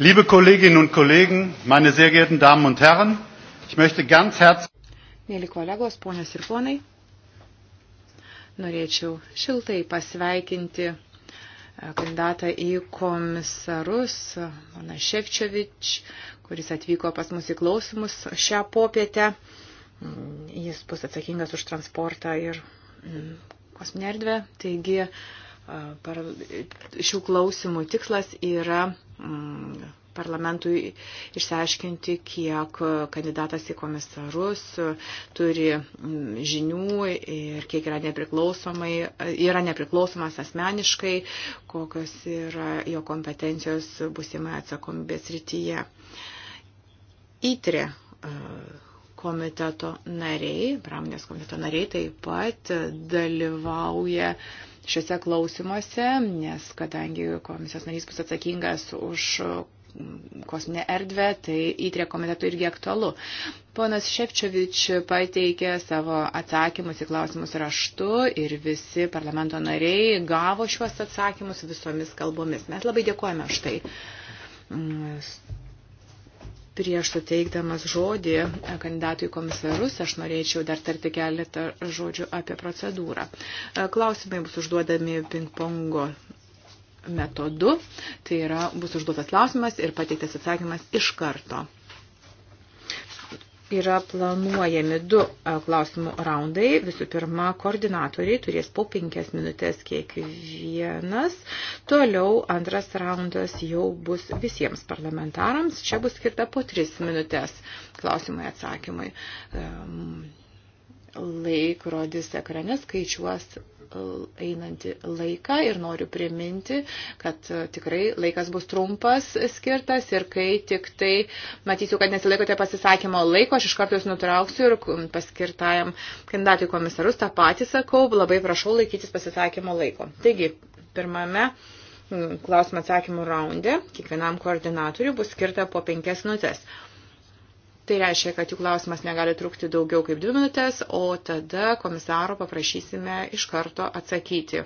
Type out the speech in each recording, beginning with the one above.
Liebe Kolleginnen und Kollegen, meine sehr geehrten Damen und Herren, ich möchte ganz herzlich. Mėly kolegos, ponios ir ponai, norėčiau šiltai pasveikinti e, kandidatą į komisarus, e, pana Ševčiovič, kuris atvyko pas mus į klausimus šią popietę. Mm, jis bus atsakingas už transportą ir mm, kosminę erdvę. Taigi, uh, Šių klausimų tikslas yra mm, parlamentui išsiaiškinti, kiek kandidatas į komisarus turi mm, žinių ir kiek yra, yra nepriklausomas asmeniškai, kokios yra jo kompetencijos būsimai atsakomybės rytyje. Įtrė komiteto nariai, pramonės komiteto nariai taip pat dalyvauja uh, šiuose klausimuose, nes kadangi komisijos narys bus atsakingas už kosminę erdvę, tai įtrė komitetų irgi aktualu. Ponas Ševčiovič pateikė savo atsakymus į klausimus raštu ir visi parlamento nariai gavo šiuos atsakymus visomis kalbomis. Mes labai dėkojame už tai. Mm, Prieš suteikdamas žodį kandidatui į komisarus, aš norėčiau dar tarti keletą žodžių apie procedūrą. E, klausimai bus užduodami ping-pongo metodu, tai yra bus užduotas klausimas ir pateiktas atsakymas iš karto yra planuojami du e, klausimų raundai. Visų pirma, koordinatoriai turės po penkias minutės kiekvienas. Toliau antras raundas jau bus visiems parlamentarams. Čia bus skirta po tris minutės klausimai atsakymai. Um, laikrodis ekrane skaičiuos einantį laiką ir noriu priminti, kad e, tikrai laikas bus trumpas skirtas ir kai tik tai matysiu, kad nesilaikote pasisakymo laiko, aš iš karto jūs nutrauksiu ir paskirtajam kandidatui komisarus tą patį sakau, labai prašau laikytis pasisakymo laiko. Taigi, pirmame klausimą atsakymų raunde kiekvienam koordinatoriui bus skirta po penkias minutės. Tai reiškia, kad jų klausimas negali trukti daugiau kaip dvi minutės, o tada komisaro paprašysime iš karto atsakyti.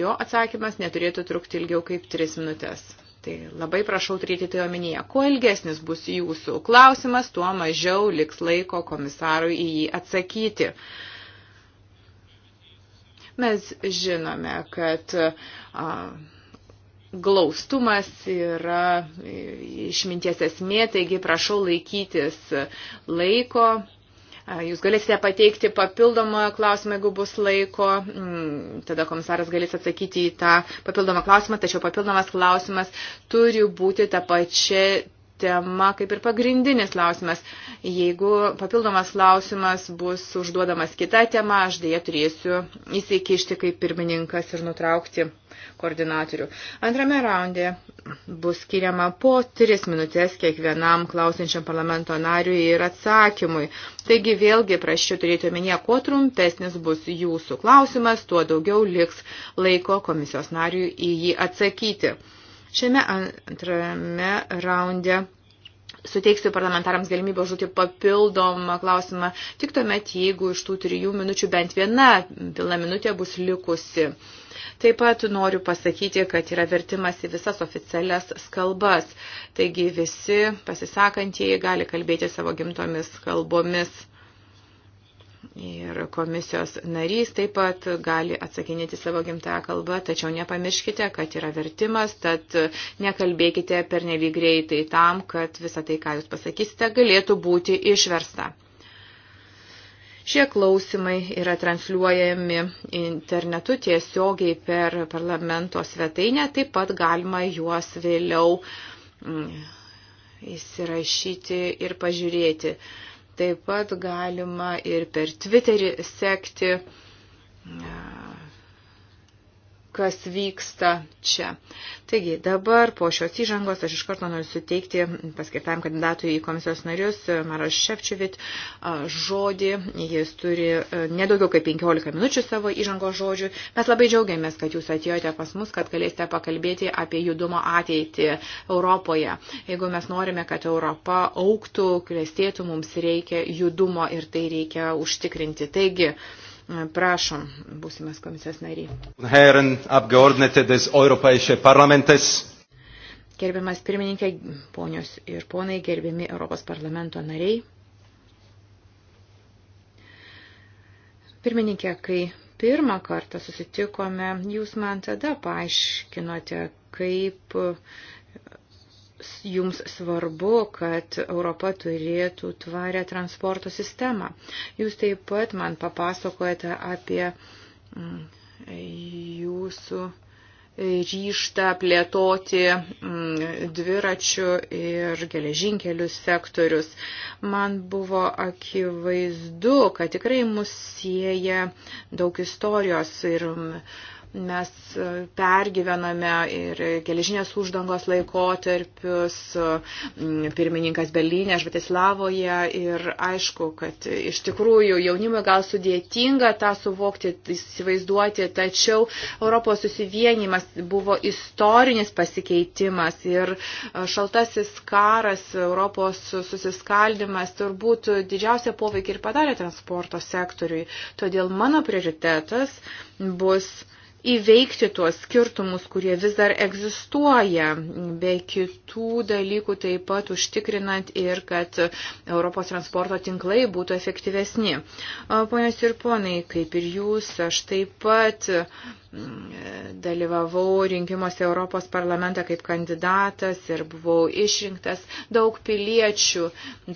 Jo atsakymas neturėtų trukti ilgiau kaip tris minutės. Tai labai prašau turėti tai omenyje. Kuo ilgesnis bus jūsų klausimas, tuo mažiau liks laiko komisarui į jį atsakyti. Mes žinome, kad. Uh, glaustumas yra išminties esmė, taigi prašau laikytis laiko. Jūs galėsite pateikti papildomą klausimą, jeigu bus laiko. Mm, tada komisaras galės atsakyti į tą papildomą klausimą, tačiau papildomas klausimas turi būti ta pačia tema kaip ir pagrindinis klausimas. Jeigu papildomas klausimas bus užduodamas kita tema, aš dėja turėsiu įsikišti kaip pirmininkas ir nutraukti koordinatorių. Antrame raunde bus skiriama po tris minutės kiekvienam klausinčiam parlamento nariui ir atsakymui. Taigi vėlgi praščiau turėti omenyje, kuo trumpesnis bus jūsų klausimas, tuo daugiau liks laiko komisijos nariui į jį atsakyti. Šiame antrame raunde suteiksiu parlamentarams galimybę užduoti papildomą klausimą tik tuomet, jeigu iš tų trijų minučių bent viena pilna minutė bus likusi. Uh, Taip pat noriu pasakyti, kad yra vertimas į visas oficialias kalbas, taigi visi pasisakantieji gali kalbėti savo gimtomis kalbomis. Ir komisijos narys taip pat gali atsakinėti savo gimtąją kalbą, tačiau nepamirškite, kad yra vertimas, tad nekalbėkite per nevygreitai tam, kad visa tai, ką jūs pasakysite, galėtų būti išversta. Šie klausimai yra transliuojami internetu tiesiogiai per parlamento svetainę, taip pat galima juos vėliau mm, įsirašyti ir pažiūrėti. Taip pat galima ir per Twitterį sekti mm, kas vyksta čia. Taigi, dabar po šios įžangos aš iš karto noriu suteikti paskirtam kandidatui į komisijos narius e, Maras Šepčiovit žodį. Jis turi e, nedaugiau kaip 15 minučių savo įžangos žodžių. Mes labai džiaugiamės, kad jūs atėjote pas mus, kad galėsite pakalbėti apie judumo ateitį Europoje. Jeigu mes norime, kad Europa auktų, klestėtų, mums reikia judumo ir tai reikia užtikrinti. Taigi, Prašom, būsimas komisijos nariai. Herren, apgeordnete des Europäische Parlamentes. Gerbiamas pirmininkė, ponios ir ponai, gerbiami Europos parlamento nariai. Pirmininkė, kai pirmą kartą susitikome, jūs man tada paaiškinote, kaip jums svarbu, kad Europa turėtų tvarę transporto sistemą. Jūs taip pat man papasakojate apie mm, jūsų ryštą plėtoti mm, dviračių ir geležinkelių sektorius. Man buvo akivaizdu, kad tikrai mus sieja daug istorijos ir uh, Mes e, pergyvename ir geležinės uždangos laikotarpius, e, pirmininkas Berlyne, Žvatislavoje ir aišku, kad iš tikrųjų jaunimui gal sudėtinga tą suvokti, įsivaizduoti, tačiau Europos susivienimas buvo istorinis pasikeitimas ir e, šaltasis karas, Europos susiskaldimas turbūt didžiausia poveikia ir padarė transporto sektoriui. Todėl mano prioritetas bus įveikti tuos skirtumus, kurie vis dar egzistuoja, be kitų dalykų taip pat užtikrinant ir, kad Europos transporto tinklai būtų efektyvesni. Ponios ir ponai, kaip ir jūs, aš taip pat dalyvavau rinkimuose Europos parlamentą kaip kandidatas ir buvau išrinktas. Daug piliečių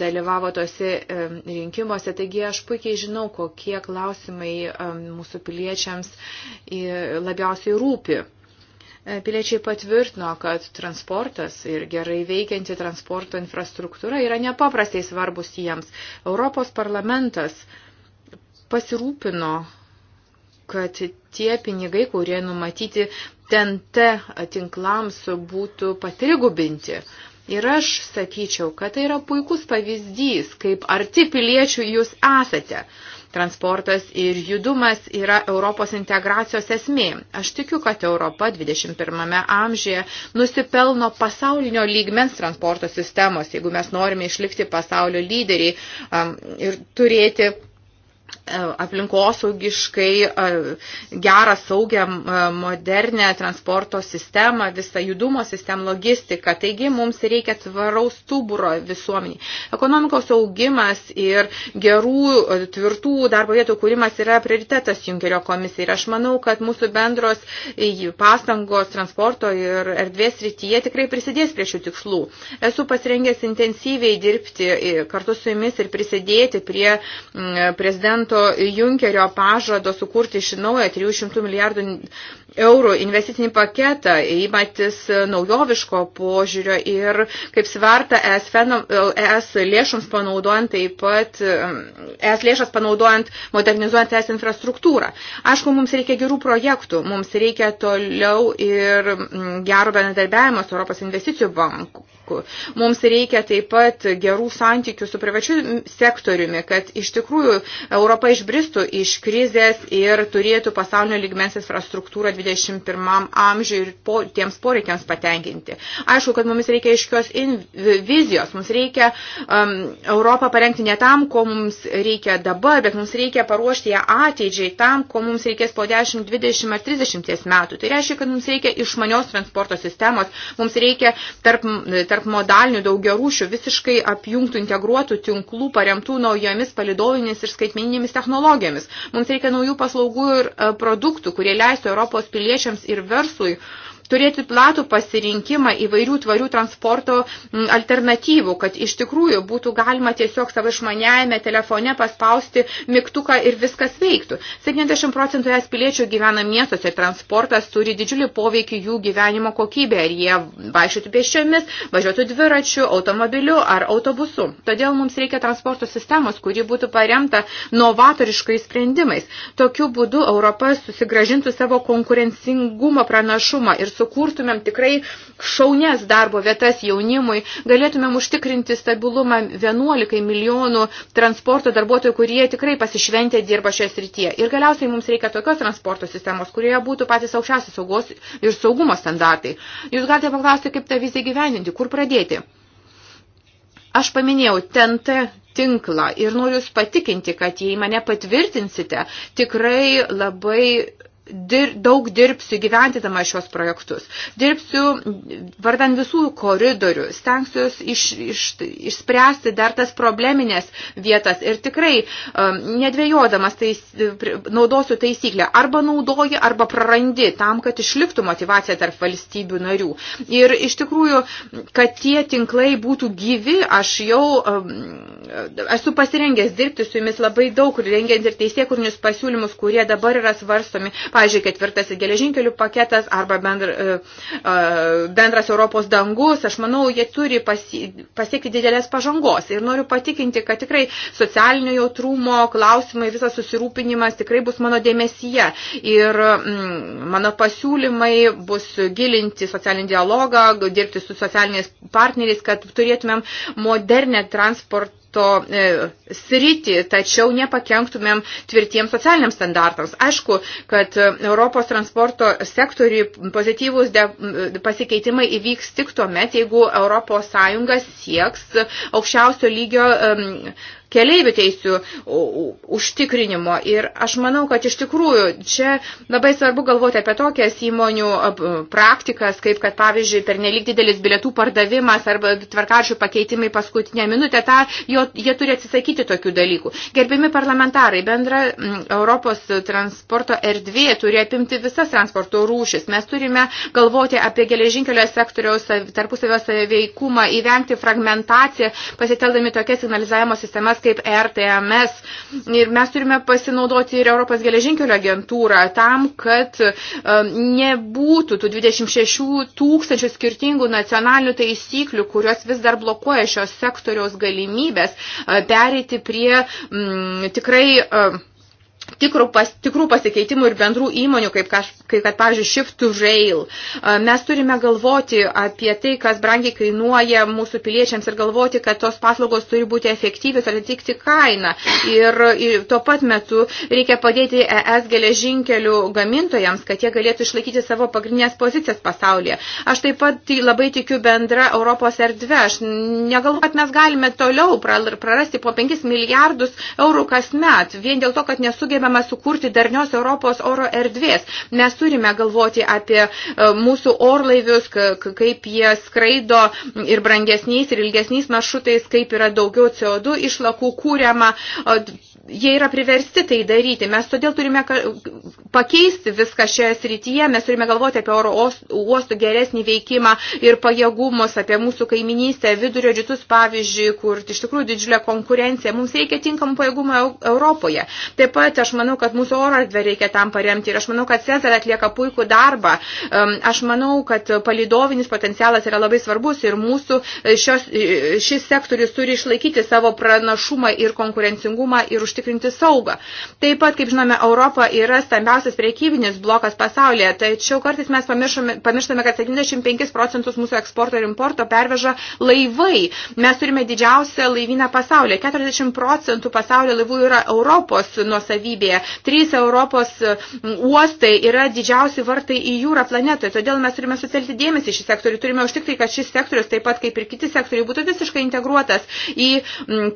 dalyvavo tose rinkimuose, taigi aš puikiai žinau, kokie klausimai mūsų piliečiams labiausiai rūpi. E, piliečiai patvirtino, kad transportas ir gerai veikianti transporto infrastruktūra yra nepaprastai svarbus jiems. Europos parlamentas pasirūpino kad tie pinigai, kurie numatyti TNT tinklams, būtų patrigubinti. Ir aš sakyčiau, kad tai yra puikus pavyzdys, kaip arti piliečių jūs esate. Transportas ir judumas yra Europos integracijos esmė. Aš tikiu, kad Europa 21 amžiuje nusipelno pasaulinio lygmens transporto sistemos, jeigu mes norime išlikti pasaulio lyderiai um, ir turėti aplinkosaugiškai gerą, saugią, modernę transporto sistemą, visą judumo sistemą, logistiką. Taigi mums reikia tvaraus stuburo visuomeniai. Ekonomikos augimas ir gerų, tvirtų darbo vietų kūrimas yra prioritetas Junkerio komisijai. Ir aš manau, kad mūsų bendros pastangos transporto ir erdvės rytyje tikrai prisidės prie šių tikslų. Esu pasirengęs intensyviai dirbti kartu su jumis ir prisidėti prie prezidento viso Junkerio pažado sukurti iš naujo 300 milijardų eurų investicinį paketą, įmatis naujoviško požiūrio ir kaip sverta ES, ES lėšoms panaudojant taip pat, ES lėšas panaudojant, modernizuojant ES infrastruktūrą. Aišku, mums reikia gerų projektų, mums reikia toliau ir mm, gero bendradarbiavimo su Europos investicijų banku. Mums reikia taip pat gerų santykių su privačiu sektoriumi, kad iš tikrųjų Europa Europa išbristų iš krizės ir turėtų pasaulio lygmens infrastruktūrą 21 amžiui ir po, tiems poreikiams patenkinti. Aišku, kad mums reikia iškios in, vizijos, mums reikia um, Europą parengti ne tam, ko mums reikia dabar, bet mums reikia paruošti ją ateidžiai tam, ko mums reikės po 10, 20 ar 30 metų. Tai reiškia, kad mums reikia išmanios transporto sistemos, mums reikia tarp, tarp modalinių daugia rūšių visiškai apjungtų integruotų tinklų paremtų naujomis palidovinėmis ir skaitmeninėmis technologijomis. Mums reikia naujų paslaugų ir e, produktų, kurie leistų Europos piliečiams ir verslui uh, turėti platų pasirinkimą įvairių tvarių transporto alternatyvų, kad iš tikrųjų būtų galima tiesiog savo išmaniajame telefone paspausti mygtuką ir viskas veiktų. 70 procentų es piliečių gyvena miestuose, transportas turi didžiulį poveikį jų gyvenimo kokybę, ar jie vaikščiotų pėsčiomis, važiuotų dviračiu, automobiliu ar autobusu. Todėl mums reikia transporto sistemos, kuri būtų paremta novatoriškais sprendimais. Tokiu būdu Europa susigražintų savo konkurencingumo pranašumą ir sukurtumėm tikrai šaunias darbo vietas jaunimui, galėtumėm užtikrinti stabilumą 11 milijonų transporto darbuotojų, kurie tikrai pasišventė dirba šioje srityje. Ir galiausiai mums reikia tokios transporto sistemos, kurioje būtų patys aukščiausi saugos ir saugumo standartai. Jūs galite paklausti, kaip tą viziją gyveninti, kur pradėti. Aš paminėjau TNT tinklą ir noriu jūs patikinti, kad jei mane patvirtinsite, tikrai labai dir, daug dirbsiu gyventydama šios projektus. Dirbsiu vardan visų koridorių, stengsiuos iš, iš, išspręsti dar tas probleminės vietas ir tikrai um, nedvėjodamas tais, naudosiu taisyklę. Arba naudoji, arba prarandi tam, kad išliktų motivacija tarp valstybių narių. Ir iš tikrųjų, kad tie tinklai būtų gyvi, aš jau um, esu pasirengęs dirbti su jumis labai daug, rengiant ir teisėkurnius pasiūlymus, kurie dabar yra svarstomi pavyzdžiui, ketvirtasis geležinkelių paketas arba bendra, e, e, bendras Europos dangus, aš manau, jie turi pasiekti didelės pažangos. Ir noriu patikinti, kad tikrai socialinio jautrumo klausimai, visas susirūpinimas tikrai bus mano dėmesyje. Ir mm, mano pasiūlymai bus gilinti socialinį dialogą, dirbti su socialiniais partneriais, kad turėtumėm modernę transportą eksporto e, sritį, tačiau nepakenktumėm tvirtiems socialiniams standartams. Aišku, kad e, Europos transporto sektoriui pozityvus de, e, pasikeitimai įvyks tik tuomet, jeigu Europos Sąjunga sieks aukščiausio lygio e, keleivių teisių užtikrinimo. Ir aš manau, kad iš tikrųjų čia labai svarbu galvoti apie tokias įmonių praktikas, kaip kad pavyzdžiui per nelik didelis bilietų pardavimas arba tvarkaršių pakeitimai paskutinę minutę, tą, jo, jie turi atsisakyti tokių dalykų. Gerbimi parlamentarai, bendra Europos transporto erdvė turi apimti visas transporto rūšis. Mes turime galvoti apie geležinkelio sektoriaus tarpusavio saveikumą, įvengti fragmentaciją, pasiteldami tokias signalizavimo sistemas tokias kaip RTMS. Ir mes turime pasinaudoti ir Europos geležinkelio agentūrą tam, kad e, nebūtų tų 26 tūkstančių skirtingų nacionalinių taisyklių, kurios vis dar blokuoja šios sektoriaus galimybės e, pereiti prie m, mm, tikrai m, e, tikrų, pas, tikrų pasikeitimų ir bendrų įmonių, kaip, kaž, kaip kad, pavyzdžiui, Shift to Rail. Mes turime galvoti apie tai, kas brangiai kainuoja mūsų piliečiams ir galvoti, kad tos paslaugos turi būti efektyvios ir atitikti kainą. Ir, ir tuo pat metu reikia padėti ES geležinkelių gamintojams, kad jie galėtų išlaikyti savo pagrindinės pozicijas pasaulyje. Aš taip pat labai tikiu bendra Europos erdvė. Aš negalvoju, kad mes galime toliau prarasti po 5 milijardus eurų kasmet, vien dėl to, kad nesugebame sugebama sukurti darnios Europos oro erdvės. Mes turime galvoti apie e, mūsų orlaivius, kaip jie skraido ir brangesniais, ir ilgesniais maršrutais, kaip yra daugiau CO2 išlakų kūriama jie yra priversti tai daryti. Mes todėl turime pakeisti viską šioje srityje, mes turime galvoti apie oro uostų geresnį veikimą ir pajėgumus, apie mūsų kaiminystę, vidurio rytus pavyzdžiui, kur iš tikrųjų didžiulė konkurencija. Mums reikia tinkamų pajėgumų Europoje. Taip pat aš manau, kad mūsų oro erdvę reikia tam paremti ir aš manau, kad Cezar atlieka puikų darbą. Aš manau, kad palidovinis potencialas yra labai svarbus ir mūsų e, šios, e, šis sektorius turi išlaikyti savo pranašumą ir konkurencingumą ir užtikrinti užtikrinti saugą. Taip pat, kaip žinome, Europa yra stambiausias priekybinis blokas pasaulyje, tačiau kartais mes pamirštame, kad 75 procentus mūsų eksporto ir importo perveža laivai. Mes turime didžiausią laivyną pasaulyje. 40 procentų pasaulio laivų yra Europos nuosavybėje. Trys Europos uostai yra didžiausi vartai į jūrą planetoje. Todėl mes turime sutelti dėmesį šį sektorių. Turime užtikti, kad šis sektorius, taip pat kaip ir kiti sektoriai, būtų visiškai integruotas į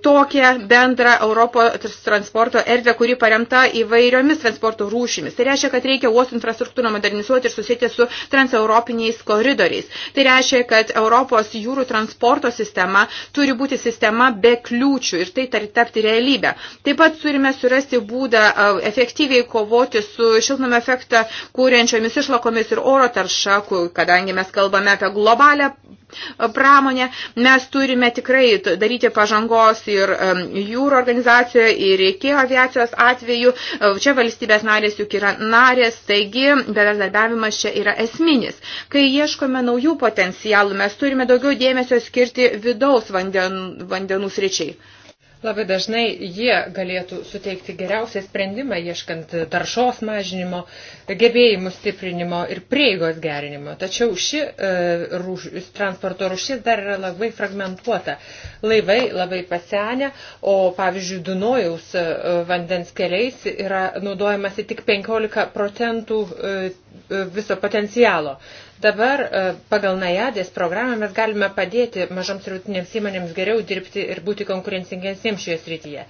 tokią bendrą Europos transporto erdvę, kuri paremta įvairiomis transporto rūšimis. Tai reiškia, kad reikia uostų infrastruktūrą modernizuoti ir susėti su transeuropiniais koridoriais. Tai reiškia, kad Europos jūrų transporto sistema turi būti sistema be kliūčių ir tai tari tapti realybę. Taip pat turime surasti būdą efektyviai kovoti su šiltnamio efektą kūrenčiomis išlakomis ir oro tarša, kadangi mes kalbame apie globalę pramonę. Mes turime tikrai daryti pažangos ir jūro organizacijoje, ir reikėjo aviacijos atveju. E, čia valstybės narės juk yra narės, taigi bendradarbiavimas čia yra esminis. Kai ieškome naujų potencialų, mes turime daugiau dėmesio skirti vidaus vandenų, vandenų sričiai. Labai dažnai jie galėtų suteikti geriausią sprendimą, ieškant taršos mažinimo, gebėjimų stiprinimo ir prieigos gerinimo. Tačiau ši e, rūš, transporto rūšis dar yra labai fragmentuota. Laivai labai pasenę, o pavyzdžiui, Dunojaus e, vandens keliais yra naudojamasi tik 15 procentų e, e, viso potencialo. Dabar e, pagal Najadės programą mes galime padėti mažoms ir vidutinėms įmonėms geriau dirbti ir būti konkurencingesniems šioje srityje.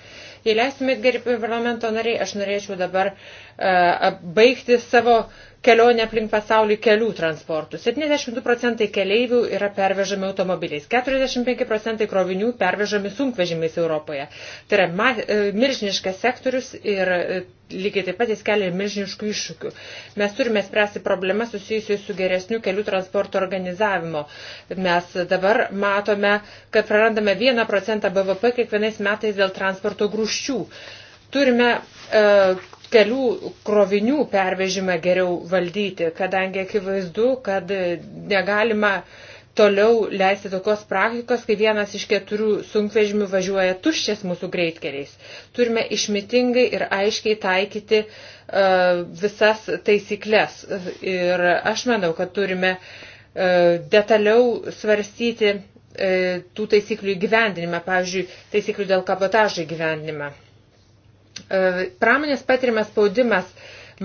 Jei leistumėt, gerbi parlamento nariai, aš norėčiau dabar e, baigti savo kelionė aplink pasaulį kelių transportų. 72 procentai keleivių yra pervežami automobiliais, 45 procentai krovinių pervežami sunkvežimiais Europoje. Tai yra ma, e, milžiniškas sektorius ir e, lygiai taip pat jis kelia ir milžiniškų iššūkių. Mes turime spręsti problemas susijusius su geresniu kelių transporto organizavimo. Mes dabar matome, kad prarandame 1 procentą BVP kiekvienais metais dėl transporto grūščių. Turime uh, kelių krovinių pervežimą geriau valdyti, kadangi akivaizdu, kad negalima toliau leisti tokios praktikos, kai vienas iš keturių sunkvežimių važiuoja tuščias mūsų greitkeliais. Turime išmitingai ir aiškiai taikyti uh, visas taisyklės. Ir aš manau, kad turime uh, detaliau svarstyti uh, tų taisyklių įgyvendinimą, pavyzdžiui, taisyklių dėl kabotažo įgyvendinimą. E, pramonės patiriamas spaudimas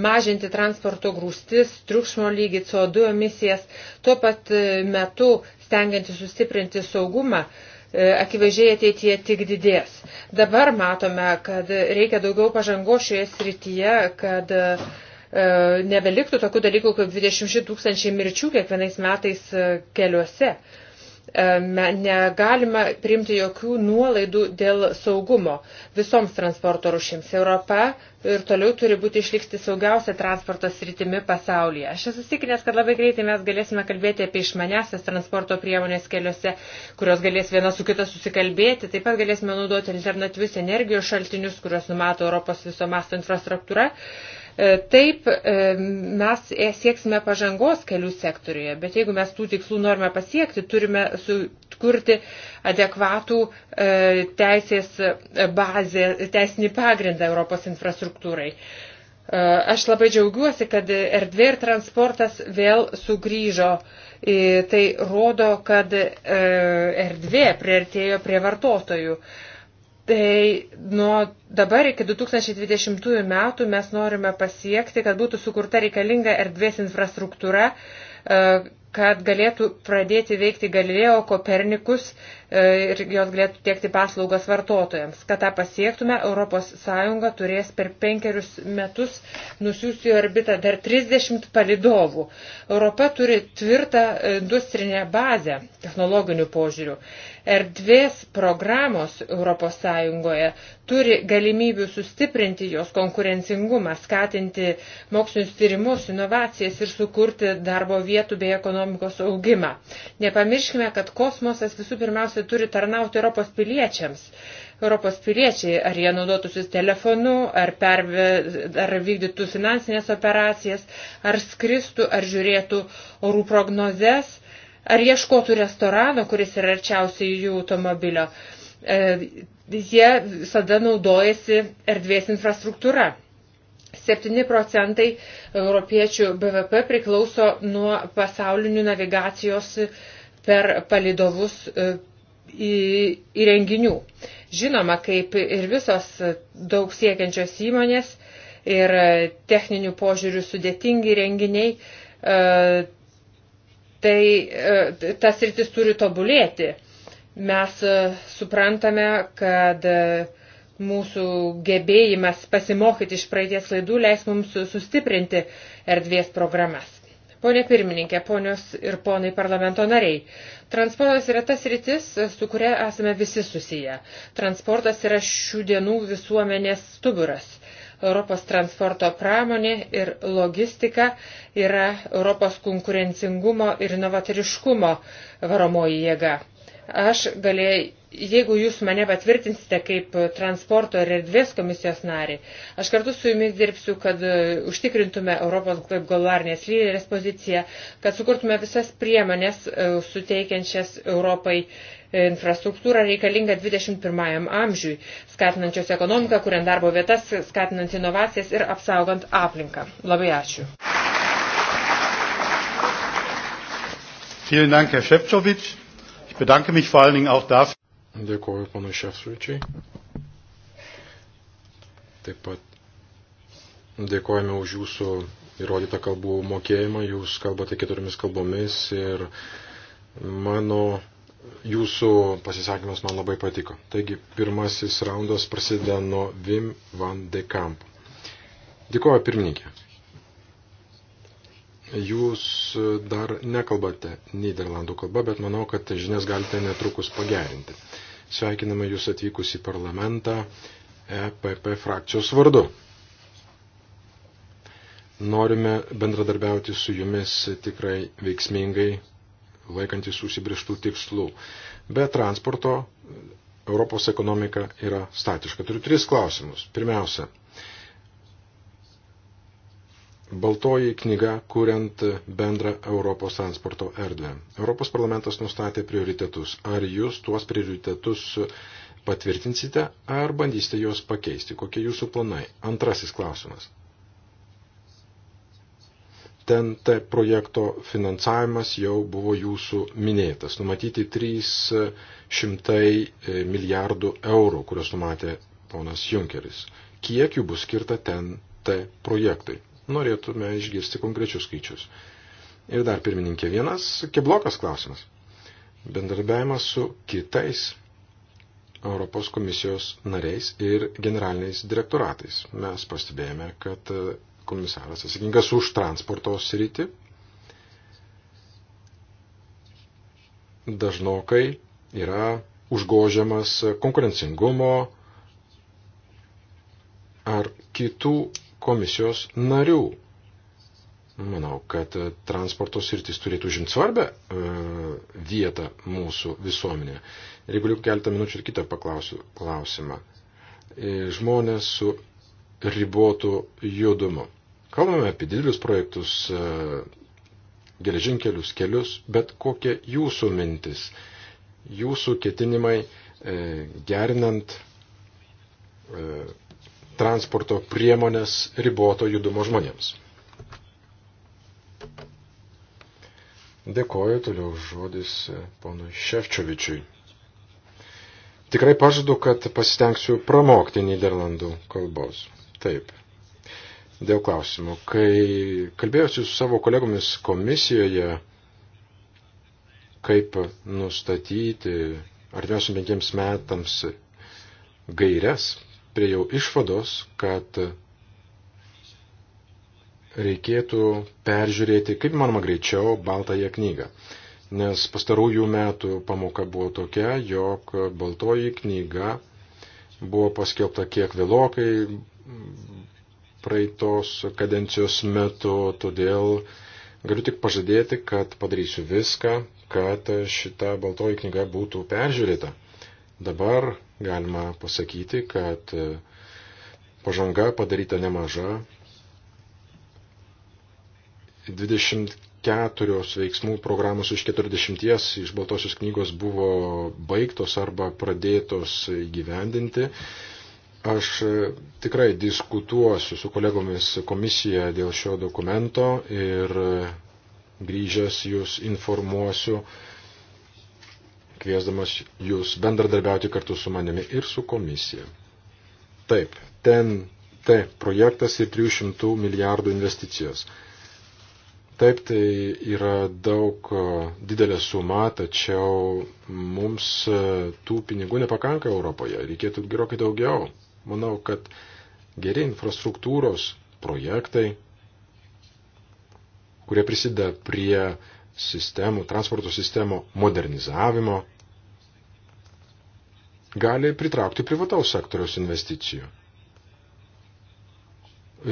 mažinti transporto grūstis, triukšmo lygį, CO2 emisijas, tuo pat e, metu stengiantis sustiprinti saugumą, e, akivaizdžiai ateityje tik didės. Dabar matome, kad reikia daugiau pažangos šioje srityje, kad nebeliktų tokių dalykų kaip 26 tūkstančiai mirčių kiekvienais metais keliuose. E, negalima priimti jokių nuolaidų dėl saugumo visoms transporto rušims. Europa ir toliau turi būti išlikti saugiausia transporto sritimi pasaulyje. Aš esu sikinęs, kad labai greitai mes galėsime kalbėti apie išmanesias transporto priemonės keliuose, kurios galės viena su kita susikalbėti. Taip pat galėsime naudoti alternatyvius energijos šaltinius, kuriuos numato Europos viso masto infrastruktūra. E, taip e, mes e, sieksime pažangos kelių sektoriuje, bet jeigu mes tų tikslų norime pasiekti, turime sukurti adekvatų teisės bazę, teisinį pagrindą Europos infrastruktūrai. Aš labai džiaugiuosi, kad erdvė ir transportas vėl sugrįžo. Tai rodo, kad erdvė priartėjo prie vartotojų. Tai nuo dabar iki 2020 metų mes norime pasiekti, kad būtų sukurta reikalinga erdvės infrastruktūra, e, kad galėtų pradėti veikti Galileo Kopernikus e, ir jos galėtų tiekti paslaugas vartotojams. Kad tą pasiektume, ES turės per penkerius metus nusiųsti į orbitą dar 30 palidovų. Europa turi tvirtą e, industrinę bazę technologinių požiūrių erdvės programos ES turi galimybių sustiprinti jos konkurencingumą, skatinti mokslinius tyrimus, inovacijas ir sukurti darbo vietų bei ekonomikos augimą. Nepamirškime, kad kosmosas visų pirmiausia turi tarnauti Europos piliečiams. Europos piliečiai, ar jie naudotųsis telefonu, ar, per, ar vykdytų finansinės operacijas, ar skristų, ar žiūrėtų orų prognozes, ar ieškotų restorano, kuris yra arčiausiai jų automobilio. E, jie visada naudojasi erdvės infrastruktūra. 7 procentai europiečių BVP priklauso nuo pasaulinių navigacijos per palidovus e, įrenginių. Žinoma, kaip ir visos daug siekiančios įmonės ir techninių požiūrių sudėtingi renginiai, e, tai e, tas rytis turi tobulėti. Mes e, suprantame, kad e, mūsų gebėjimas pasimokyti iš praeities klaidų leis mums sustiprinti erdvės programas. Pone pirmininkė, ponios ir ponai parlamento nariai, transportas yra tas rytis, su kuria esame visi susiję. Transportas yra šių dienų visuomenės stuburas. Europos transporto pramonė ir logistika yra Europos konkurencingumo ir inovatoriškumo varomoji jėga. Aš galėjau, jeigu jūs mane patvirtinsite kaip transporto ir erdvės komisijos narį, aš kartu su jumis dirbsiu, kad e, užtikrintume Europos kaip galarnės lyderės poziciją, kad sukurtume visas priemonės e, suteikiančias Europai uh, infrastruktūrą reikalingą 21 amžiui, skatinančios ekonomiką, kuriant darbo vietas, skatinant inovacijas ir apsaugant aplinką. Labai ačiū. Vielen Dank, Herr Šepčovič. Ich bedanke mich vor allen Dingen auch dafür. Dėkuoju, panu Šepčovičiai. Taip pat dėkojame už jūsų įrodytą kalbų mokėjimą. Jūs kalbate keturiomis kalbomis ir mano jūsų pasisakymas man labai patiko. Taigi, pirmasis raundas prasideda nuo Vim van de Kamp. Dėkuoju, pirmininkė. Jūs dar nekalbate Niderlandų kalba, bet manau, kad žinias galite netrukus pagerinti. Sveikiname jūs atvykus į parlamentą EPP frakcijos vardu. Norime bendradarbiauti su jumis tikrai veiksmingai laikantis užsibrieštų tikslų. Be transporto Europos ekonomika yra statiška. Turiu tris klausimus. Pirmiausia, Baltoji knyga, kuriant bendrą Europos transporto erdvę. Europos parlamentas nustatė prioritetus. Ar jūs tuos prioritetus patvirtinsite, ar bandysite juos pakeisti? Kokie jūsų planai? Antrasis klausimas. TNT projekto finansavimas jau buvo jūsų minėtas. Numatyti 300 e, milijardų eurų, kuriuos numatė ponas Junkeris. Kiek jų bus skirta TNT projektui? Norėtume išgirsti konkrečius skaičius. Ir dar pirmininkė vienas keblokas klausimas. Bendarbiavimas su kitais Europos komisijos nariais ir generaliniais direktoratais. Mes pastebėjome, kad komisaras atsakingas už transporto sritį, dažnokai yra užgožiamas konkurencingumo ar kitų komisijos narių. Manau, kad transporto sritis turėtų žinti svarbę e, vietą mūsų visuomenėje. Ir jeigu liuk keletą minučių ir kitą paklausiu klausimą. E, žmonės su ribotu judumu. Kalbame apie didelius projektus, e, geležinkelius, kelius, bet kokia jūsų mintis, jūsų ketinimai e, gerinant e, transporto priemonės riboto judumo žmonėms. Dėkoju toliau žodis ponui Ševčiovičiui. Tikrai pažadu, kad pasitengsiu pramokti Niderlandų kalbos. Taip, dėl klausimų. Kai kalbėjusi su savo kolegomis komisijoje, kaip nustatyti artimiausiam penkiems metams gairias, prie jau išvados, kad reikėtų peržiūrėti, kaip manoma greičiau, baltąją knygą. Nes pastarųjų metų pamoka buvo tokia, jog baltoji knyga buvo paskelbta kiek vėlokai, praeitos kadencijos metu, todėl galiu tik pažadėti, kad padarysiu viską, kad šita baltoji knyga būtų peržiūrėta. Dabar galima pasakyti, kad pažanga padaryta nemaža. 24 veiksmų programos iš 40 iš Baltosios knygos buvo baigtos arba pradėtos įgyvendinti. Aš e, tikrai diskutuosiu su kolegomis komisija dėl šio dokumento ir e, grįžęs jūs informuosiu, kviesdamas jūs bendradarbiauti kartu su manimi ir su komisija. Taip, ten T projektas ir 300 milijardų investicijos. Taip, tai yra daug e, didelė suma, tačiau mums e, tų pinigų nepakanka Europoje, reikėtų gerokai daugiau. Manau, kad geri infrastruktūros projektai, kurie prisideda prie sistemų, transporto sistemų modernizavimo, gali pritraukti privataus sektoriaus investicijų.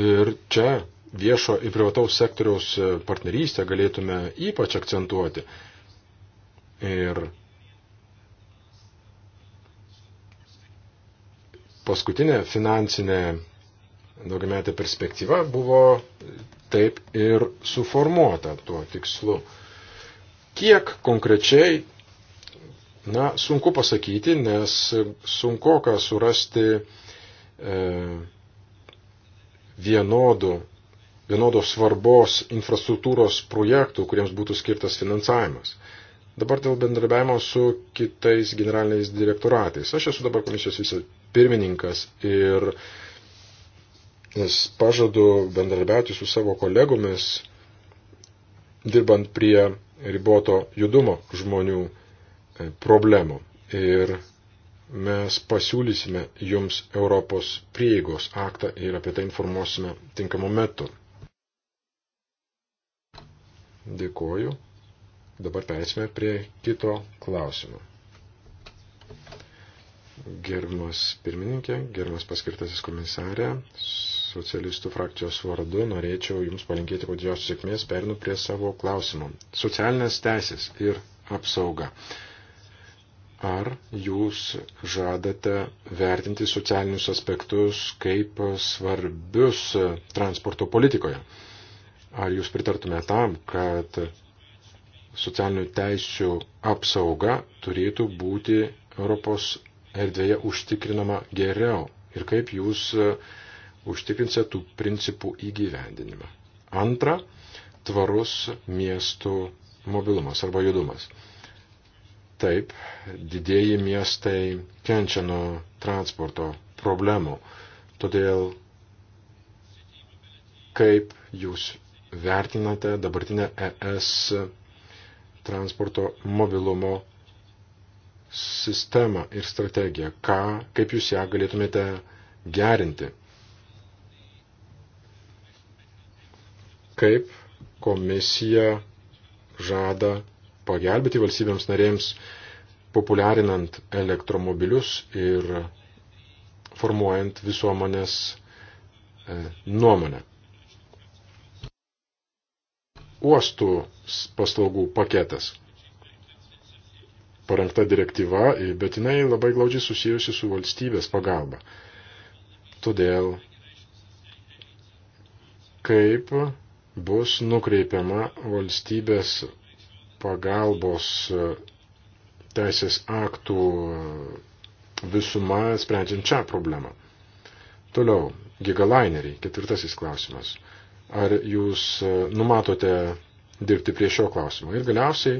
Ir čia viešo ir privataus sektoriaus e, partnerystę galėtume ypač akcentuoti. Ir paskutinė finansinė daugiametė perspektyva buvo taip ir suformuota tuo tikslu. Kiek konkrečiai, na, sunku pasakyti, nes sunku ką surasti e, vienodų vienodos svarbos infrastruktūros projektų, kuriems būtų skirtas finansavimas. Dabar dėl bendradarbiavimo su kitais generaliniais direktoratais. Aš esu dabar komisijos viso pirmininkas ir pažadu bendradarbiauti su savo kolegomis, dirbant prie riboto judumo žmonių e, problemų. Ir mes pasiūlysime jums Europos prieigos aktą ir apie tai informuosime tinkamu metu. Dėkoju. Dabar perėsime prie kito klausimo. Gerbimas pirmininkė, gerbimas paskirtasis komisarė, socialistų frakcijos vardu norėčiau Jums palinkėti kuo didžiausios sėkmės, perinu prie savo klausimų. Socialinės teisės ir apsauga. Ar Jūs žadate vertinti socialinius aspektus kaip svarbius transporto politikoje? Ar jūs pritartume tam, kad socialinių teisų apsauga turėtų būti Europos erdvėje užtikrinama geriau? Ir kaip jūs e, užtikrinsite tų principų įgyvendinimą? Antra, tvarus miestų mobilumas arba judumas. Taip, didėjai miestai kenčia nuo transporto problemų. Todėl kaip jūs vertinate dabartinę ES transporto mobilumo sistemą ir strategiją? Ką, kaip jūs ją galėtumėte gerinti? Kaip komisija žada pagelbėti valstybėms narėms, populiarinant elektromobilius ir formuojant visuomonės e, nuomonę uostų paslaugų paketas. Parengta direktyva, bet jinai labai glaudžiai susijusi su valstybės pagalba. Todėl kaip bus nukreipiama valstybės pagalbos e, teisės aktų e, visuma sprendžiant šią problemą. Toliau, gigalaineriai, ketvirtasis klausimas. Ar jūs e, numatote dirbti prie šio klausimo? Ir galiausiai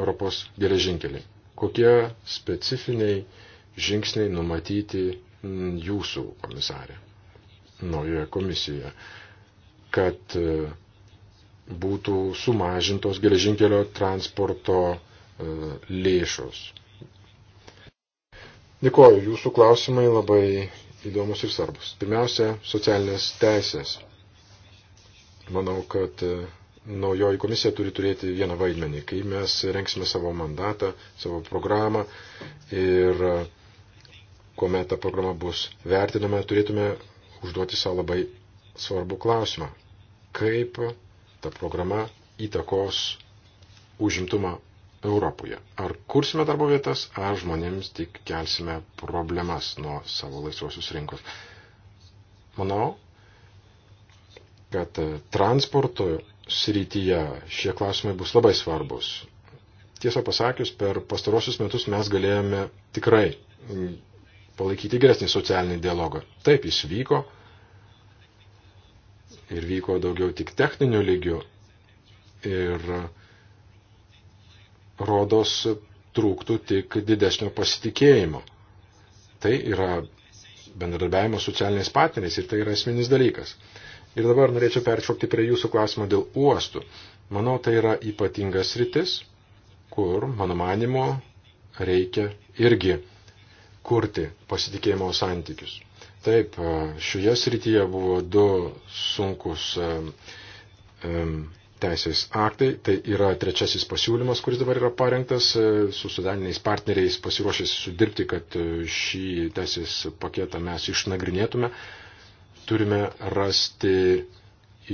Europos geležinkeliai. Kokie specifiniai žingsniai numatyti jūsų komisarė naujoje komisijoje, kad e, būtų sumažintos geležinkelio transporto e, lėšos. Dėkuoju, jūsų klausimai labai įdomus ir svarbus. Pirmiausia, socialinės teisės. Manau, kad e, naujoji komisija turi turėti vieną vaidmenį, kai mes renksime savo mandatą, savo programą ir e, kuomet ta programa bus vertinama, turėtume užduoti savo labai svarbų klausimą. Kaip ta programa įtakos užimtumą Europoje? Ar kursime darbo vietas, ar žmonėms tik kelsime problemas nuo savo laisvosios rinkos? Manau, kad transporto srityje šie klausimai bus labai svarbus. Tiesą pasakius, per pastarosius metus mes galėjome tikrai palaikyti geresnį socialinį dialogą. Taip, jis vyko ir vyko daugiau tik techninių lygių ir rodos trūktų tik didesnio pasitikėjimo. Tai yra bendradarbiavimo socialiniais partneriais ir tai yra esminis dalykas. Ir dabar norėčiau peršokti prie jūsų klausimo dėl uostų. Manau, tai yra ypatingas rytis, kur, mano manimo, reikia irgi kurti pasitikėjimo santykius. Taip, šioje srityje buvo du sunkus teisės aktai. Tai yra trečiasis pasiūlymas, kuris dabar yra parengtas, su sudaniniais partneriais pasiruošęs sudirbti, kad šį teisės paketą mes išnagrinėtume. Turime rasti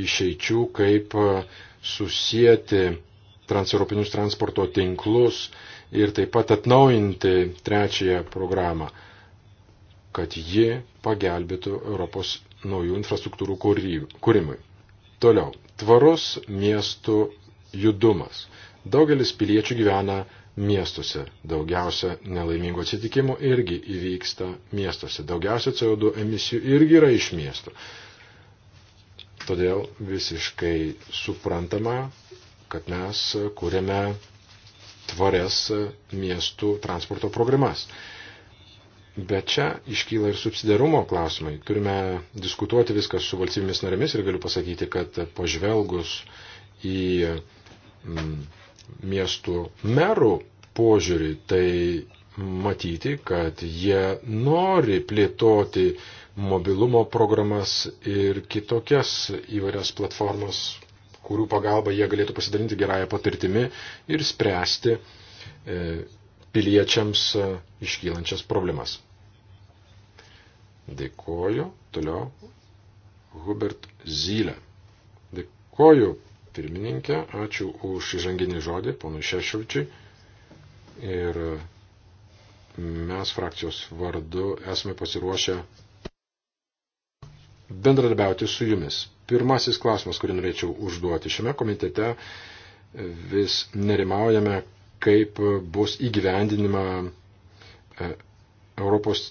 išeičių, kaip susijęti transeuropinius transporto tinklus ir taip pat atnaujinti trečiąją programą, kad ji pagelbėtų Europos naujų infrastruktūrų kūrimui. Toliau, tvarus miestų judumas. Daugelis piliečių gyvena miestuose. Daugiausia nelaimingų atsitikimų irgi įvyksta miestuose. Daugiausia CO2 emisijų irgi yra iš miestų. Todėl visiškai suprantama, kad mes kūrėme tvarias miestų transporto programas. Bet čia iškyla ir subsidiarumo klausimai. Turime diskutuoti viską su valstybėmis narėmis ir galiu pasakyti, kad pažvelgus į mm, miestų merų požiūrį, tai matyti, kad jie nori plėtoti mobilumo programas ir kitokias įvairias platformas, kurių pagalba jie galėtų pasidalinti gerąją patirtimi ir spręsti e, piliečiams e, iškylančias problemas. Dėkoju. Toliau Hubert Zylė. Dėkoju, pirmininkė. Ačiū už įžanginį žodį, ponui Šešovčiui. Ir mes frakcijos vardu esame pasiruošę bendradarbiauti su jumis. Pirmasis klausimas, kurį norėčiau užduoti šiame komitete, vis nerimaujame, kaip bus įgyvendinima e, Europos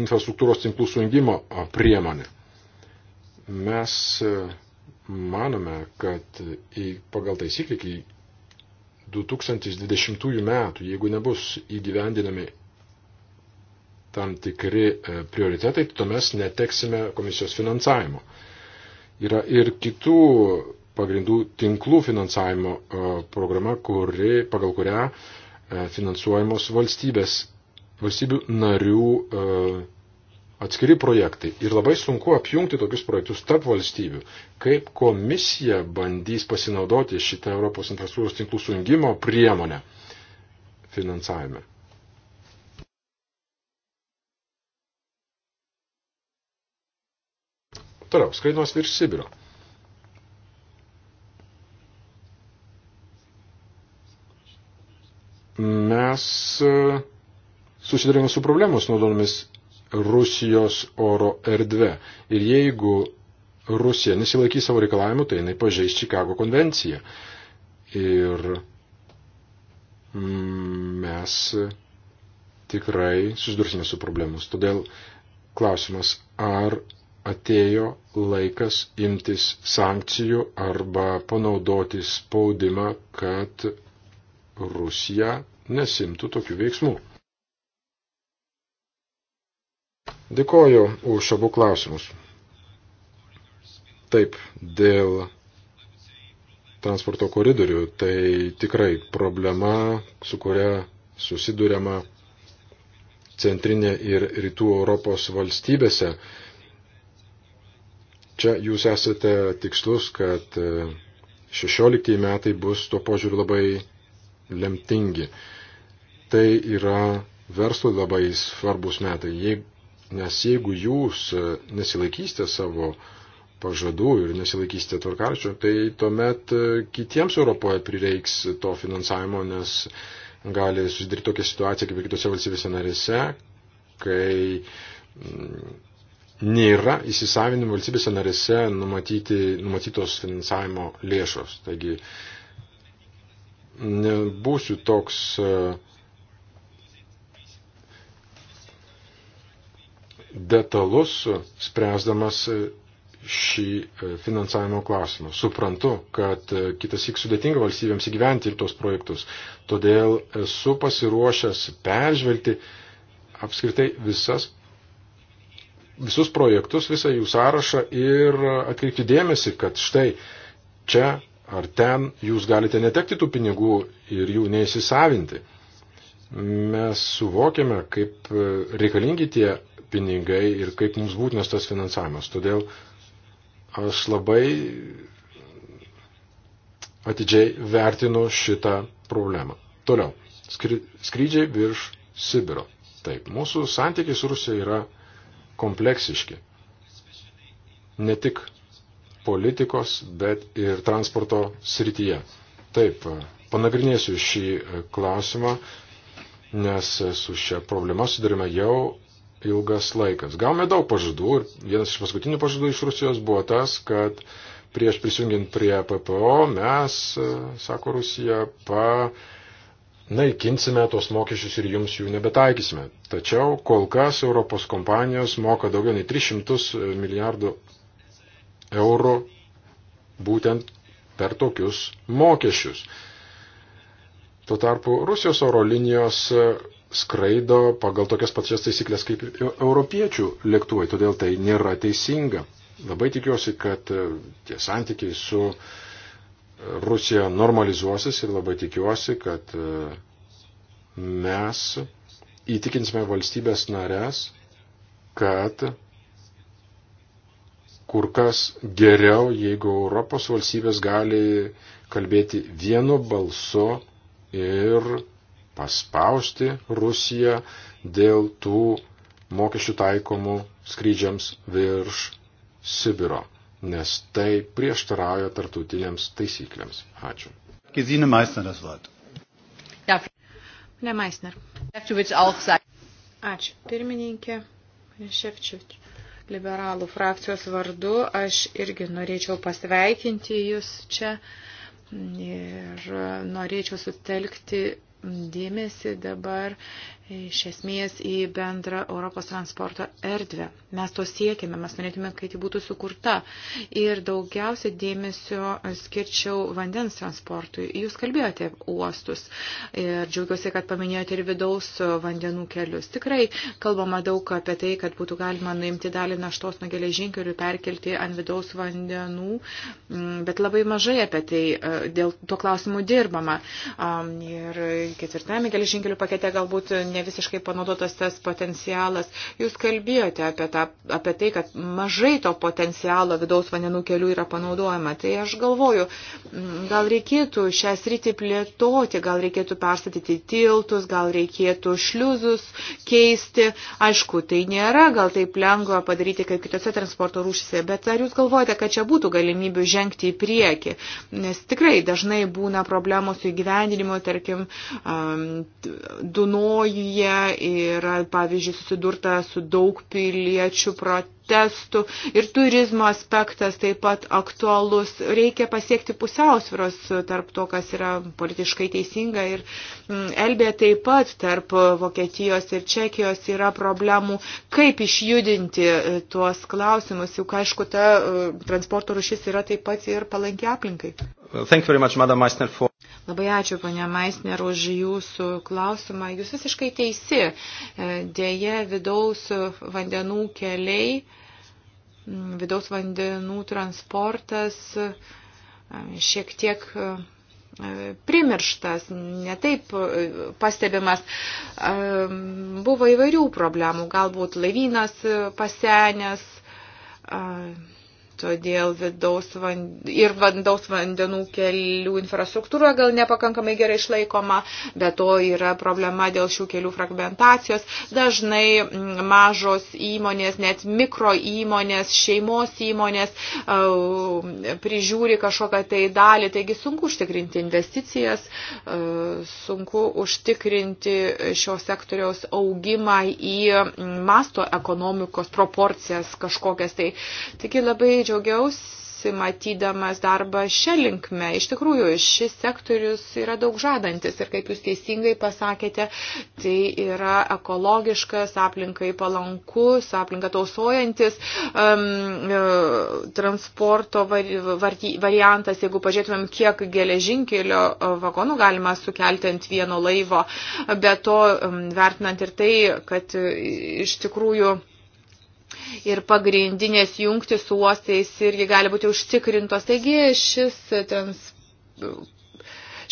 infrastruktūros tinklų sujungimo priemonė. Mes e, manome, kad į, pagal taisyklį iki 2020 metų, jeigu nebus įgyvendinami tam tikri e, prioritetai, tai tuomet neteksime komisijos finansavimo. Yra ir kitų pagrindų tinklų finansavimo e, programa, kuri, pagal kurią e, finansuojamos valstybės, valstybių narių atskiri projektai ir labai sunku apjungti tokius projektus tarp valstybių. Kaip komisija bandys pasinaudoti šitą Europos infrastruktūros tinklų sujungimo priemonę finansavime? Toliau, skraidimas virš Sibiro. Mes e, susidurėme su problemus naudodomis Rusijos oro erdve. Ir jeigu Rusija nesilaikys savo reikalavimų, tai jinai pažeis Čikago konvenciją. Ir mm, mes tikrai susidursime su problemus. Todėl klausimas, ar atėjo laikas imtis sankcijų arba panaudoti spaudimą, kad Rusija nesimtų tokių veiksmų. Dėkoju už abu klausimus. Taip, dėl transporto koridorių, tai tikrai problema, su kuria susidūrėma centrinė ir rytų Europos valstybėse. Čia jūs esate tikslus, kad 16 e, metai bus tuo požiūriu labai lemtingi. Tai yra verslo labai svarbus metai. Jeigu Nes jeigu jūs e, nesilaikysite savo pažadų ir nesilaikysite tvarkarčio, tai tuomet e, kitiems Europoje prireiks to finansavimo, nes gali susidaryti tokia situacija kaip ir kitose valstybėse narėse, kai mm, nėra įsisavinimo valstybėse narėse numatyti, numatytos finansavimo lėšos. Taigi nebūsiu toks uh, detalus, spręsdamas šį e, finansavimo klausimą. Suprantu, kad e, kitas įk sudėtinga valstybėms įgyventi ir tos projektus. Todėl esu pasiruošęs peržvelgti apskritai visas, visus projektus, visą jų sąrašą ir atkreipti dėmesį, kad štai čia ar ten jūs galite netekti tų pinigų ir jų neįsisavinti. Mes suvokėme, kaip e, reikalingi tie pinigai ir kaip mums būtinas tas finansavimas. Todėl aš labai atidžiai vertinu šitą problemą. Toliau, skry, skrydžiai virš Sibiro. Taip, mūsų santykiai su Rusija yra kompleksiški. Ne tik politikos, bet ir transporto srityje. Taip, panagrinėsiu šį klausimą, nes su šia problema sudarime jau ilgas laikas. Gavome daug pažadų ir vienas iš paskutinių pažadų iš Rusijos buvo tas, kad prieš prisijungiant prie PPO mes, e, sako Rusija, panaikinsime tos mokesčius ir jums jų nebetaikysime. Tačiau kol kas Europos kompanijos moka daugiau nei 300 e, milijardų eurų būtent per tokius mokesčius. Tuo tarpu Rusijos oro linijos e, skraido pagal tokias pačias taisyklės kaip europiečių lėktuvai, todėl tai nėra teisinga. Labai tikiuosi, kad e, tie santykiai su e, Rusija normalizuosis ir labai tikiuosi, kad e, mes įtikinsime valstybės narės, kad kur kas geriau, jeigu Europos valstybės gali kalbėti vienu balsu ir paspausti Rusiją dėl tų mokesčių taikomų skrydžiams virš Sibiro, nes tai prieštarauja tartutiniams taisyklėms. Ačiū. Gesine Meissner das Wort. Ja, Herr Meissner. Šefčiovič auch sagt. Ačiū. Pirmininkė Šefčiovič. Liberalų frakcijos vardu aš irgi norėčiau pasveikinti jūs čia ir norėčiau sutelkti dėmesį dabar iš esmės į bendrą Europos transporto erdvę. Mes to siekiame, mes norėtume, kad ji būtų sukurta. Ir daugiausia dėmesio skirčiau vandens transportui. Jūs kalbėjote uostus ir džiaugiuosi, kad paminėjote ir vidaus vandenų kelius. Tikrai kalbama daug apie tai, kad būtų galima nuimti dalį naštos nuo geležinkelių ir perkelti ant vidaus vandenų, mm, bet labai mažai apie tai e, dėl to klausimų dirbama. Ir ketvirtame geležinkelių pakete galbūt ne nevisiškai panaudotas tas potencialas. Jūs kalbėjote apie, tą, apie tai, kad mažai to potencialo vidaus vandenų kelių yra panaudojama. Tai aš galvoju, mm, gal reikėtų šią sritį plėtoti, gal reikėtų perstatyti tiltus, gal reikėtų šliuzus keisti. Aišku, tai nėra gal taip lengva padaryti kaip kitose transporto rūšise, bet ar jūs galvojate, kad čia būtų galimybių žengti į priekį? Nes tikrai dažnai būna problemų su įgyvendinimu, tarkim, Dunojų Vokietija ir, pavyzdžiui, susidurta su daug piliečių protestų ir turizmo aspektas taip pat aktualus. Reikia pasiekti pusiausviros tarp to, kas yra politiškai teisinga ir mm, Elbė taip pat tarp Vokietijos ir Čekijos yra problemų, kaip išjudinti e, tuos klausimus, juk aišku, ta e, transporto rušis yra taip pat ir palankia aplinkai. Thank you very much, Madam Meissner, for Labai ačiū, ponia Maisner, už jūsų klausimą. Jūs visiškai teisi. E, dėje vidaus vandenų keliai, vidaus vandenų transportas e, šiek tiek e, primirštas, netaip pastebimas. Buvo įvairių problemų, galbūt laivynas pasenęs Todėl vidaus van, ir vandaus vandenų kelių infrastruktūra gal nepakankamai gerai išlaikoma, bet to yra problema dėl šių kelių fragmentacijos. Dažnai mm, mažos įmonės, net mikro įmonės, šeimos įmonės prižiūri kažkokią tai dalį, taigi sunku užtikrinti investicijas, sunku užtikrinti šio sektoriaus augimą į mm, masto ekonomikos proporcijas kažkokias. Tai, taigi labai džiaugiausi matydamas darbą šią linkmę. Iš tikrųjų, šis sektorius yra daug žadantis ir kaip jūs teisingai pasakėte, tai yra ekologiškas, aplinkai palankus, aplinką tausojantis um, transporto vari, vari, variantas. Jeigu pažiūrėtumėm, kiek geležinkelio uh, vagonų galima sukelti ant vieno laivo, be to um, vertinant ir tai, kad uh, iš tikrųjų ir pagrindinės jungtis su uostais irgi gali būti užtikrintos. Taigi šis trans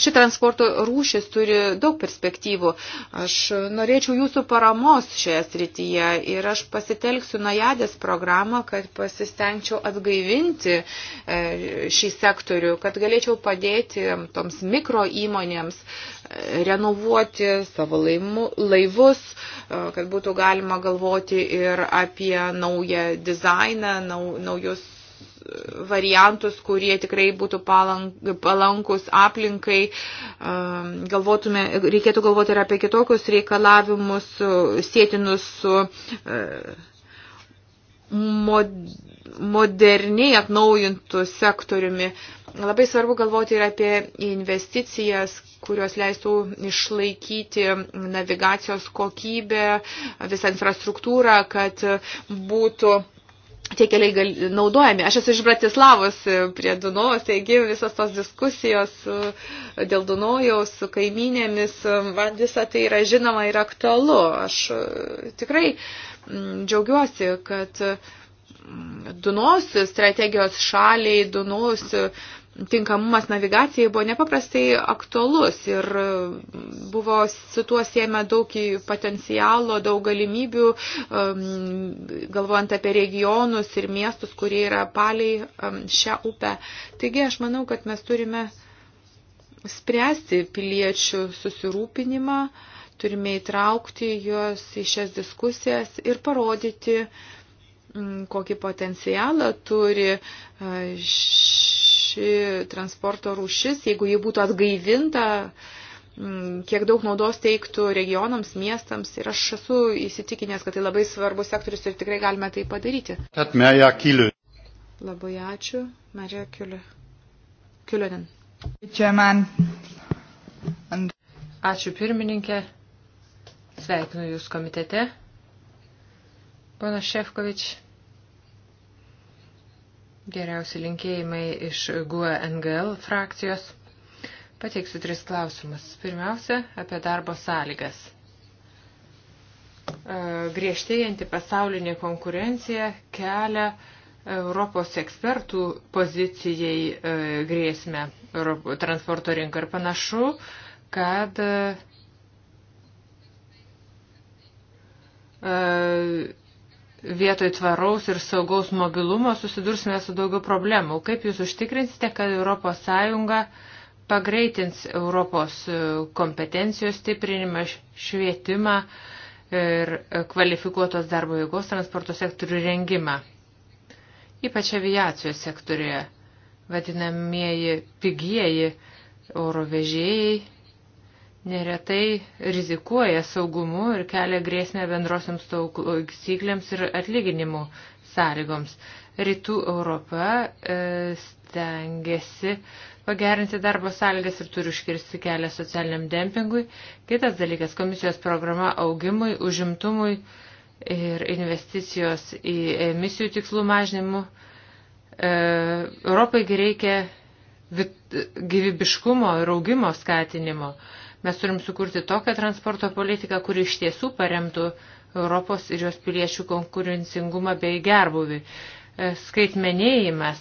Ši transporto rūšis turi daug perspektyvų. Aš norėčiau jūsų paramos šioje srityje ir aš pasitelksiu Najadės programą, kad pasistengčiau atgaivinti e, šį sektorių, kad galėčiau padėti toms mikro įmonėms e, renovuoti savo laimu, laivus, e, kad būtų galima galvoti ir apie naują dizainą, nau, naujus variantus, kurie tikrai būtų palankus aplinkai. Um, galvotume, reikėtų galvoti ir apie kitokius reikalavimus sėtinus su uh, moderniai atnaujintų sektoriumi. Labai svarbu galvoti ir apie investicijas, kurios leistų išlaikyti navigacijos kokybę, visą infrastruktūrą, kad būtų tie keliai gal, naudojami. Aš esu iš Bratislavos e, prie Dunovos, taigi visas tos diskusijos e, dėl Dunojaus su kaiminėmis, e, man visa tai yra žinoma ir aktualu. Aš tikrai mm, džiaugiuosi, kad mm, Dunos strategijos šaliai, Dunos uh, tinkamumas navigacijai buvo nepaprastai aktualus ir e, buvo su tuo siejama daug potencialo, daug galimybių, galvojant apie regionus ir miestus, kurie yra paliai šią upę. Taigi aš manau, kad mes turime spręsti piliečių susirūpinimą, turime įtraukti juos į šias diskusijas ir parodyti, kokį potencialą turi š e, ši transporto rūšis, jeigu ji būtų atgaivinta, mm, kiek daug naudos teiktų regionams, miestams. Ir aš esu įsitikinęs, kad tai labai svarbus sektorius ir tikrai galime tai padaryti. Labai ačiū, Marija Kiulė. Kiulėnin. Ačiū pirmininkė. Sveikinu Jūs komitete. Pana Šefkovič. Geriausi linkėjimai iš GUE NGL frakcijos. Pateiksiu tris klausimus. Pirmiausia, apie darbo sąlygas. E, griežtėjanti pasaulinė konkurencija kelia Europos ekspertų pozicijai e, grėsmę transporto rinką ir panašu, kad e, vietoj tvaraus ir saugaus mobilumo susidursime su daugiau problemų. Kaip jūs užtikrinsite, kad ES pagreitins Europos e, kompetencijos stiprinimą, švietimą ir e, kvalifikuotos darbo jėgos transporto sektorių rengimą? Ypač aviacijos sektorioje vadinamieji pigieji oro vežėjai neretai rizikuoja saugumu ir kelia grėsmę bendrosiams taisyklėms ir atlyginimų sąlygoms. Rytų Europa e, stengiasi pagerinti darbo sąlygas ir turi užkirsti kelią socialiniam dempingui. Kitas dalykas - komisijos programa augimui, užimtumui ir investicijos į emisijų tikslų mažinimu. E, Europai reikia gyvybiškumo ir augimo skatinimo. Mes turim sukurti tokią transporto politiką, kuri iš tiesų paremtų Europos ir jos piliečių konkurencingumą bei gerbuvį. E, skaitmenėjimas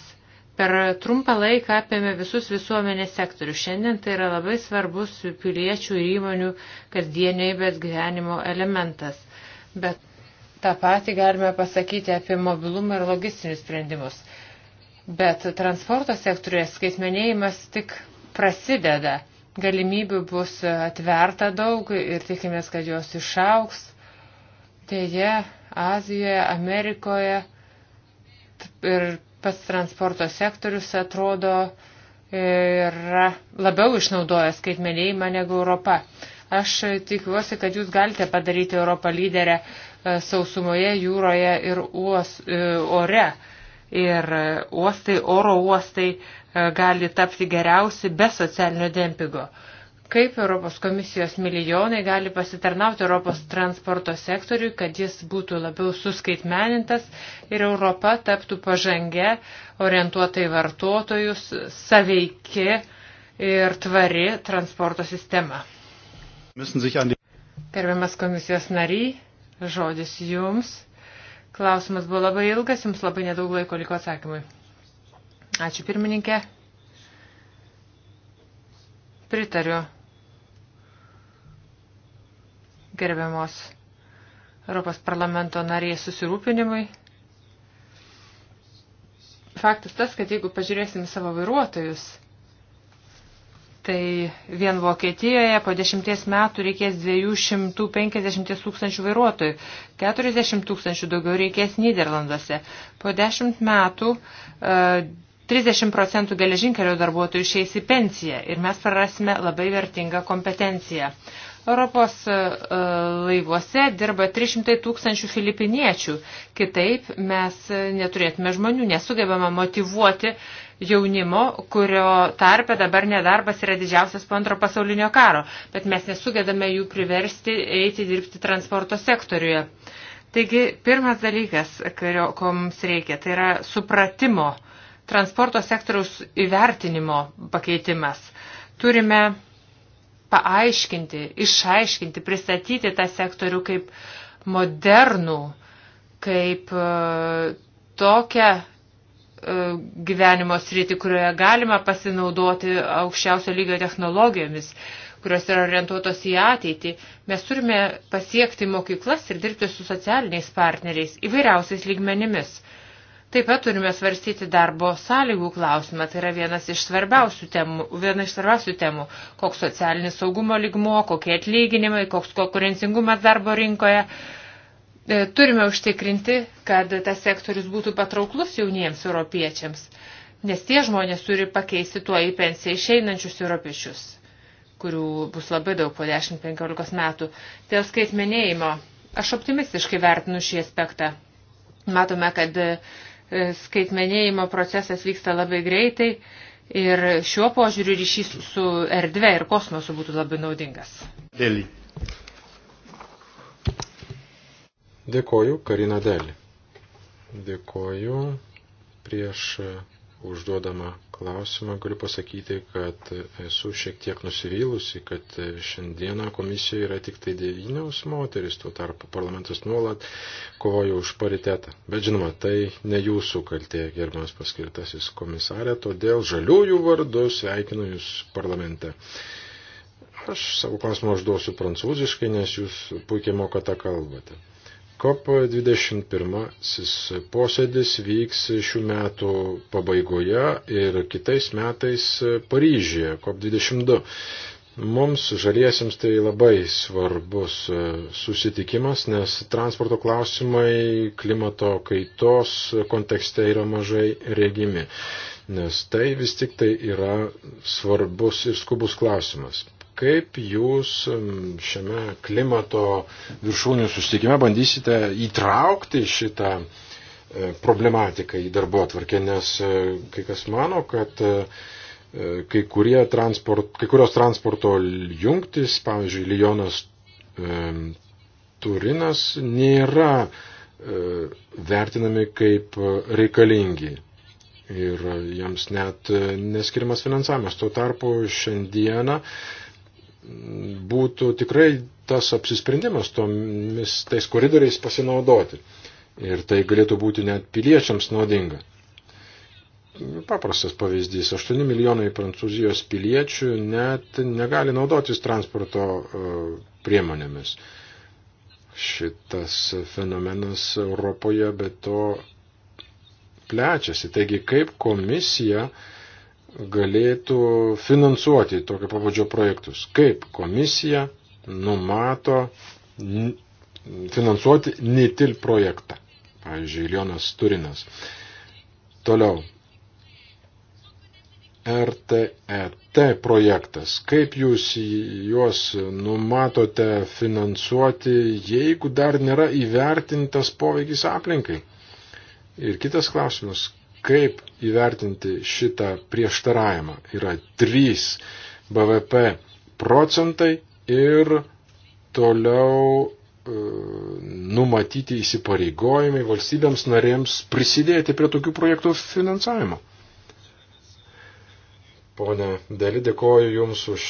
per trumpą laiką apėmė visus visuomenės sektorius. Šiandien tai yra labai svarbus piliečių ir įmonių kasdienybės gyvenimo elementas. Bet tą patį galime pasakyti apie mobilumą ir logistinius sprendimus. Bet transporto sektoriuje skaitmenėjimas tik prasideda. Galimybių bus atverta daug ir tikimės, kad jos išauks. Deja, Azijoje, Amerikoje ir pats transporto sektorius atrodo e, yra labiau išnaudojęs skaitmenėjimą negu Europa. Aš tikiuosi, kad jūs galite padaryti Europą lyderę e, sausumoje, jūroje ir uos, e, ore. Ir uostai, oro uostai E, gali tapti geriausi be socialinio dempingo. Kaip Europos komisijos milijonai gali pasitarnauti Europos transporto sektoriui, kad jis būtų labiau suskaitmenintas ir Europa taptų pažangę, orientuotai vartotojus, saveiki ir tvari transporto sistema. Gerbiamas komisijos nariai, žodis jums. Klausimas buvo labai ilgas, jums labai nedaug laiko liko atsakymui. Ačiū pirmininkė. Pritariu gerbiamos Europos parlamento narės susirūpinimui. Faktas tas, kad jeigu pažiūrėsim savo vairuotojus, tai vien Vokietijoje po dešimties metų reikės 250 tūkstančių vairuotojų, 40 tūkstančių daugiau reikės Niderlanduose. Po dešimt metų uh, 30 procentų geležinkelio darbuotojų išeis į pensiją ir mes prarasime labai vertingą kompetenciją. Europos e, e, laivuose dirba 300 tūkstančių filipiniečių. Kitaip mes e, neturėtume žmonių, nesugebame motivuoti jaunimo, kurio tarpe dabar nedarbas yra didžiausias po antro pasaulinio karo, bet mes nesugebame jų priversti eiti dirbti transporto sektoriuje. Taigi, pirmas dalykas, kurio mums reikia, tai yra supratimo Transporto sektoriaus įvertinimo pakeitimas. Turime paaiškinti, išaiškinti, pristatyti tą sektorių kaip modernų, kaip e, tokią e, gyvenimo sritį, kurioje galima pasinaudoti aukščiausio lygio technologijomis, kurios yra orientuotos į ateitį. Mes turime pasiekti mokyklas ir dirbti su socialiniais partneriais įvairiausiais lygmenimis. Taip pat turime svarstyti darbo sąlygų klausimą, tai yra vienas iš svarbiausių temų, viena iš svarbiausių temų, koks socialinis saugumo ligmuo, kokie atlyginimai, koks konkurencingumas darbo rinkoje. E, turime užtikrinti, kad tas sektorius būtų patrauklus jauniems europiečiams, nes tie žmonės turi pakeisti tuo į pensiją išeinančius europiečius, kurių bus labai daug po 10-15 metų. Dėl skaitmenėjimo aš optimistiškai vertinu šį aspektą. Matome, kad uh, E, skaitmenėjimo procesas vyksta labai greitai ir šiuo požiūriu ryšys su erdve ir kosmosu būtų labai naudingas. Dėlį. Dėkoju, Karina Dėlį. Dėkoju prieš užduodama klausimą galiu pasakyti, kad esu šiek tiek nusivylusi, kad šiandieną komisijoje yra tik tai devynios moteris, tuo tarpu parlamentas nuolat kovoja už paritetą. Bet žinoma, tai ne jūsų kaltė, gerbiamas paskirtasis komisarė, todėl žaliųjų vardu sveikinu jūs parlamente. Aš savo klausimą užduosiu prancūziškai, nes jūs puikiai mokate kalbate. COP21 posėdis vyks šių metų pabaigoje ir kitais metais Paryžyje, COP22. Mums žaliesiams tai labai svarbus e, susitikimas, nes transporto klausimai klimato kaitos kontekste yra mažai regimi, nes tai vis tik tai yra svarbus ir skubus klausimas. Kaip jūs šiame klimato viršūnių susitikime bandysite įtraukti šitą e, problematiką į darbo atvarkę, nes e, kai kas mano, kad e, kai, transport, kai kurios transporto jungtis, pavyzdžiui, Lyonas Turinas, nėra vertinami kaip reikalingi ir jiems net neskirimas finansavimas. Tuo tarpu šiandieną būtų tikrai tas apsisprendimas tomis tais koridoriais pasinaudoti. Ir tai galėtų būti net piliečiams naudinga. Paprastas pavyzdys. 8 milijonai prancūzijos piliečių net negali naudotis transporto e, priemonėmis. Šitas fenomenas Europoje be to plečiasi. Taigi kaip komisija uh, galėtų finansuoti tokio pabudžio projektus, kaip komisija numato finansuoti NITIL projektą. Pavyzdžiui, Lionas Turinas. Toliau. RTET e projektas. Kaip jūs juos numatote finansuoti, jeigu dar nėra įvertintas poveikis aplinkai? Ir kitas klausimas, Kaip įvertinti šitą prieštaravimą? Yra 3 BVP procentai ir toliau e, numatyti įsipareigojimai valstybėms narėms prisidėti prie tokių projektų finansavimo. Pone Deli, dėkoju Jums už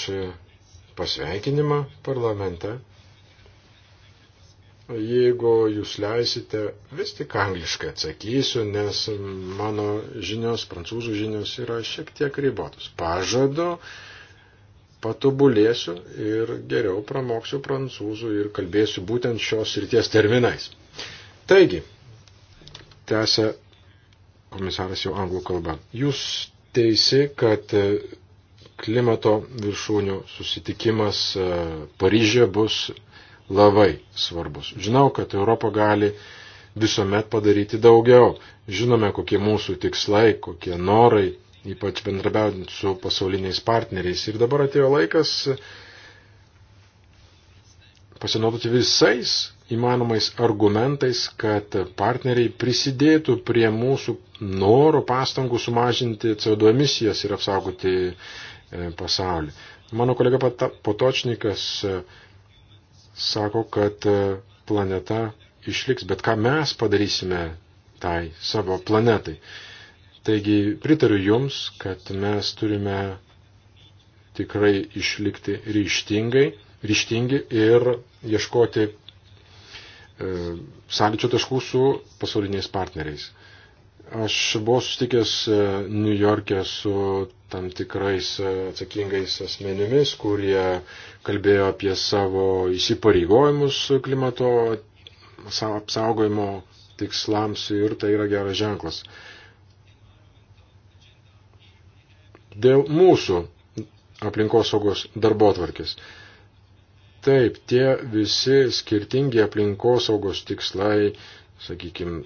pasveikinimą parlamente. Jeigu jūs leisite, vis tik angliškai atsakysiu, nes mano žinios, prancūzų žinios yra šiek tiek ribotos. Pažadu, patobulėsiu ir geriau pramoksiu prancūzų ir kalbėsiu būtent šios ryties terminais. Taigi, tęsė komisaras jau anglų kalba. Jūs teisi, kad klimato viršūnių susitikimas e, Paryžė bus labai svarbus. Žinau, kad Europa gali visuomet padaryti daugiau. Žinome, kokie mūsų tikslai, kokie norai, ypač bendrabiaudint su pasauliniais partneriais. Ir dabar atėjo laikas pasinaudoti visais įmanomais argumentais, kad partneriai prisidėtų prie mūsų norų pastangų sumažinti CO2 emisijas ir apsaugoti e, pasaulį. Mano kolega Potočnikas pat, e, sako, kad e, planeta išliks, bet ką mes padarysime tai savo planetai. Taigi pritariu Jums, kad mes turime tikrai išlikti ryštingai, ryštingi ir ieškoti e, sąlyčio taškų su pasauliniais partneriais. Aš buvau sustikęs e, New York'e su tam tikrais e, atsakingais asmenimis, kurie kalbėjo apie savo įsipareigojimus klimato apsaugojimo tikslams ir tai yra geras ženklas. Dėl mūsų aplinkosaugos darbotvarkės. Taip, tie visi skirtingi aplinkosaugos tikslai, sakykime,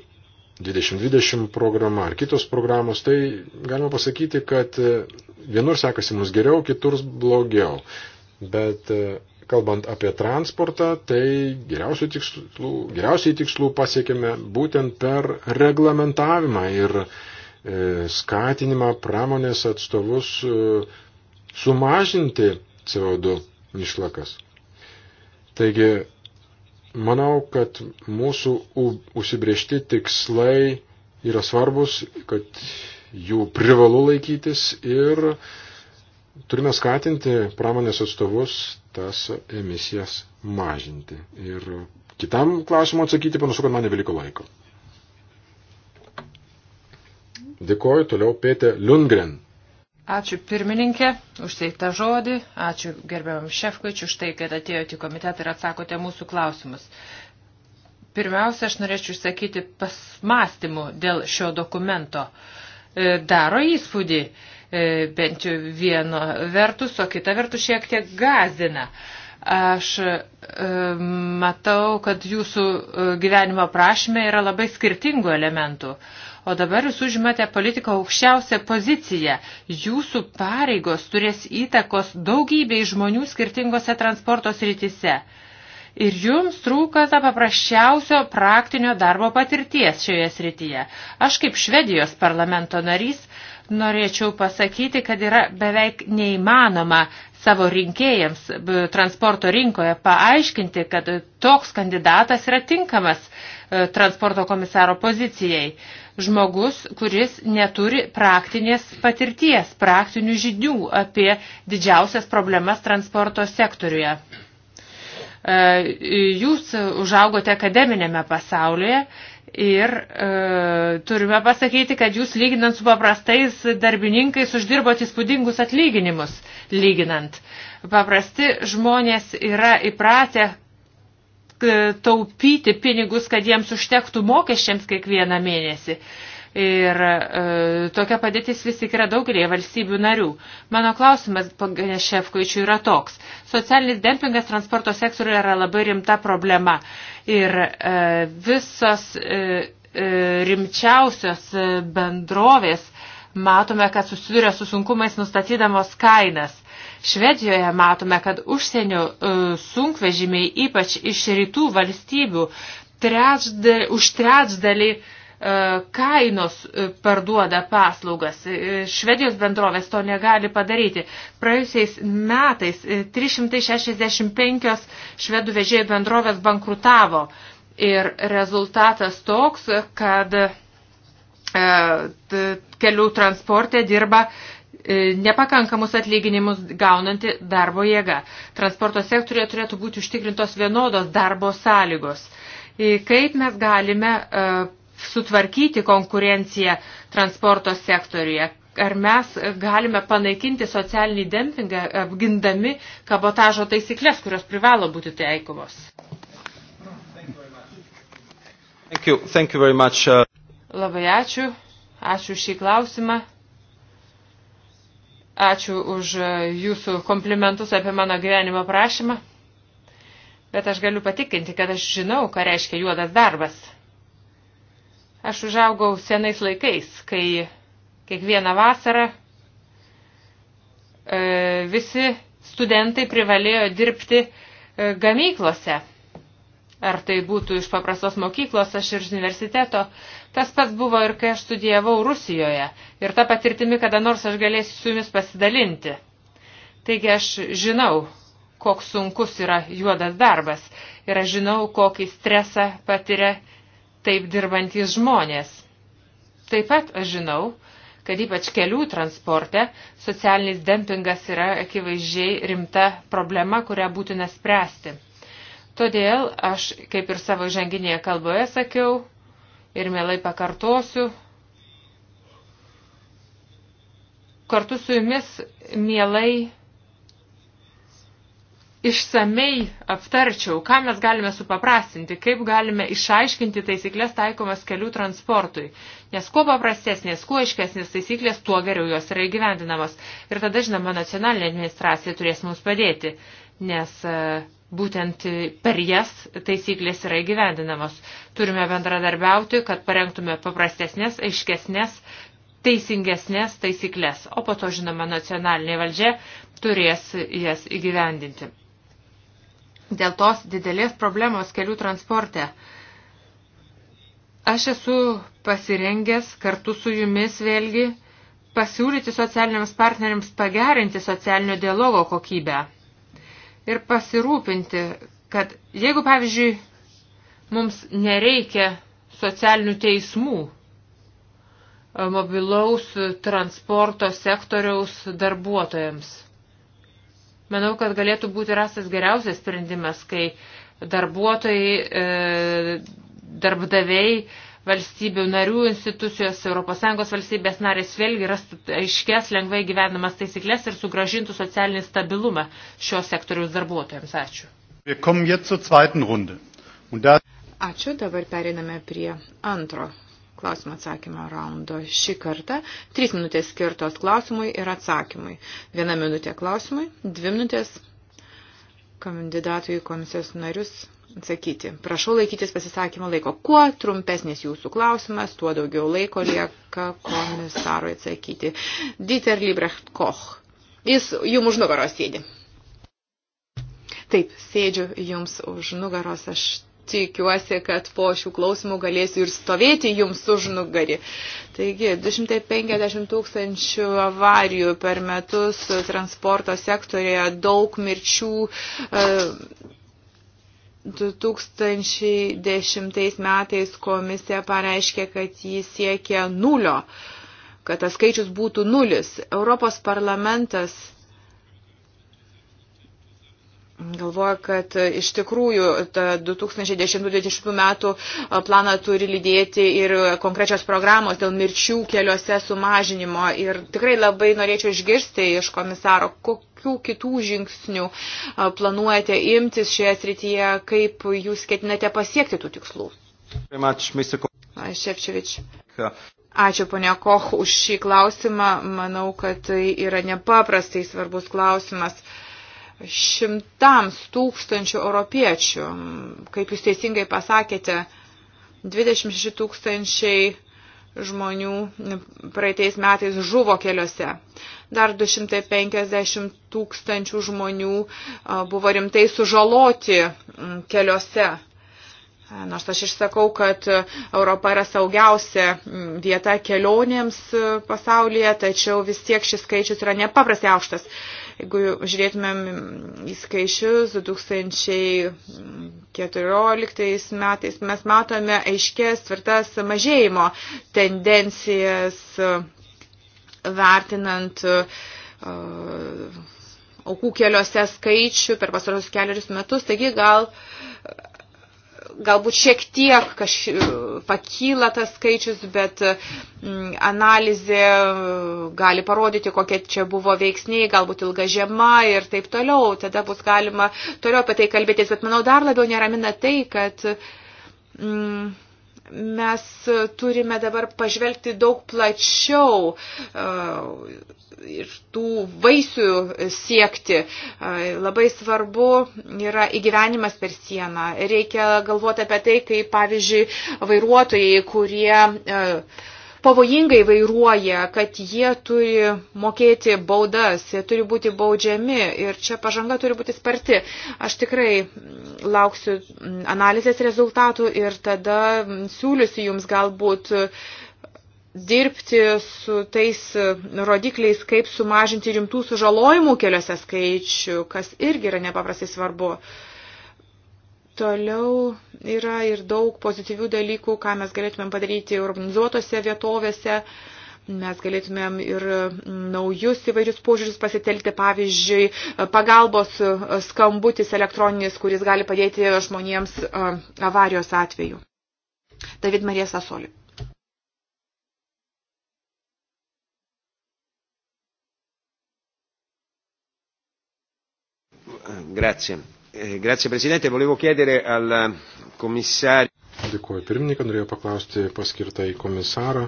2020 programa ar kitos programos, tai galima pasakyti, kad e, vienur sekasi mums geriau, kitur blogiau. Bet e, kalbant apie transportą, tai geriausių tikslų, geriausiai tikslų pasiekėme būtent per reglamentavimą ir e, skatinimą pramonės atstovus sumažinti CO2 išlakas. Taigi Manau, kad mūsų užsibriežti tikslai yra svarbus, kad jų privalu laikytis ir turime skatinti pramonės atstovus tas emisijas mažinti. Ir kitam klausimui atsakyti panašu, kad man nebeliko laiko. Dėkoju toliau Pėtė Lundgren. Ačiū pirmininkė už teiktą žodį, ačiū gerbiamam Šefkočiu už tai, kad atėjote į komitetą ir atsakote mūsų klausimus. Pirmiausia, aš norėčiau išsakyti pasmastymų dėl šio dokumento. E, daro įspūdį e, bent jau vieno vertus, o kita vertus šiek tiek gazina. Aš e, matau, kad jūsų gyvenimo prašymė yra labai skirtingų elementų. O dabar jūs užimate politiko aukščiausią poziciją. Jūsų pareigos turės įtakos daugybei žmonių skirtingose transporto srityse. Ir jums trūka ta paprasčiausio praktinio darbo patirties šioje srityje. Aš kaip Švedijos parlamento narys Norėčiau pasakyti, kad yra beveik neįmanoma savo rinkėjams transporto rinkoje paaiškinti, kad toks kandidatas yra tinkamas e, transporto komisaro pozicijai. Žmogus, kuris neturi praktinės patirties, praktinių žinių apie didžiausias problemas transporto sektoriuje. E, jūs užaugote akademinėme pasaulyje Ir e, turime pasakyti, kad jūs lyginant su paprastais darbininkais uždirbot įspūdingus atlyginimus lyginant. Paprasti žmonės yra įpratę e, taupyti pinigus, kad jiems užtektų mokesčiams kiekvieną mėnesį. E, Ir e, tokia padėtis vis tik yra daugelėje valstybių narių. Mano klausimas, pane Šefkoičiu, yra toks. Socialinis dempingas transporto sektoriuje yra labai rimta problema. Ir e, visos e, e rimčiausios e, bendrovės matome, kad susiduria su sunkumais nustatydamos kainas. Švedijoje matome, kad užsienio e, sunkvežimiai, ypač iš rytų valstybių, trečdali, už trečdalį kainos e, parduoda paslaugas. E, Švedijos bendrovės to negali padaryti. Praėjusiais metais 365 e, švedų vežėjų bendrovės bankrutavo. Ir rezultatas toks, kad kelių transporte dirba nepakankamus atlyginimus gaunanti darbo jėga. Transporto sektorija turėtų būti užtikrintos vienodos darbo sąlygos. Kaip mes galime sutvarkyti konkurenciją transporto sektoriuje? Ar mes galime panaikinti socialinį dempingą, apgindami kabotažo taisyklės, kurios privalo būti taikomos? Thank you. Thank you very much. Uh, Labai ačiū. Ačiū šį klausimą. Ačiū už uh, jūsų komplimentus apie mano gyvenimo prašymą. Bet aš galiu patikinti, kad aš žinau, ką reiškia juodas darbas. Aš užaugau senais laikais, kai kiekvieną vasarą e, visi studentai privalėjo dirbti e, gamyklose. Ar tai būtų iš paprastos mokyklos, aš ir iš universiteto. Tas pats buvo ir kai aš studijavau Rusijoje. Ir tą patirtimi, kada nors aš galėsiu su jumis pasidalinti. Taigi aš žinau, koks sunkus yra juodas darbas. Ir aš žinau, kokį stresą patiria taip dirbantys žmonės. Taip pat aš žinau, kad ypač kelių transporte socialinis dempingas yra akivaizdžiai rimta problema, kurią būtina spręsti. Todėl aš, kaip ir savo žanginėje kalboje sakiau ir mielai pakartosiu, kartu su jumis mielai išsamei aptarčiau, ką mes galime supaprastinti, kaip galime išaiškinti taisyklės taikomas kelių transportui. Nes kuo paprastesnės, kuo aiškesnės taisyklės, tuo geriau jos yra įgyvendinamos. Ir tada, žinoma, nacionalinė administracija turės mums padėti, nes e, būtent per jas taisyklės yra įgyvendinamos. Turime bendradarbiauti, kad parengtume paprastesnės, aiškesnės, teisingesnės taisyklės, o po to, žinoma, nacionalinė valdžia turės jas įgyvendinti dėl tos didelės problemos kelių transporte. Aš esu pasirengęs kartu su jumis vėlgi pasiūlyti socialiniams partneriams pagerinti socialinio dialogo kokybę ir pasirūpinti, kad jeigu, pavyzdžiui, mums nereikia socialinių teismų mobilaus transporto sektoriaus darbuotojams – Manau, kad galėtų būti rastas geriausias sprendimas, kai darbuotojai, e, darbdaviai, valstybių narių institucijos, ES valstybės narės vėlgi rastų aiškės lengvai gyvenamas taisyklės ir sugražintų socialinį stabilumą šios sektoriaus darbuotojams. Ačiū. Ačiū, dabar periname prie antro klausimą atsakymą raundo. Šį kartą trys minutės skirtos klausimui ir atsakymui. Viena minutė klausimui, dvi minutės kandidatui į komisijos narius atsakyti. Prašau laikytis pasisakymo laiko. Kuo trumpesnis jūsų klausimas, tuo daugiau laiko lieka komisarui atsakyti. Dieter Liebrecht Koch. Jis jum už nugaros sėdi. Taip, sėdžiu jums už nugaros, aš tikiuosi, kad po šių klausimų galėsiu ir stovėti jums už nugarį. Taigi, 250 tūkstančių avarijų per metus transporto sektorėje, daug mirčių. E, uh, 2010 metais komisija pareiškė, kad jį siekia nulio, kad tas skaičius būtų nulis. Europos parlamentas galvoja, kad e, iš tikrųjų 2010-2020 metų e, planą turi lydėti ir konkrečios programos dėl mirčių keliuose sumažinimo. Ir tikrai labai norėčiau išgirsti iš komisaro, kokių kitų žingsnių e, planuojate imtis šioje srityje, kaip jūs ketinate pasiekti tų tikslų. Šepčevič. Ačiū, ponia Koch, už šį klausimą. Manau, kad tai yra nepaprastai svarbus klausimas šimtams tūkstančių europiečių. Kaip jūs teisingai pasakėte, 26 tūkstančiai žmonių praeitais metais žuvo keliuose. Dar 250 tūkstančių žmonių buvo rimtai sužaloti keliuose. Nors aš išsakau, kad Europa yra saugiausia vieta kelionėms pasaulyje, tačiau vis tiek šis skaičius yra nepaprastai aukštas. Jeigu žiūrėtumėm į skaičius, 2014 metais mes matome aiškės tvirtas mažėjimo tendencijas vertinant uh, aukų keliuose skaičių per pasarosius keliarius metus. Taigi gal galbūt šiek tiek kaž, pakyla tas skaičius, bet mm, analizė mm, gali parodyti, kokie čia buvo veiksniai, galbūt ilga žiema ir taip toliau. Tada bus galima toliau apie tai kalbėtis, bet manau dar labiau neramina tai, kad. Mm, mes turime dabar pažvelgti daug plačiau e, ir tų vaisių siekti. E, labai svarbu yra įgyvenimas per sieną. Reikia galvoti apie tai, kaip pavyzdžiui vairuotojai, kurie e, pavojingai vairuoja, kad jie turi mokėti baudas, jie turi būti baudžiami ir čia pažanga turi būti sparti. Aš tikrai lauksiu analizės rezultatų ir tada siūliusi jums galbūt dirbti su tais rodikliais, kaip sumažinti rimtų sužalojimų keliuose skaičių, kas irgi yra nepaprastai svarbu. Uh, Toliau yra ir daug pozityvių dalykų, ką mes galėtumėm padaryti organizuotose vietovėse. Mes galėtumėm ir naujus įvairius požiūrius pasitelkti, pavyzdžiui, pagalbos skambutis elektroninis, kuris gali padėti žmonėms avarijos atveju. David Marija Sasoli. Grazie. Eh, grazie Presidente, volevo chiedere al eh, commissario. Dėkuoju pirmininką, norėjau paklausti paskirtą į komisarą.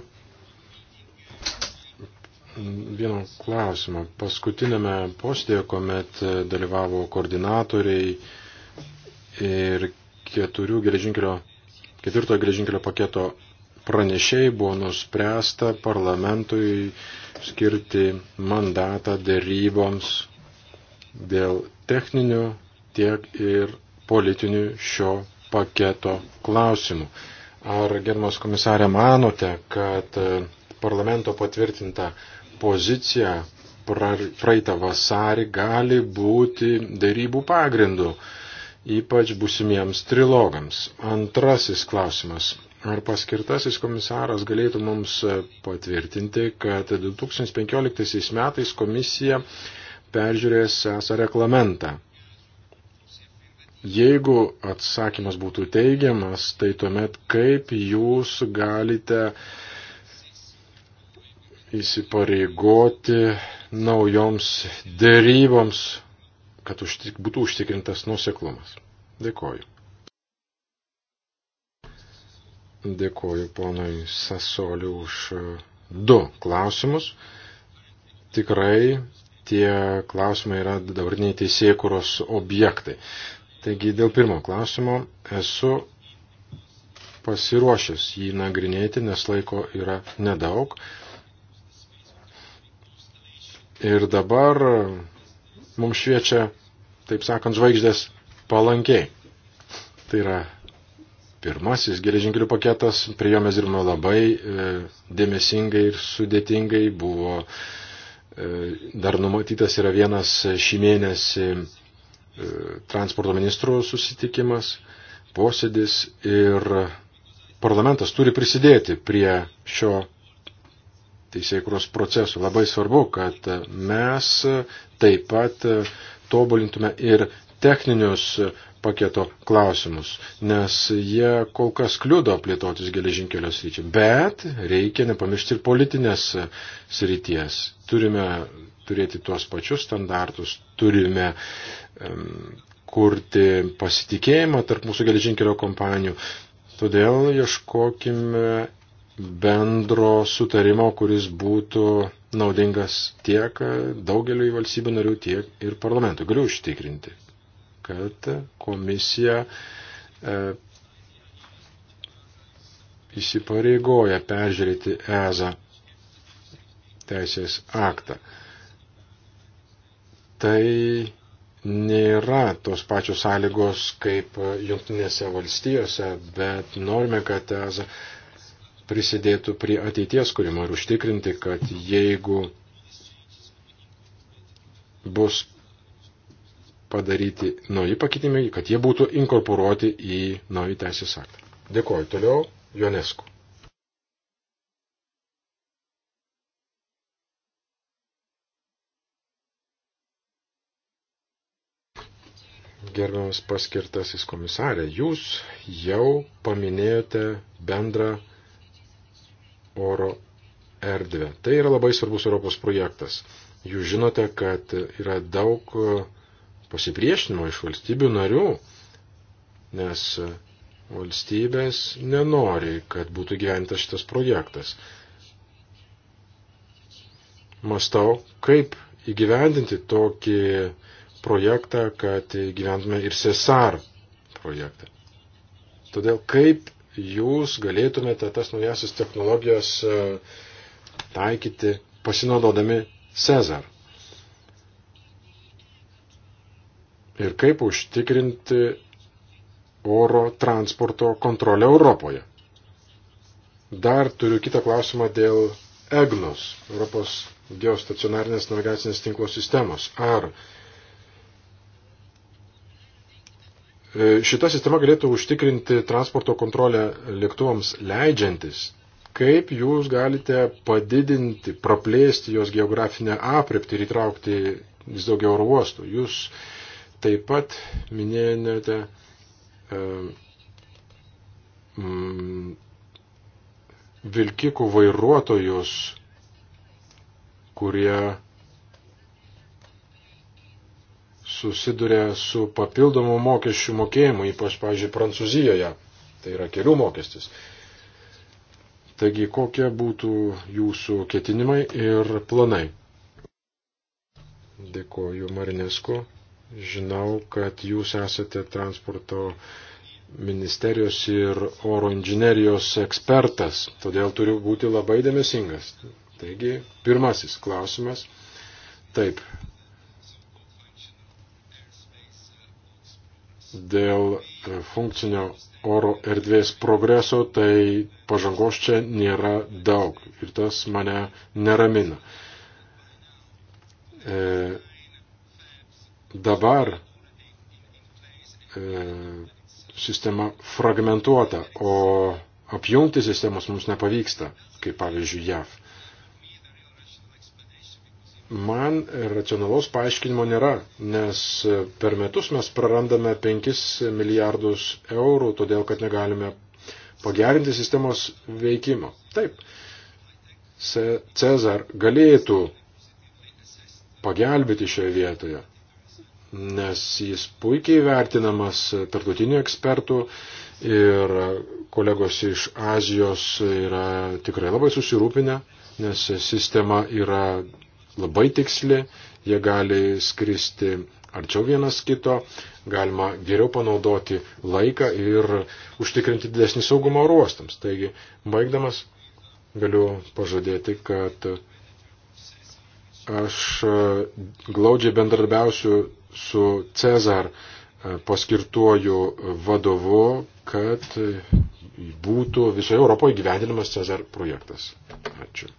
Vieną klausimą. Paskutinėme posėdėje, kuomet dalyvavo koordinatoriai ir keturių geležinkelio, ketvirtojo geležinkelio paketo pranešiai buvo nuspręsta parlamentui skirti mandatą dėryboms dėl techninių tiek ir politinių šio paketo klausimų. Ar, gerbiamas komisarė, manote, kad e, parlamento patvirtinta pozicija praeitą vasarį gali būti dėrybų pagrindu, ypač busimiems trilogams? Antrasis klausimas. Ar paskirtasis komisaras galėtų mums e, patvirtinti, kad 2015 metais komisija peržiūrės ESA reglamentą? Jeigu atsakymas būtų teigiamas, tai tuomet kaip jūs galite įsipareigoti naujoms dėryboms, kad užtik, būtų užtikrintas nuseklumas. Dėkoju. Dėkoju ponui Sasoliu už uh, du klausimus. Tikrai tie klausimai yra dabartiniai teisėkuros objektai. Taigi dėl pirmo klausimo esu pasiruošęs jį nagrinėti, nes laiko yra nedaug. Ir dabar mums šviečia, taip sakant, žvaigždės palankiai. Tai yra pirmasis geležinkelių paketas, prie jo mes dirbome labai e, dėmesingai ir sudėtingai. Buvo e, dar numatytas yra vienas šį mėnesį E, transporto ministrų susitikimas, posėdis ir parlamentas turi prisidėti prie šio teisėkuros procesų. Labai svarbu, kad mes taip pat tobulintume ir techninius paketo klausimus, nes jie kol kas kliudo plėtotis geležinkelio sryčiai. Bet reikia nepamiršti ir politinės srities. Turime turėti tuos pačius standartus, turime um, kurti pasitikėjimą tarp mūsų geležinkelio kompanijų. Todėl ieškokime bendro sutarimo, kuris būtų naudingas tiek daugeliu valstybių narių, tiek ir parlamentui. Galiu užtikrinti, kad komisija e, įsipareigoja peržiūrėti EZA teisės aktą. E, tai nėra tos pačios sąlygos kaip jungtinėse valstijose, bet norime, kad EZA prisidėtų prie ateities kūrimo ir užtikrinti, kad jeigu bus padaryti nauji pakitimai, kad jie būtų inkorporuoti į naują teisės aktą. Dėkuoju. Toliau Jonesku. gerbiamas paskirtasis komisarė, jūs jau paminėjote bendrą oro erdvę. Tai yra labai svarbus Europos projektas. Jūs žinote, kad yra daug e, pasipriešinimo iš valstybių narių, nes valstybės nenori, kad būtų gyventas šitas projektas. Mastau, kaip įgyvendinti tokį projektą, kad gyventume ir Cesar projektą. Todėl kaip jūs galėtumėte tas naujasis technologijos e, taikyti pasinaudodami Cezar? Ir kaip užtikrinti oro transporto kontrolę Europoje? Dar turiu kitą klausimą dėl EGNOS, Europos geostacionarinės navigacinės tinklo sistemos. Ar E, šita sistema galėtų užtikrinti transporto kontrolę lėktuvams leidžiantis. Kaip jūs galite padidinti, praplėsti jos geografinę aprepti ir įtraukti vis daugiau oro uostų? Jūs taip pat minėjote e, mm, vilkikų vairuotojus, kurie susiduria su papildomu mokesčių mokėjimu, ypač, pavyzdžiui, Prancūzijoje. Tai yra kelių mokestis. Taigi, kokie būtų jūsų ketinimai ir planai? Dėkoju Marinesku. Žinau, kad jūs esate transporto ministerijos ir oro inžinerijos ekspertas, todėl turiu būti labai dėmesingas. Taigi, pirmasis klausimas. Taip, dėl e, funkcinio oro erdvės progreso, tai pažangos čia nėra daug ir tas mane neramina. E, dabar e, sistema fragmentuota, o apjungti sistemos mums nepavyksta, kaip pavyzdžiui JAV man racionalaus paaiškinimo nėra, nes per metus mes prarandame 5 milijardus eurų, todėl kad negalime pagerinti sistemos veikimo. Taip, Cezar galėtų pagelbėti šioje vietoje, nes jis puikiai vertinamas tartutinių ekspertų ir kolegos iš Azijos yra tikrai labai susirūpinę, nes sistema yra labai tiksli, jie gali skristi arčiau vienas kito, galima geriau panaudoti laiką ir užtikrinti didesnį saugumą ruostams. Taigi, baigdamas, galiu pažadėti, kad aš e, glaudžiai bendradarbiausiu su Cezar e, paskirtuoju vadovu, kad būtų visoje Europoje gyvendinamas Cezar projektas. Ačiū.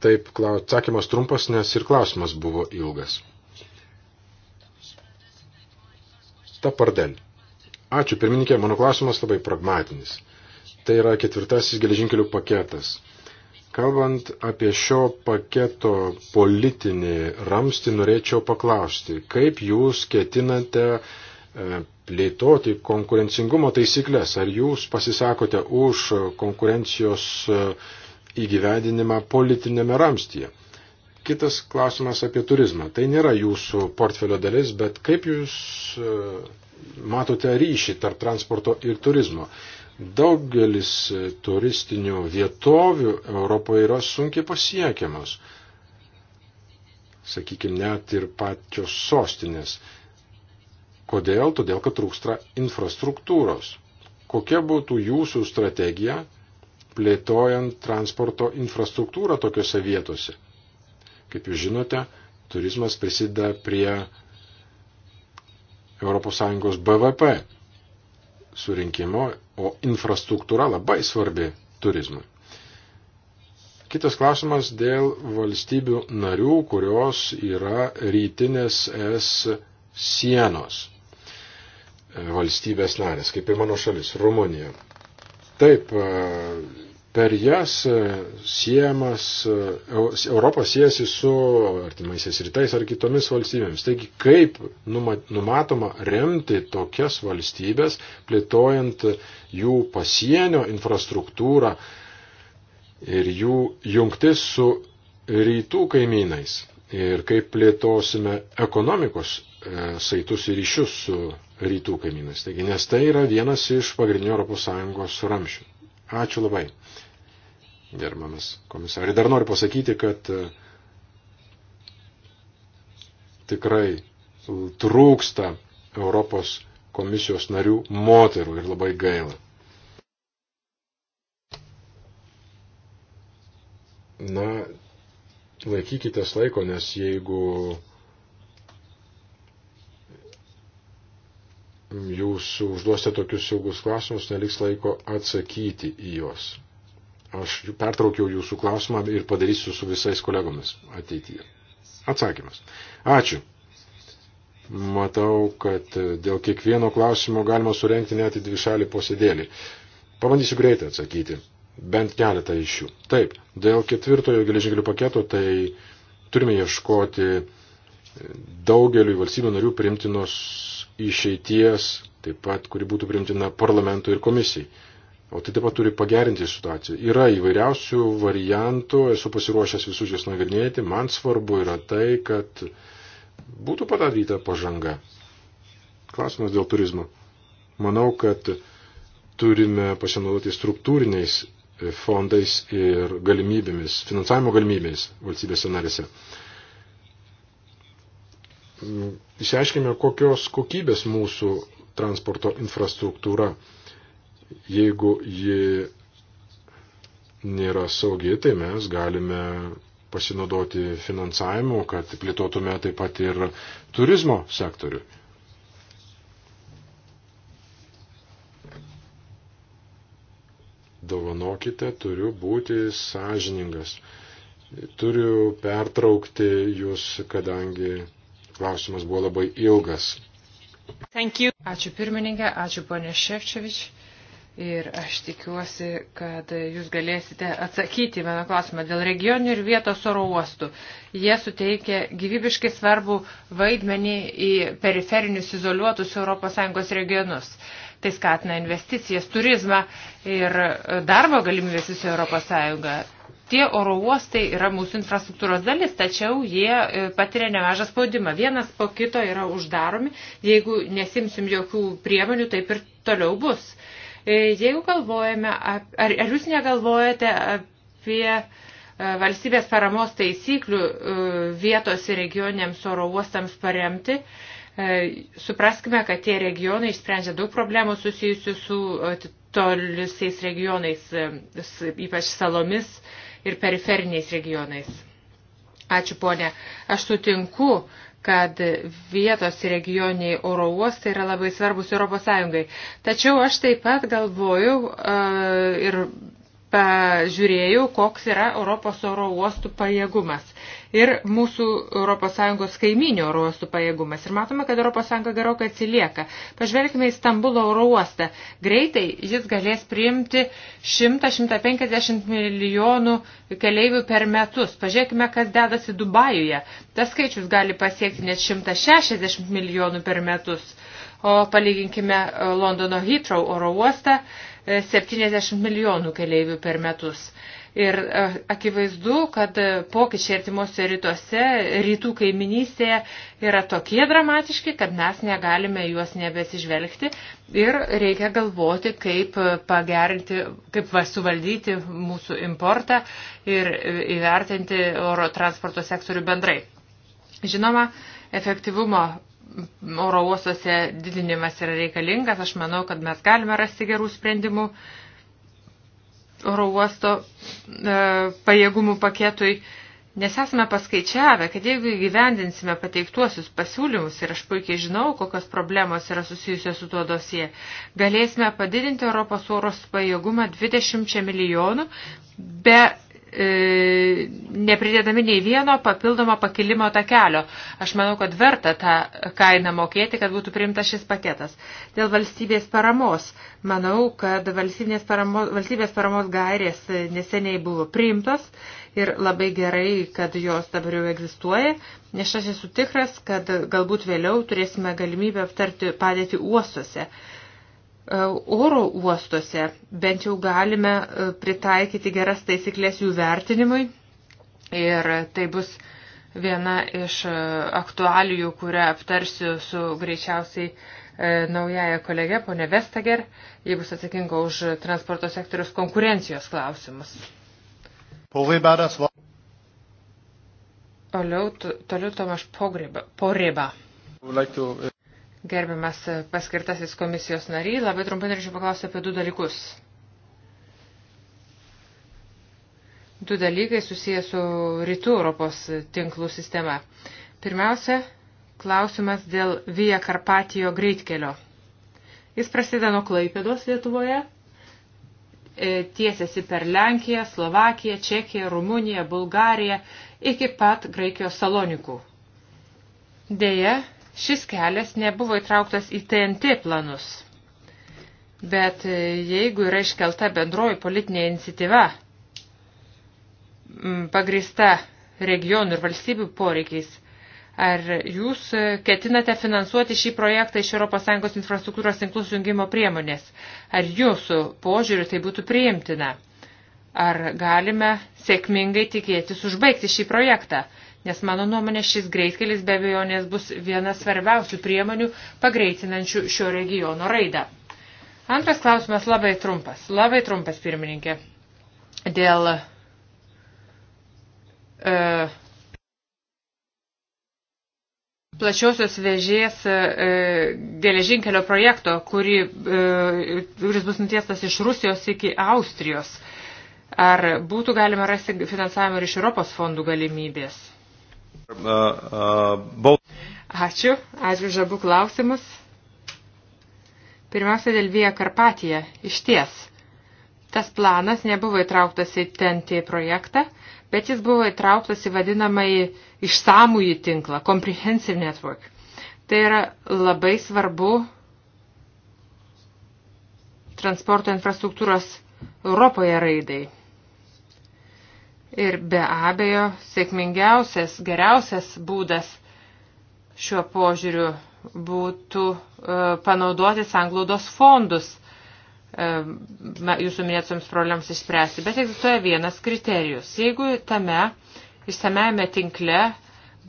Taip, atsakymas trumpas, nes ir klausimas buvo ilgas. Ta pardel. Ačiū, pirmininkė, mano klausimas labai pragmatinis. Tai yra ketvirtasis geležinkelių paketas. Kalbant apie šio paketo politinį ramstį, norėčiau paklausti, kaip jūs ketinate e, plėtoti konkurencingumo taisyklės? Ar jūs pasisakote už konkurencijos uh, įgyvendinimą politinėme ramstyje. Kitas klausimas apie turizmą. Tai nėra jūsų portfelio dalis, bet kaip jūs e, matote ryšį tarp transporto ir turizmo? Daugelis e, turistinių vietovių Europoje yra sunkiai pasiekiamos. Sakykime, net ir pačios sostinės. Kodėl? Todėl, kad trūksta infrastruktūros. Kokia būtų jūsų strategija plėtojant transporto infrastruktūrą tokiuose vietose. Kaip jūs žinote, turizmas prisideda prie ES BVP surinkimo, o infrastruktūra labai svarbi turizmui. Kitas klausimas dėl valstybių narių, kurios yra rytinės es sienos valstybės narės, kaip ir mano šalis, Rumunija. Taip, per jas e, siejamas, e, Europos siejasi su artimaisiais rytais ar kitomis valstybėmis. Taigi, kaip numatoma remti tokias valstybės, plėtojant jų pasienio infrastruktūrą ir jų jungtis su rytų kaimynais ir kaip plėtosime ekonomikos e, saitus ir ryšius su rytų kaimynais. Taigi, nes tai yra vienas iš pagrindinių ES ramšių. Ačiū labai gerbamas komisarė. Dar noriu pasakyti, kad e, tikrai trūksta Europos komisijos narių moterų ir labai gaila. Na, laikykitės laiko, nes jeigu jūs užduosite tokius saugus klausimus, neliks laiko atsakyti į juos. Aš pertraukiau jūsų klausimą ir padarysiu su visais kolegomis ateityje. Atsakymas. Ačiū. Matau, kad dėl kiekvieno klausimo galima surenkti net į dvišalį posėdėlį. Pabandysiu greitai atsakyti. Bent keletą iš jų. Taip, dėl ketvirtojo geležinkelių paketo tai turime ieškoti daugeliu valstybių narių primtinos išeities, taip pat, kuri būtų primtina parlamentui ir komisijai. O tai taip pat turi pagerinti situaciją. Yra įvairiausių variantų, esu pasiruošęs visus juos nagrinėti. Man svarbu yra tai, kad būtų padaryta pažanga. Klausimas dėl turizmo. Manau, kad turime pasinaudoti struktūriniais fondais ir galimybėmis, finansavimo galimybėmis valstybėse narėse. Išsiaiškime, kokios kokybės mūsų transporto infrastruktūra. Jeigu ji nėra saugi, tai mes galime pasinaudoti finansavimu, kad plėtotume taip pat ir turizmo sektorių. Dovanokite, turiu būti sąžiningas. Turiu pertraukti jūs, kadangi klausimas buvo labai ilgas. Ačiū pirmininkė, ačiū ponė Ševčevič. Ir aš tikiuosi, kad jūs galėsite atsakyti mano klausimą dėl regionių ir vietos oro uostų. Jie suteikia gyvybiškai svarbų vaidmenį į periferinius izoliuotus ES regionus. Tai skatina investicijas, turizmą ir darbo galimybės visoje ES. Tie oro uostai yra mūsų infrastruktūros dalis, tačiau jie e, patiria nemažą spaudimą. Vienas po kito yra uždaromi, jeigu nesimsim jokių priemonių, taip ir toliau bus. E, jeigu galvojame, ar, ar jūs negalvojate apie e, valstybės paramos taisyklių e, vietos ir regioniams oro uostams paremti, supraskime, kad tie regionai išsprendžia daug problemų susijusių su tolisiais regionais, ypač salomis ir periferiniais regionais. Ačiū, ponė. Aš sutinku kad vietos regioniai oro uostai yra labai svarbus ES. Tačiau aš taip pat galvoju uh, ir pažiūrėjau, koks yra Europos oro uostų pajėgumas ir mūsų ES kaiminių oro uostų pajėgumas. Ir matome, kad ES gerokai atsilieka. Pažvelgime į Stambulo oro uostą. Greitai jis galės priimti 100-150 milijonų keleivių per metus. Pažiūrėkime, kas dedasi Dubajuje. Tas skaičius gali pasiekti net 160 milijonų per metus. O palyginkime Londono Heathrow oro uostą, 70 milijonų keleivių per metus. Ir e, akivaizdu, kad pokyčiai artimuose rytuose, rytų kaiminystėje yra tokie dramatiški, kad mes negalime juos nebesižvelgti ir reikia galvoti, kaip pagerinti, kaip suvaldyti mūsų importą ir įvertinti oro transporto sektorių bendrai. Žinoma, efektyvumo oro uostuose didinimas yra reikalingas. Aš manau, kad mes galime rasti gerų sprendimų oro uosto e, pajėgumų paketui, nes esame paskaičiavę, kad jeigu įgyvendinsime pateiktuosius pasiūlymus, ir aš puikiai žinau, kokios problemos yra susijusios su tuo dosie, galėsime padidinti Europos oros pajėgumą 20 milijonų be E, nepridėdami nei vieno papildomo pakilimo takelio. Aš manau, kad verta tą kainą mokėti, kad būtų priimtas šis paketas. Dėl valstybės paramos. Manau, kad valstybės paramos, valstybės paramos gairės neseniai buvo priimtos ir labai gerai, kad jos dabar jau egzistuoja, nes aš esu tikras, kad galbūt vėliau turėsime galimybę aptarti padėti uostuose. Uh, E, oro uostuose bent jau galime e, pritaikyti geras taisyklės jų vertinimui ir tai bus viena iš e, aktualijų, kurią aptarsiu su greičiausiai naujaja kolege, ponė Vestager, jie bus atsakinga už transporto sektorius konkurencijos klausimus. Toliau, toliau Tomaš Poreba. Gerbiamas e, paskirtasis komisijos nariai, labai trumpai norėčiau paklausti apie du dalykus. Du dalykai susijęs su rytų Europos tinklų sistema. Pirmiausia, klausimas dėl Via Karpatijo greitkelio. Jis prasideda nuo Klaipėdos Lietuvoje, e, tiesiasi per Lenkiją, Slovakiją, Čekiją, Rumuniją, Bulgariją iki pat Graikijos Salonikų. Deja, Šis kelias nebuvo įtrauktas į TNT planus. Bet e, jeigu yra iškelta bendroji politinė iniciatyva, pagrįsta regionų ir valstybių poreikiais, ar jūs e, ketinate finansuoti šį projektą iš ES infrastruktūros tinklus jungimo priemonės? Ar jūsų požiūriu tai būtų priimtina? Ar galime sėkmingai tikėtis užbaigti šį projektą? Nes mano nuomonė šis greitkelis be abejonės bus vienas svarbiausių priemonių pagreitinančių šio regiono raidą. Antras klausimas labai trumpas. Labai trumpas, pirmininkė. Dėl e, plačiosios vežės e, geležinkelio projekto, kuri, e, kuris bus nutiestas iš Rusijos iki Austrijos. Ar būtų galima rasti finansavimą ir iš Europos fondų galimybės? Ačiū, ačiū už abu klausimus. Pirmiausia, dėl Vija Karpatija. Iš ties, tas planas nebuvo įtrauktas į TNT projektą, bet jis buvo įtrauktas į vadinamąjį išsamųjį tinklą, Comprehensive Network. Tai yra labai svarbu transporto infrastruktūros Europoje raidai. Ir be abejo, sėkmingiausias, geriausias būdas šiuo požiūriu būtų e, panaudoti sanglaudos fondus e, jūsų minėtoms problemams išspręsti. Bet egzistuoja vienas kriterijus. Jeigu tame išsameme tinkle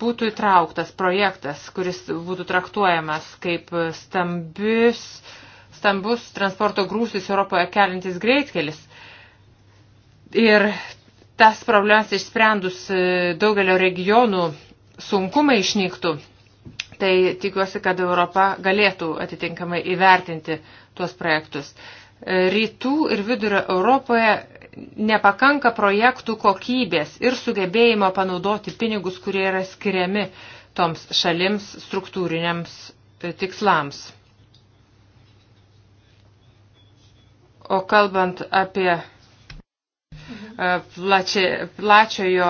būtų įtrauktas projektas, kuris būtų traktuojamas kaip stambius, stambus transporto grūsis Europoje kelintis greitkelis. Ir tas problemas išsprendus e, daugelio regionų sunkumai išnyktų, tai tikiuosi, kad Europa galėtų atitinkamai įvertinti tuos projektus. E, rytų ir vidurio Europoje nepakanka projektų kokybės ir sugebėjimo panaudoti pinigus, kurie yra skiriami toms šalims struktūriniams e, tikslams. O kalbant apie E, plačia, plačiojo,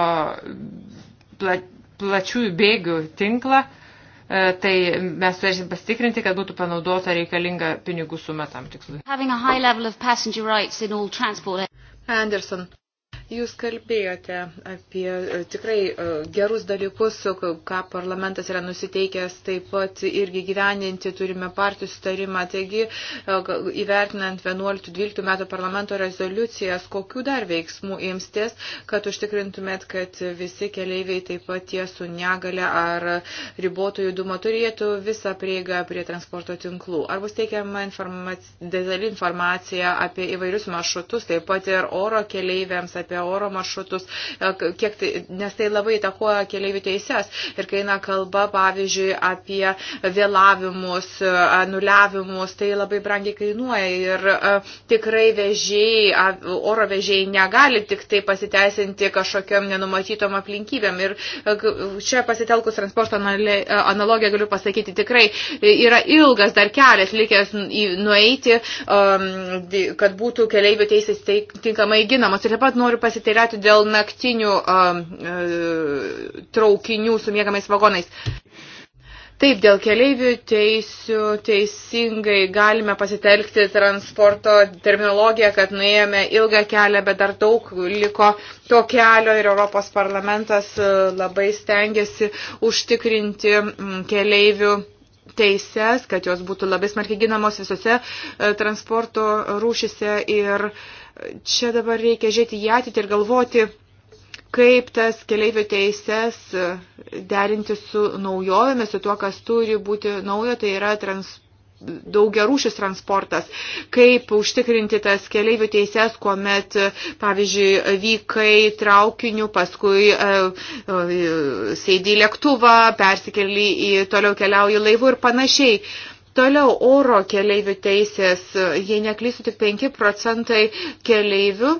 pla, plačiųjų bėgių tinklą, e, tai mes turėsim pasitikrinti, kad būtų panaudota reikalinga pinigų suma tam tikslui. Anderson. Jūs kalbėjote apie e, tikrai e, gerus dalykus, ką parlamentas yra nusiteikęs taip pat irgi gyveninti, turime partijų sutarimą. Taigi, e, įvertinant 11-12 metų parlamento rezoliucijas, kokiu dar veiksmų imsties, kad užtikrintumėt, kad visi keleiviai taip pat tie su negale ar ribotų judumo turėtų visą prieigą prie transporto tinklų. Ar bus teikiama informac... detali informacija apie įvairius maršrutus, taip pat ir oro keleiviams, apie apie oro maršrutus, e, kiek tai, nes tai labai įtakoja keliaivių teises. Ir kai eina kalba, pavyzdžiui, apie vėlavimus, e, anuliavimus, tai labai brangiai kainuoja. Ir e, tikrai vežėjai, oro vežėjai negali tik tai pasiteisinti kažkokiam nenumatytom aplinkybėm. Ir čia pasitelkus transporto analogiją galiu pasakyti, tikrai yra ilgas dar kelias likęs nueiti, kad būtų keleivių teisės tinkamai ginamos. Ir taip pat noriu pasiteirauti dėl naktinių um, traukinių su mėgamais vagonais. Taip, dėl keleivių teisių teisingai galime pasitelkti transporto terminologiją, kad nuėjome ilgą kelią, bet dar daug liko to kelio ir Europos parlamentas labai stengiasi užtikrinti keleivių teises, kad jos būtų labai smarkiai ginamos visose e, transporto rūšise ir uh, Čia dabar reikia žiūrėti į ateitį ir galvoti, kaip tas keleivių teises derinti su naujovėmis, su tuo, kas turi būti naujo, tai yra trans, daugiarūšis transportas, kaip užtikrinti tas keleivių teises, kuomet, pavyzdžiui, vykai traukiniu, paskui e, e, sėdi į lėktuvą, persikeli į toliau keliauji laivu ir panašiai. E, Toliau oro keleivių teisės, jei neklystų tik 5 procentai keleivių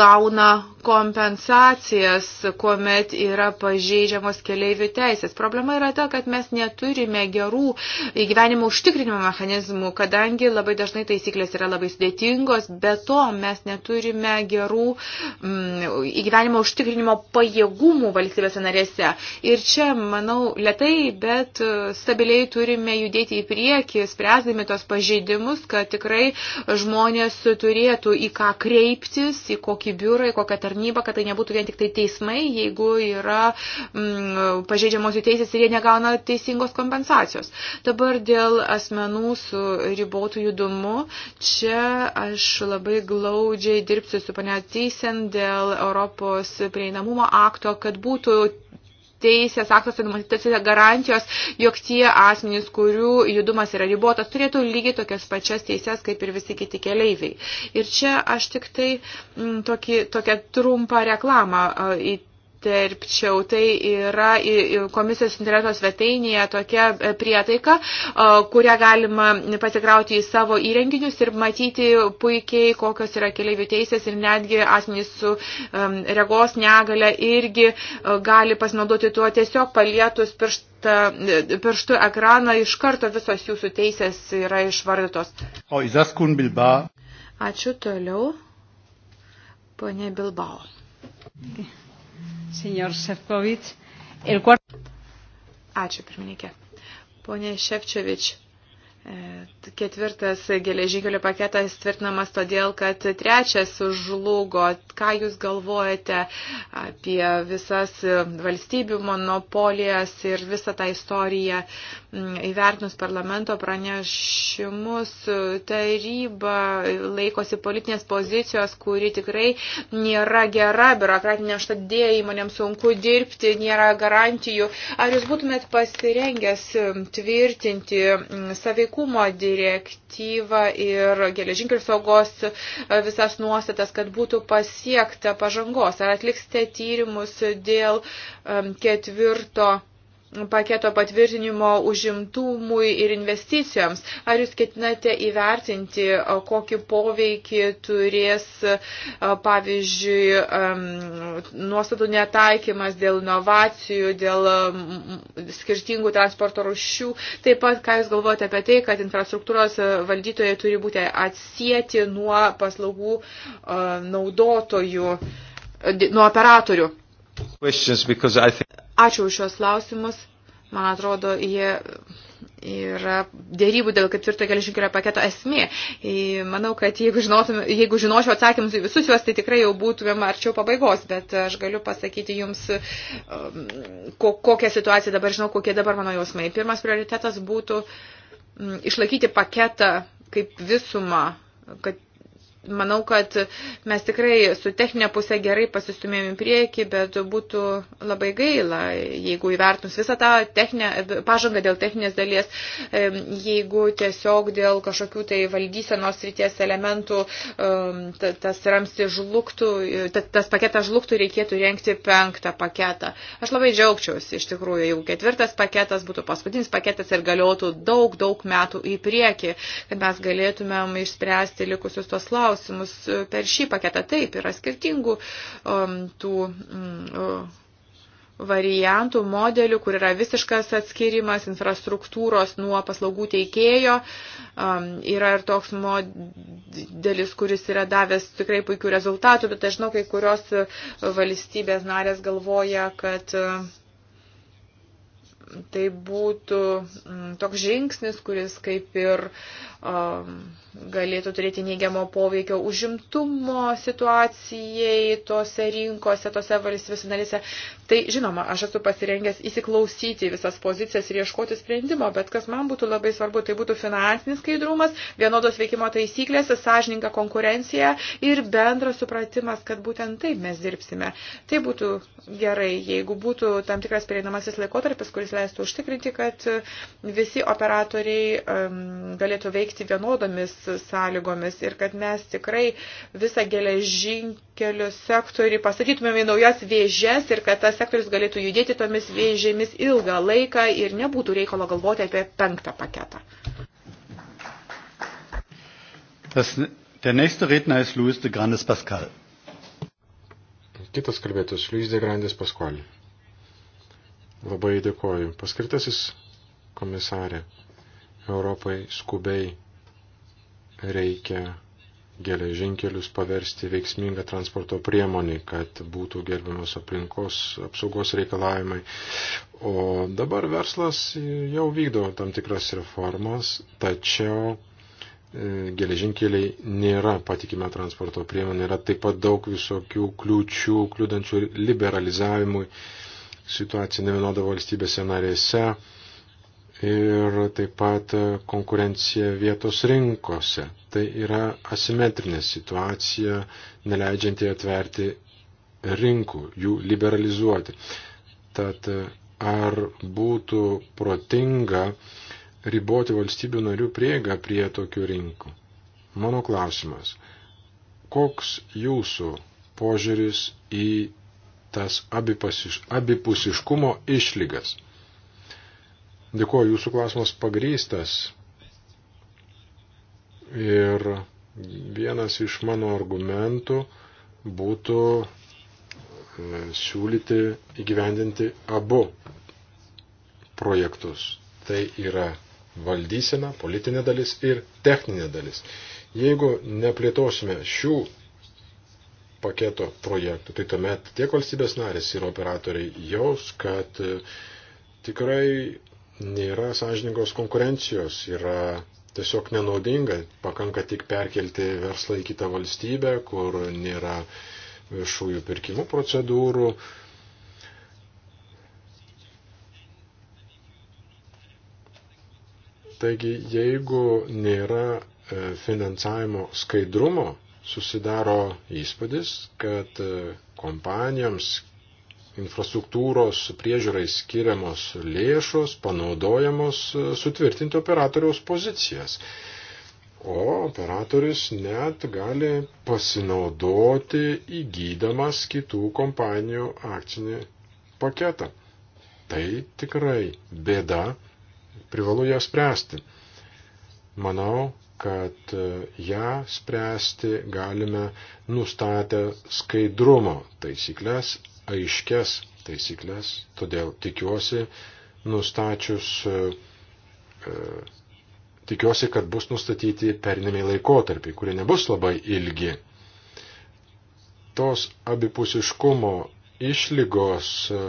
gauna kompensacijas, kuomet yra pažeidžiamos keleivių teisės. Problema yra ta, kad mes neturime gerų gyvenimo užtikrinimo mechanizmų, kadangi labai dažnai taisyklės yra labai sudėtingos, be to mes neturime gerų mm, gyvenimo užtikrinimo pajėgumų valstybėse narėse. Ir čia, manau, lietai, bet stabiliai turime judėti į priekį, spręsdami tos pažeidimus, kad tikrai žmonės turėtų į ką kreiptis, į kokį biurą, į kokią tarnybą tarnyba, kad tai nebūtų vien tik tai teismai, jeigu yra mm, pažeidžiamos jų teisės ir jie negauna teisingos kompensacijos. Dabar dėl asmenų su ribotų judumu, čia aš labai glaudžiai dirbsiu su panė Tysen dėl Europos prieinamumo akto, kad būtų teisės aktuose numatytos garantijos, jog tie asmenys, kurių judumas yra ribotas, turėtų lygiai tokias pačias teisės, kaip ir visi kiti keleiviai. Ir čia aš tik tai m, mm, tokį, tokią trumpą reklamą m, e, įsiterpčiau. Tai yra komisijos interneto svetainėje tokia e, prietaika, e, kurią galima pasikrauti į savo įrenginius ir matyti puikiai, kokios yra keliaivių teisės ir netgi asmenys su regos negale irgi e, gali pasinaudoti tuo tiesiog palietus pirštą pirštų ekraną iš karto visos jūsų teisės yra išvardytos. O Izaskun Bilbao. Ačiū toliau, ponė Bilbao. Okay. Senor Sefcovic. El cuarto. Ačiū, pirmininkė. Pone Šepčiovič, Ketvirtas geležinkelio paketas tvirtinamas todėl, kad trečias žlugo. Ką Jūs galvojate apie visas valstybių monopolijas ir visą tą istoriją įvertinus parlamento pranešimus? Taryba laikosi politinės pozicijos, kuri tikrai nėra gera, biurokratinė štadėja įmonėms sunku dirbti, nėra garantijų. Ar Jūs būtumėt pasirengęs tvirtinti saveikų? saugumo direktyvą ir geležinkelių saugos e, visas nuostatas, kad būtų pasiekta pažangos? Ar atliksite tyrimus dėl ketvirto paketo patvirtinimo užimtumui ir investicijoms. Ar jūs ketinate įvertinti, kokį poveikį turės, pavyzdžiui, nuostatų netaikymas dėl inovacijų, dėl skirtingų transporto rušių. Taip pat, ką jūs galvojate apie tai, kad infrastruktūros valdytojai turi būti atsieti nuo paslaugų naudotojų, nuo operatorių. Ačiū už šios klausimus. Man atrodo, jie yra dėrybų dėl ketvirto geležinkelio paketo esmė. Manau, kad jeigu, jeigu žinočiau atsakymus į visus juos, tai tikrai jau būtumėm arčiau pabaigos, bet aš galiu pasakyti jums, um, ko, kokią situaciją dabar žinau, kokie dabar mano jausmai. Pirmas prioritetas būtų mm, išlaikyti paketą kaip visumą, kad manau, kad mes tikrai su techninė pusė gerai pasistumėm į priekį, bet būtų labai gaila, jeigu įvertinus visą tą techninę, pažangą dėl techninės dalies, jeigu tiesiog dėl kažkokių tai valdysenos ryties elementų tas ramsti žlugtų, tas paketas žlugtų, reikėtų renkti penktą paketą. Aš labai džiaugčiausi, iš tikrųjų, jeigu ketvirtas paketas būtų paskutinis paketas ir galiotų daug, daug metų į priekį, kad mes galėtumėm išspręsti likusius tos klausimus klausimus e, per šį paketą. Taip, yra skirtingų um, tų. Um, variantų, modelių, kur yra visiškas atskirimas infrastruktūros nuo paslaugų teikėjo. Um, yra ir toks modelis, kuris yra davęs tikrai puikių rezultatų, bet aš žinau, kai kurios e, valstybės narės galvoja, kad uh, tai būtų mm, toks žingsnis, kuris kaip ir Um, galėtų turėti neigiamo poveikio užimtumo situacijai tose rinkose, tose valstybės narėse. Tai žinoma, aš esu pasirengęs įsiklausyti visas pozicijas ir ieškoti sprendimo, bet kas man būtų labai svarbu, tai būtų finansinis skaidrumas, vienodos veikimo taisyklės, sąžininga konkurencija ir bendras supratimas, kad būtent taip mes dirbsime. Tai būtų gerai, jeigu būtų tam tikras pereinamasis laikotarpis, kuris leistų užtikrinti, kad visi operatoriai um, galėtų veikti veikti vienodomis sąlygomis ir kad mes tikrai visą geležinkelių sektorių pasakytumėm į naujas vėžes ir kad tas sektorius galėtų judėti tomis vėžėmis ilgą laiką ir nebūtų reikalo galvoti apie penktą paketą. Das, der nächste Redner ist Luis de Grandes Pascal. Kitas kalbėtus, Luis de Grandes Pascual. Labai dėkoju. Paskirtasis komisarė Europai skubiai reikia geležinkelius paversti veiksmingą transporto priemonį, kad būtų gerbiamos aplinkos apsaugos reikalavimai. O dabar verslas jau vykdo tam tikras reformas, tačiau e, geležinkeliai nėra patikima transporto priemonė, yra taip pat daug visokių kliūčių, kliūdančių liberalizavimui situacija nevienoda valstybėse narėse ir taip pat konkurencija vietos rinkose. Tai yra asimetrinė situacija, neleidžianti atverti rinkų, jų liberalizuoti. Tad ar būtų protinga riboti valstybių narių prieigą prie tokių rinkų? Mano klausimas. Koks jūsų požiūris į tas abipusiškumo išlygas? Dėkuoju, jūsų klausimas pagrystas. Ir vienas iš mano argumentų būtų e, siūlyti įgyvendinti abu projektus. Tai yra valdysena, politinė dalis ir techninė dalis. Jeigu neplėtosime šių paketo projektų, tai tuomet tiek valstybės narės ir operatoriai jaus, kad e, tikrai nėra sąžiningos konkurencijos, yra tiesiog nenaudinga, pakanka tik perkelti verslą į kitą valstybę, kur nėra viešųjų pirkimų procedūrų. Taigi, jeigu nėra e, finansavimo skaidrumo, susidaro įspūdis, kad e, kompanijoms infrastruktūros priežiūrai skiriamos lėšos panaudojamos e, sutvirtinti operatoriaus pozicijas. O operatorius net gali pasinaudoti įgydamas kitų kompanijų akcinį paketą. Tai tikrai bėda, privalu ją spręsti. Manau, kad e, ją spręsti galime nustatę skaidrumo taisyklės aiškes taisyklės, todėl tikiuosi, nustačius, e, e, tikiuosi, kad bus nustatyti perinamiai laikotarpiai, kurie nebus labai ilgi. Tos abipusiškumo išlygos e,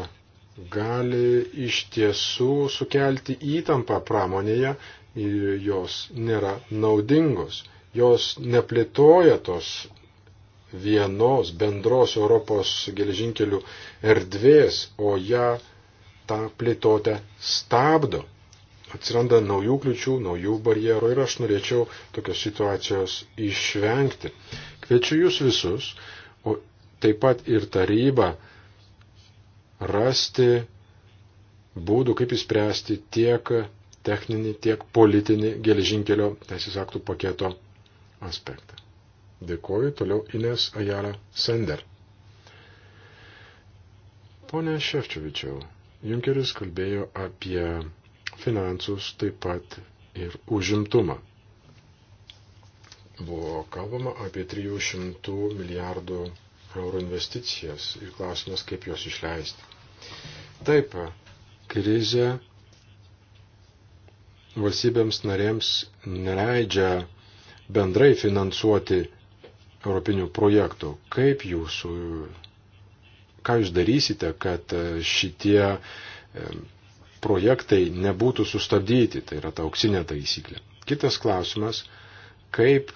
gali iš tiesų sukelti įtampą pramonėje ir jos nėra naudingos. Jos neplėtoja tos vienos bendros Europos geležinkelių erdvės, o ją tą plėtotę stabdo. Atsiranda naujų kliučių, naujų barjerų ir aš norėčiau tokios situacijos išvengti. Kviečiu jūs visus, o taip pat ir tarybą rasti būdų, kaip įspręsti tiek techninį, tiek politinį geležinkelio teisės aktų paketo aspektą. Dėkoju toliau Inės Ajala Sender. Pone Ševčiovičiau, Junkeris kalbėjo apie finansus taip pat ir užimtumą. Buvo kalbama apie 300 milijardų eurų investicijas ir klausimas, kaip juos išleisti. Taip, krizė valstybėms narėms neleidžia bendrai finansuoti europinių projektų. Kaip jūsų, ką jūs darysite, kad e, šitie e, projektai nebūtų sustabdyti, tai yra ta auksinė taisyklė. Kitas klausimas, kaip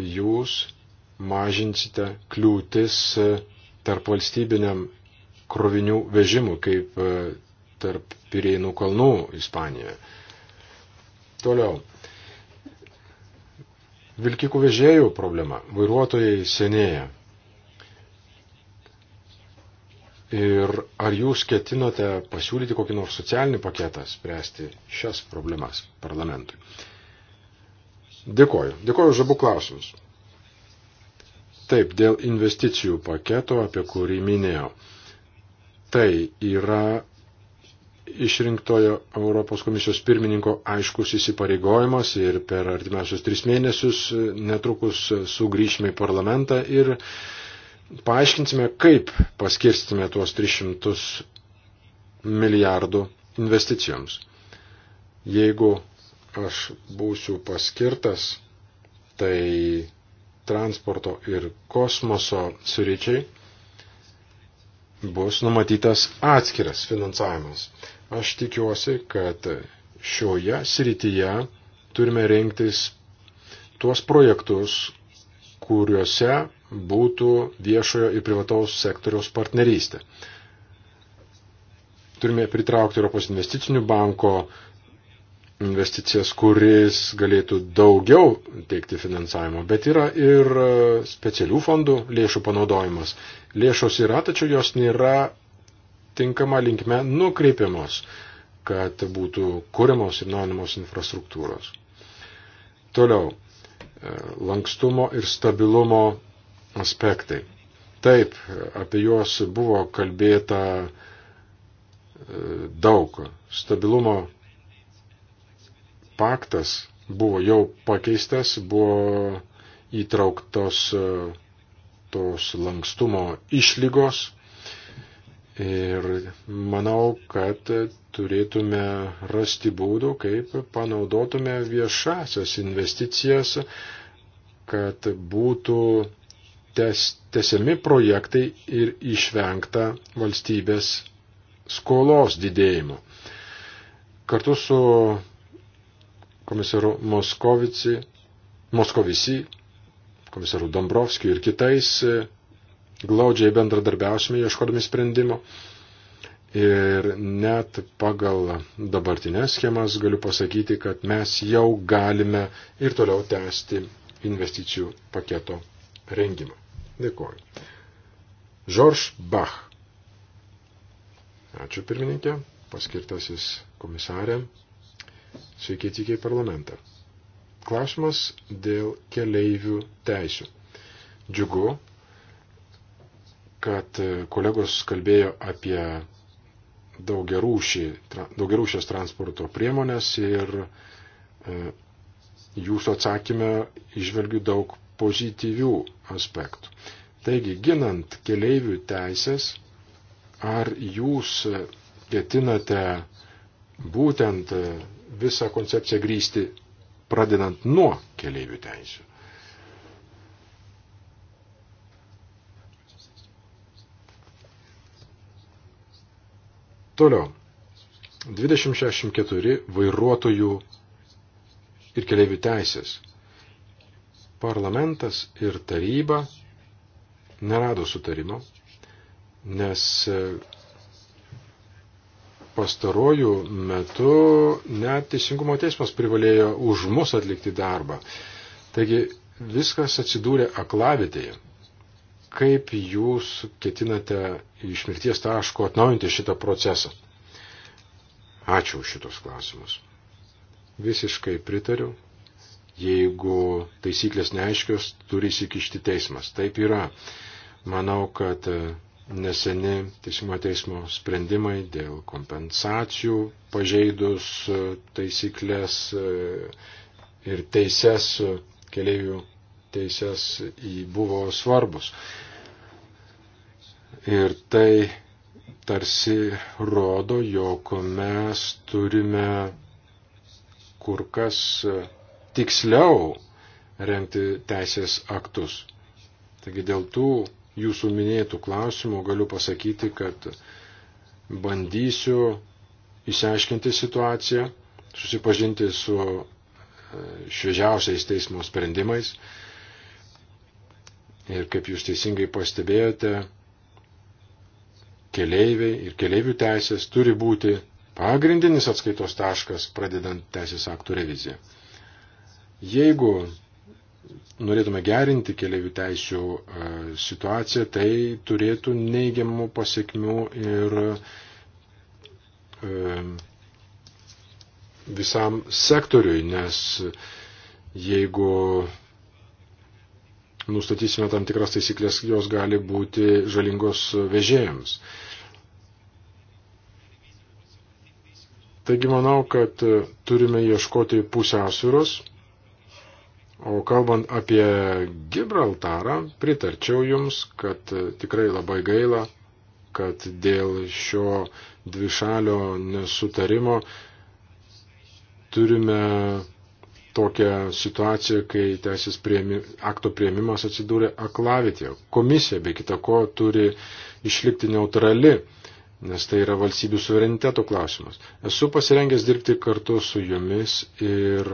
jūs mažinsite kliūtis e, tarp valstybiniam krovinių vežimų, kaip tarp Pireinų kalnų Ispanijoje. Toliau, Vilkikų vežėjų problema. Vairuotojai senėja. Ir ar jūs ketinote pasiūlyti kokį nors socialinį paketą spręsti šias problemas parlamentui? Dėkoju. Dėkoju už abu klausimus. Taip, dėl investicijų paketo, apie kurį minėjau. Tai yra išrinktojo Europos komisijos pirmininko aiškus įsipareigojimas ir per artimiausius tris mėnesius e, netrukus sugrįšime į parlamentą ir paaiškinsime, kaip paskirstime tuos 300 milijardų investicijoms. Jeigu aš būsiu paskirtas, tai transporto ir kosmoso sričiai bus numatytas atskiras finansavimas. Aš tikiuosi, kad šioje srityje turime rinktis tuos projektus, kuriuose būtų viešojo ir privataus sektoriaus partnerystė. Turime pritraukti Europos investicinių banko investicijas, kuris galėtų daugiau teikti finansavimo, bet yra ir specialių fondų lėšų panaudojimas. Lėšos yra, tačiau jos nėra tinkama linkme nukreipiamos, kad būtų kūriamos ir naunimos infrastruktūros. Toliau, e, lankstumo ir stabilumo aspektai. Taip, apie juos buvo kalbėta e, daug. Stabilumo paktas buvo jau pakeistas, buvo įtrauktos e, tos lankstumo išlygos Ir manau, kad turėtume rasti būdų, kaip panaudotume viešasias investicijas, kad būtų tes, tesiami projektai ir išvengta valstybės skolos didėjimo. Kartu su komisaru Moskovici, Moskovici komisaru Dombrovskiu ir kitais glaudžiai bendradarbiausime ieškodami sprendimo. Ir net pagal dabartinės schemas galiu pasakyti, kad mes jau galime ir toliau tęsti investicijų paketo rengimą. Dėkuoju. Žorž Bach. Ačiū pirmininkė, paskirtasis komisarė. Sveiki atvykę į parlamentą. Klausimas dėl keleivių teisių. Džiugu, kad e, kolegos kalbėjo apie daugiarūšį, daugiarūšės transporto priemonės ir e, jūsų atsakymę išvelgiu daug pozityvių aspektų. Taigi, ginant keleivių teisės, ar jūs ketinate būtent e, visą koncepciją grįsti pradedant nuo keleivių teisų? Toliau. 2064 vairuotojų ir keliaivių teisės. Parlamentas ir taryba nerado sutarimo, nes e, pastarojų metu net teisingumo teismas privalėjo už mus atlikti darbą. Taigi viskas atsidūrė aklavitėje. Kaip jūs ketinate iš mirties taško atnaujinti šitą procesą? Ačiū už šitos klausimus. Visiškai pritariu. Jeigu taisyklės neaiškios, turi įsikišti teismas. Taip yra. Manau, kad e, neseni teisingo teismo sprendimai dėl kompensacijų pažeidus e, taisyklės e, ir teises keliaivių teises buvo svarbus. Ir tai tarsi rodo, jog mes turime kur kas tiksliau renkti teisės aktus. Taigi dėl tų jūsų minėtų klausimų galiu pasakyti, kad bandysiu įsiaiškinti situaciją, susipažinti su e, šviežiausiais teismo sprendimais Ir kaip jūs teisingai pastebėjote, keleiviai ir keleivių teisės turi būti pagrindinis atskaitos taškas, pradedant teisės aktų reviziją. Jeigu norėtume gerinti keliaivių teisių e, situaciją, tai turėtų neigiamų pasiekmių ir e, visam sektoriui, nes jeigu nustatysime tam tikras taisyklės, jos gali būti žalingos vežėjams. Taigi manau, kad turime ieškoti pusiausvyros, o kalbant apie Gibraltarą, pritarčiau Jums, kad tikrai labai gaila, kad dėl šio dvišalio nesutarimo turime tokią situaciją, kai teisės prieimi, akto prieimimas atsidūrė aklavitėje. Komisija, be kita ko, turi išlikti neutrali, nes tai yra valstybių suvereniteto klausimas. Esu pasirengęs dirbti kartu su jumis ir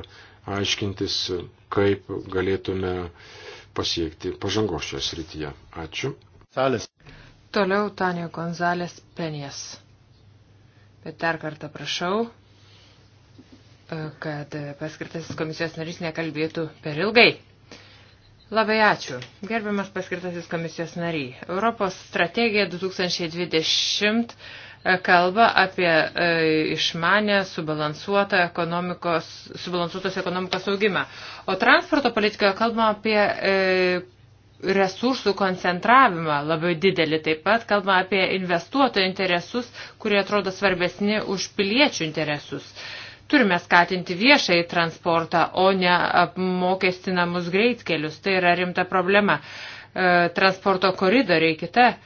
aiškintis, kaip galėtume pasiekti pažangos šioje srityje. Ačiū. Salės. Toliau Tanio Gonzalės Penės. Bet dar kartą prašau kad paskirtasis komisijos narys nekalbėtų per ilgai. Labai ačiū. Gerbiamas paskirtasis komisijos nariai. Europos strategija 2020 e, kalba apie e, išmanę, subalansuotą ekonomikos, subalansuotos ekonomikos augimą. O transporto politikoje kalbama apie e, resursų koncentravimą labai didelį. Taip pat kalbama apie investuotojų interesus, kurie atrodo svarbesni už piliečių interesus. Uh, Turime skatinti viešai transportą, o ne apmokestinamus greitkelius. Tai yra rimta problema. E, transporto koridoriai kita e,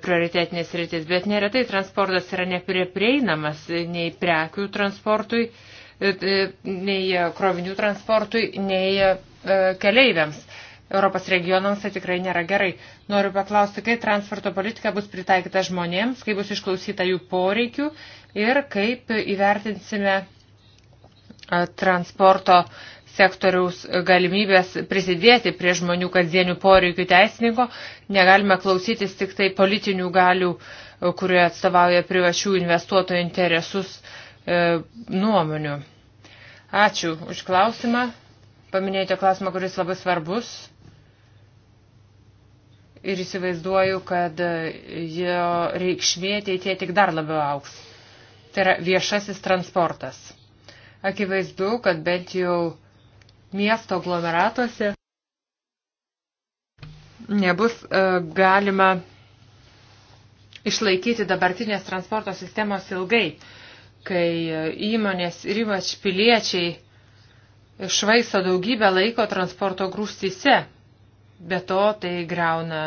prioritetinės rytis, bet neretai transportas yra neprieinamas nei prekių transportui, e, nei krovinių transportui, nei keleiviams. Europos regionams tai tikrai nėra gerai. Noriu paklausti, kai transporto politika bus pritaikyta žmonėms, kai bus išklausyta jų poreikių ir kaip įvertinsime transporto sektoriaus galimybės prisidėti prie žmonių kasdienių poreikių teisininko. Negalime klausytis tik tai politinių galių, kurie atstovauja privačių investuotojų interesus e, nuomonių. Ačiū už klausimą. Paminėjote klausimą, kuris labai svarbus. Ir įsivaizduoju, kad e, jo reikšmė ateitie tik dar labiau auks. Tai yra viešasis transportas. Akivaizdu, kad bent jau miesto aglomeratuose nebus e, galima išlaikyti dabartinės transporto sistemos ilgai, kai e, įmonės ir ypač piliečiai išvaisto daugybę laiko transporto grūstyse. Be to tai greuna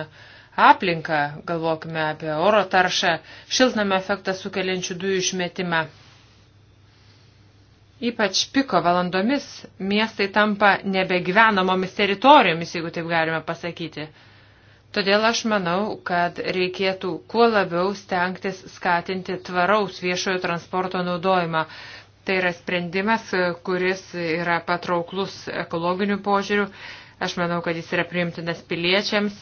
aplinką, galvokime apie oro taršą, šiltnamio efektą sukeliančių dujų išmetimą. Ypač piko valandomis miestai tampa nebegyvenamomis teritorijomis, jeigu taip galime pasakyti. Todėl aš manau, kad reikėtų kuo labiau stengtis skatinti tvaraus viešojo transporto naudojimą. Tai yra sprendimas, kuris yra patrauklus ekologiniu požiūriu. Aš manau, kad jis yra priimtinas piliečiams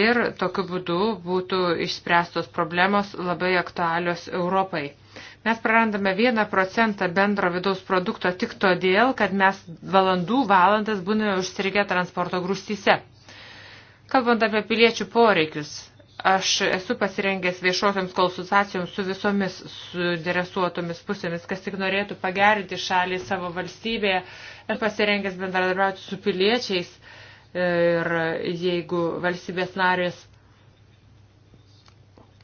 ir tokiu būdu būtų išspręstos problemos labai aktualios Europai. Mes prarandame 1 procentą bendro vidaus produkto tik todėl, kad mes valandų valandas būname užsirigę transporto grūstyse. Kalbant apie piliečių poreikius, aš esu pasirengęs viešosioms konsultacijoms su visomis suderesuotomis pusėmis, kas tik norėtų pagerinti šalį savo valstybėje ir pasirengęs bendradarbiauti su piliečiais. Ir jeigu valstybės narės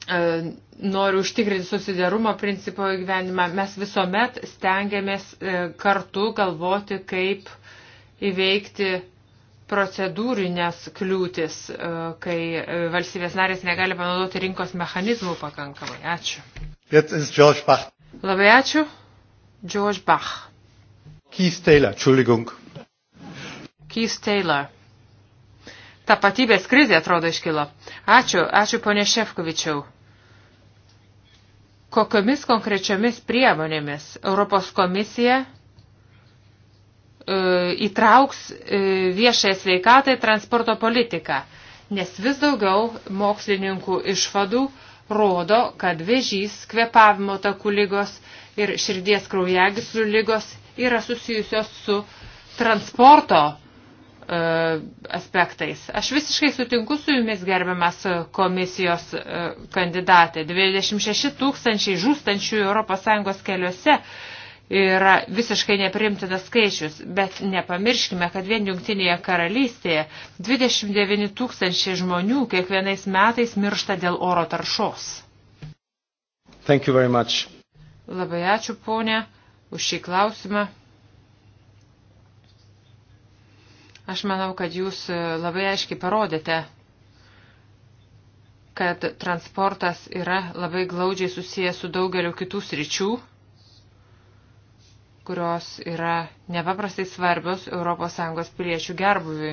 E, noriu užtikrinti susidarumo principo gyvenimą, mes visuomet stengiamės e, kartu galvoti, kaip įveikti procedūrinės kliūtis, e, kai valstybės narės negali panaudoti rinkos mechanizmų pakankamai. Ačiū. Labai ačiū. George Bach. Keith Taylor, Entschuldigung. Keith Taylor. Tapatybės krizė atrodo iškilo. Ačiū, ačiū ponė Šefkovičiau. Kokiomis konkrečiomis priemonėmis Europos komisija e, įtrauks e, viešąją sveikatą į transporto politiką, nes vis daugiau mokslininkų išvadų rodo, kad vėžys, kvepavimo takų lygos ir širdies kraujagyslių lygos yra susijusios su transporto E, aspektais. Aš visiškai sutinku su jumis, gerbiamas komisijos e, kandidatė. 26 tūkstančiai žūstančių ES keliuose yra visiškai neprimtinas skaičius, bet nepamirškime, kad vien jungtinėje karalystėje 29 tūkstančiai žmonių kiekvienais metais miršta dėl oro taršos. Thank you very much. Labai ačiū, ponė, už šį klausimą. Aš manau, kad jūs e, labai aiškiai parodėte, kad transportas yra labai glaudžiai susijęs su daugeliu kitų sričių, kurios yra nepaprastai svarbios ES piliečių gerbuviui.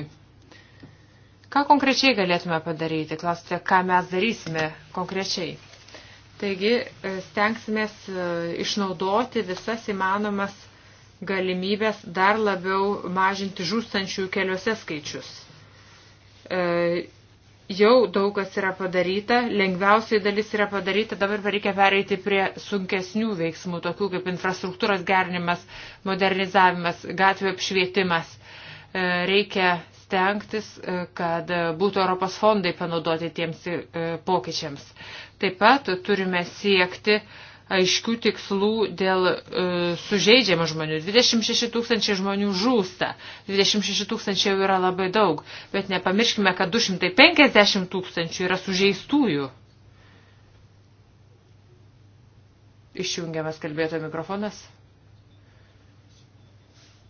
Ką konkrečiai galėtume padaryti? Klausite, ką mes darysime konkrečiai. Taigi, e, stengsimės e, išnaudoti visas įmanomas galimybės dar labiau mažinti žūstančių keliuose skaičius. E, jau daug kas yra padaryta, lengviausiai dalis yra padaryta, dabar reikia pereiti prie sunkesnių veiksmų, tokių kaip infrastruktūros gerinimas, modernizavimas, gatvių apšvietimas. E, reikia stengtis, e, kad būtų Europos fondai panaudoti tiems e, pokyčiams. Taip pat turime siekti uh, aiškių tikslų dėl e, sužeidžiamų žmonių. 26 tūkstančiai žmonių žūsta, 26 tūkstančiai jau yra labai daug, bet nepamirškime, kad 250 tūkstančių yra sužeistųjų. Išjungiamas kalbėto mikrofonas.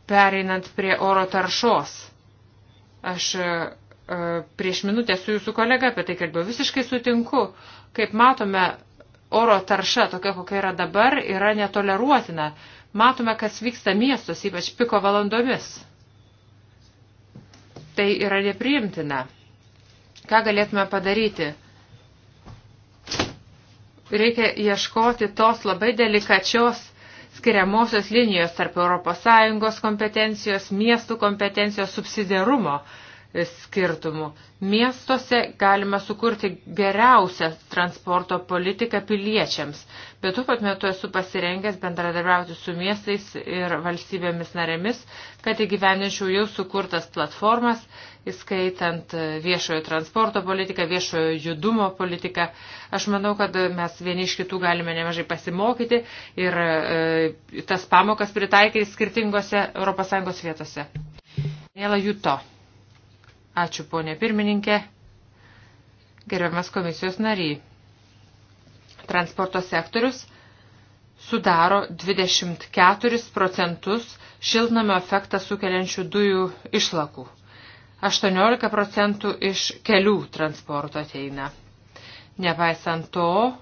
Pereinant prie oro taršos. Aš e, prieš minutę su jūsų kolega apie tai kalbėjau. Visiškai sutinku. Kaip matome, oro tarša, tokia kokia yra dabar, yra netoleruotina. Matome, kas vyksta miestos, ypač piko valandomis. Tai yra nepriimtina. Ką galėtume padaryti? Reikia ieškoti tos labai delikačios skiriamosios linijos tarp ES kompetencijos, miestų kompetencijos subsidiarumo skirtumų. Miestuose galima sukurti geriausią transporto politiką piliečiams, bet tuo pat metu esu pasirengęs bendradarbiauti su miestais ir valstybėmis narėmis, kad įgyveninčiau jau sukurtas platformas, įskaitant viešojo transporto politiką, viešojo judumo politiką. Aš manau, kad mes vieni iš kitų galime nemažai pasimokyti ir e, tas pamokas pritaikyti skirtingose ES vietose. Mėla Juto. Ačiū, ponė pirmininkė. Gerbiamas komisijos nariai. Transporto sektorius sudaro 24 procentus šiltnamio efektą sukeliančių dujų išlakų. 18 procentų iš kelių transporto ateina. Nepaisant to, e,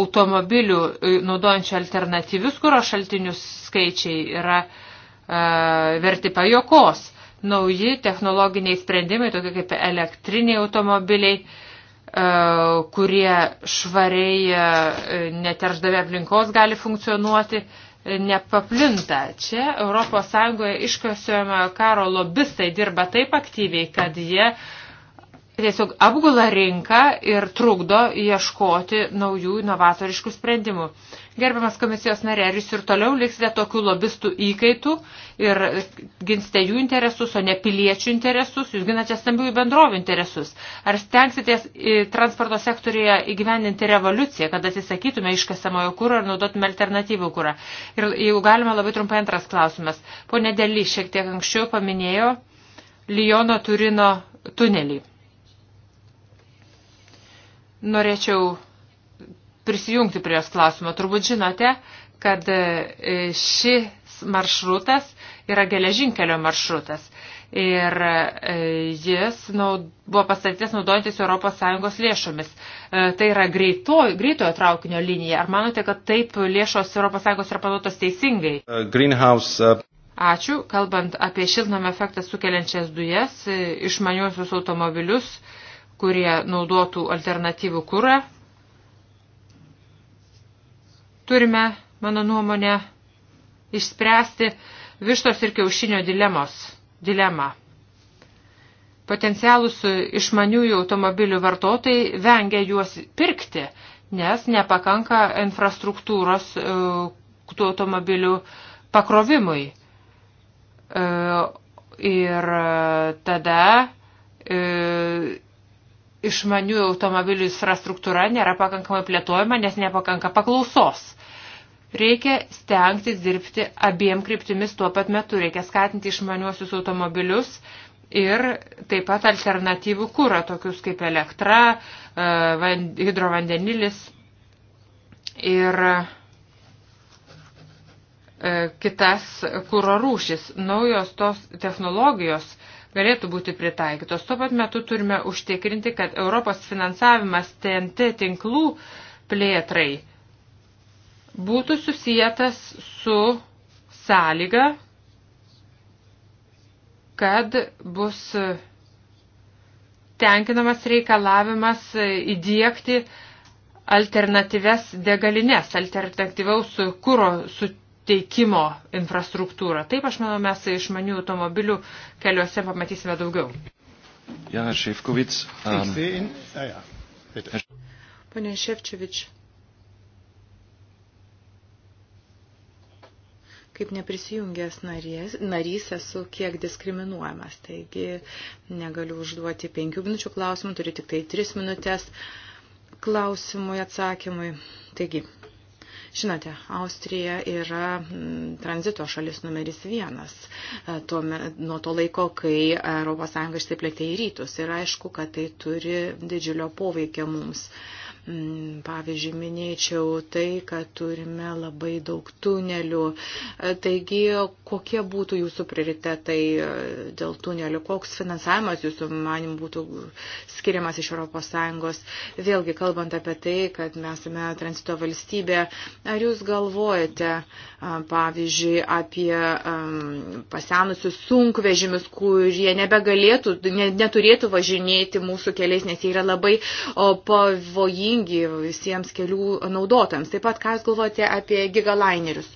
automobilių e, naudojančių alternatyvius kūro šaltinius skaičiai yra uh, verti pajokos. Nauji technologiniai sprendimai, tokie kaip elektriniai automobiliai, kurie švariai neterždami aplinkos gali funkcionuoti, nepaplinta. Čia ES iškasiojo karo lobistai dirba taip aktyviai, kad jie tiesiog apgula rinką ir trukdo ieškoti naujų inovatoriškų sprendimų. Gerbiamas komisijos narė, ar jūs ir toliau liksite tokių lobistų įkaitų ir ginsite jų interesus, o ne piliečių interesus, jūs ginate stambiųjų bendrovų interesus? Ar stengsitės e, transporto sektorija įgyvendinti revoliuciją, kad atsisakytume iškasamojo kūro ir naudotume alternatyvų kūrą? Ir jeigu galima, labai trumpai antras klausimas. Pone Deli šiek tiek anksčiau paminėjo Lijono Turino tunelį. Norėčiau prisijungti prie jos klausimo. Turbūt žinote, kad e, šis maršrutas yra geležinkelio maršrutas ir e, jis naud, buvo pastatytas naudojantis ES lėšomis. E, tai yra greito, greitojo traukinio linija. Ar manote, kad taip lėšos ES yra panaudotos teisingai? Uh, greenhouse. Uh... Ačiū. Kalbant apie šiltnamio efektą sukeliančias dujas, išmaniuosius automobilius, kurie naudotų alternatyvų kūrą, Turime, mano nuomonė, išspręsti vištos ir kiaušinio dilemos, dilemą. Potencialus išmaniųjų automobilių vartotojai vengia juos pirkti, nes nepakanka infrastruktūros e, tų automobilių pakrovimui. E, ir tada e, išmanių automobilių infrastruktūra nėra pakankamai plėtojama, nes nepakanka paklausos. Reikia stengtis dirbti abiem kryptimis tuo pat metu. Reikia skatinti išmaniuosius automobilius ir taip pat alternatyvų kūrą, tokius kaip elektra, e, hidrovandenilis ir e, kitas kūro rūšis. Naujos tos technologijos galėtų būti pritaikytos. Tuo pat metu turime užtikrinti, kad Europos finansavimas TNT tinklų plėtrai būtų susijęs su sąlyga, kad bus tenkinamas reikalavimas įdėkti alternatyves degalinės, alternatyvaus kūro suteikimo infrastruktūrą. Taip, aš manau, mes išmanių automobilių keliuose pamatysime daugiau. Um, ah ja, Šefkovic. Um... Pane Šefčevič. kaip neprisijungęs narys, narys esu kiek diskriminuojamas. Taigi negaliu užduoti penkių minučių klausimų, turiu tik tai tris minutės klausimui atsakymui. Taigi, Žinote, Austrija yra mm, tranzito šalis numeris vienas e, tuo, nuo to laiko, kai ES išsiplėtė į rytus. Ir aišku, kad tai turi didžiulio poveikio mums. Uh, Mm, pavyzdžiui, minėčiau tai, kad turime labai daug tunelių. E, taigi, kokie būtų jūsų prioritetai e, dėl tunelių? Koks finansavimas jūsų manim būtų skiriamas iš ES? Vėlgi, kalbant apie tai, kad mes esame tranzito valstybė, ar jūs galvojate, e, pavyzdžiui, apie pasenusius sunkvežimius, kurie nebegalėtų, neturėtų važinėti mūsų keliais, nes jie yra labai pavojingi? naudingi visiems kelių naudotams. Taip pat, ką Jūs galvojate apie gigalainerius?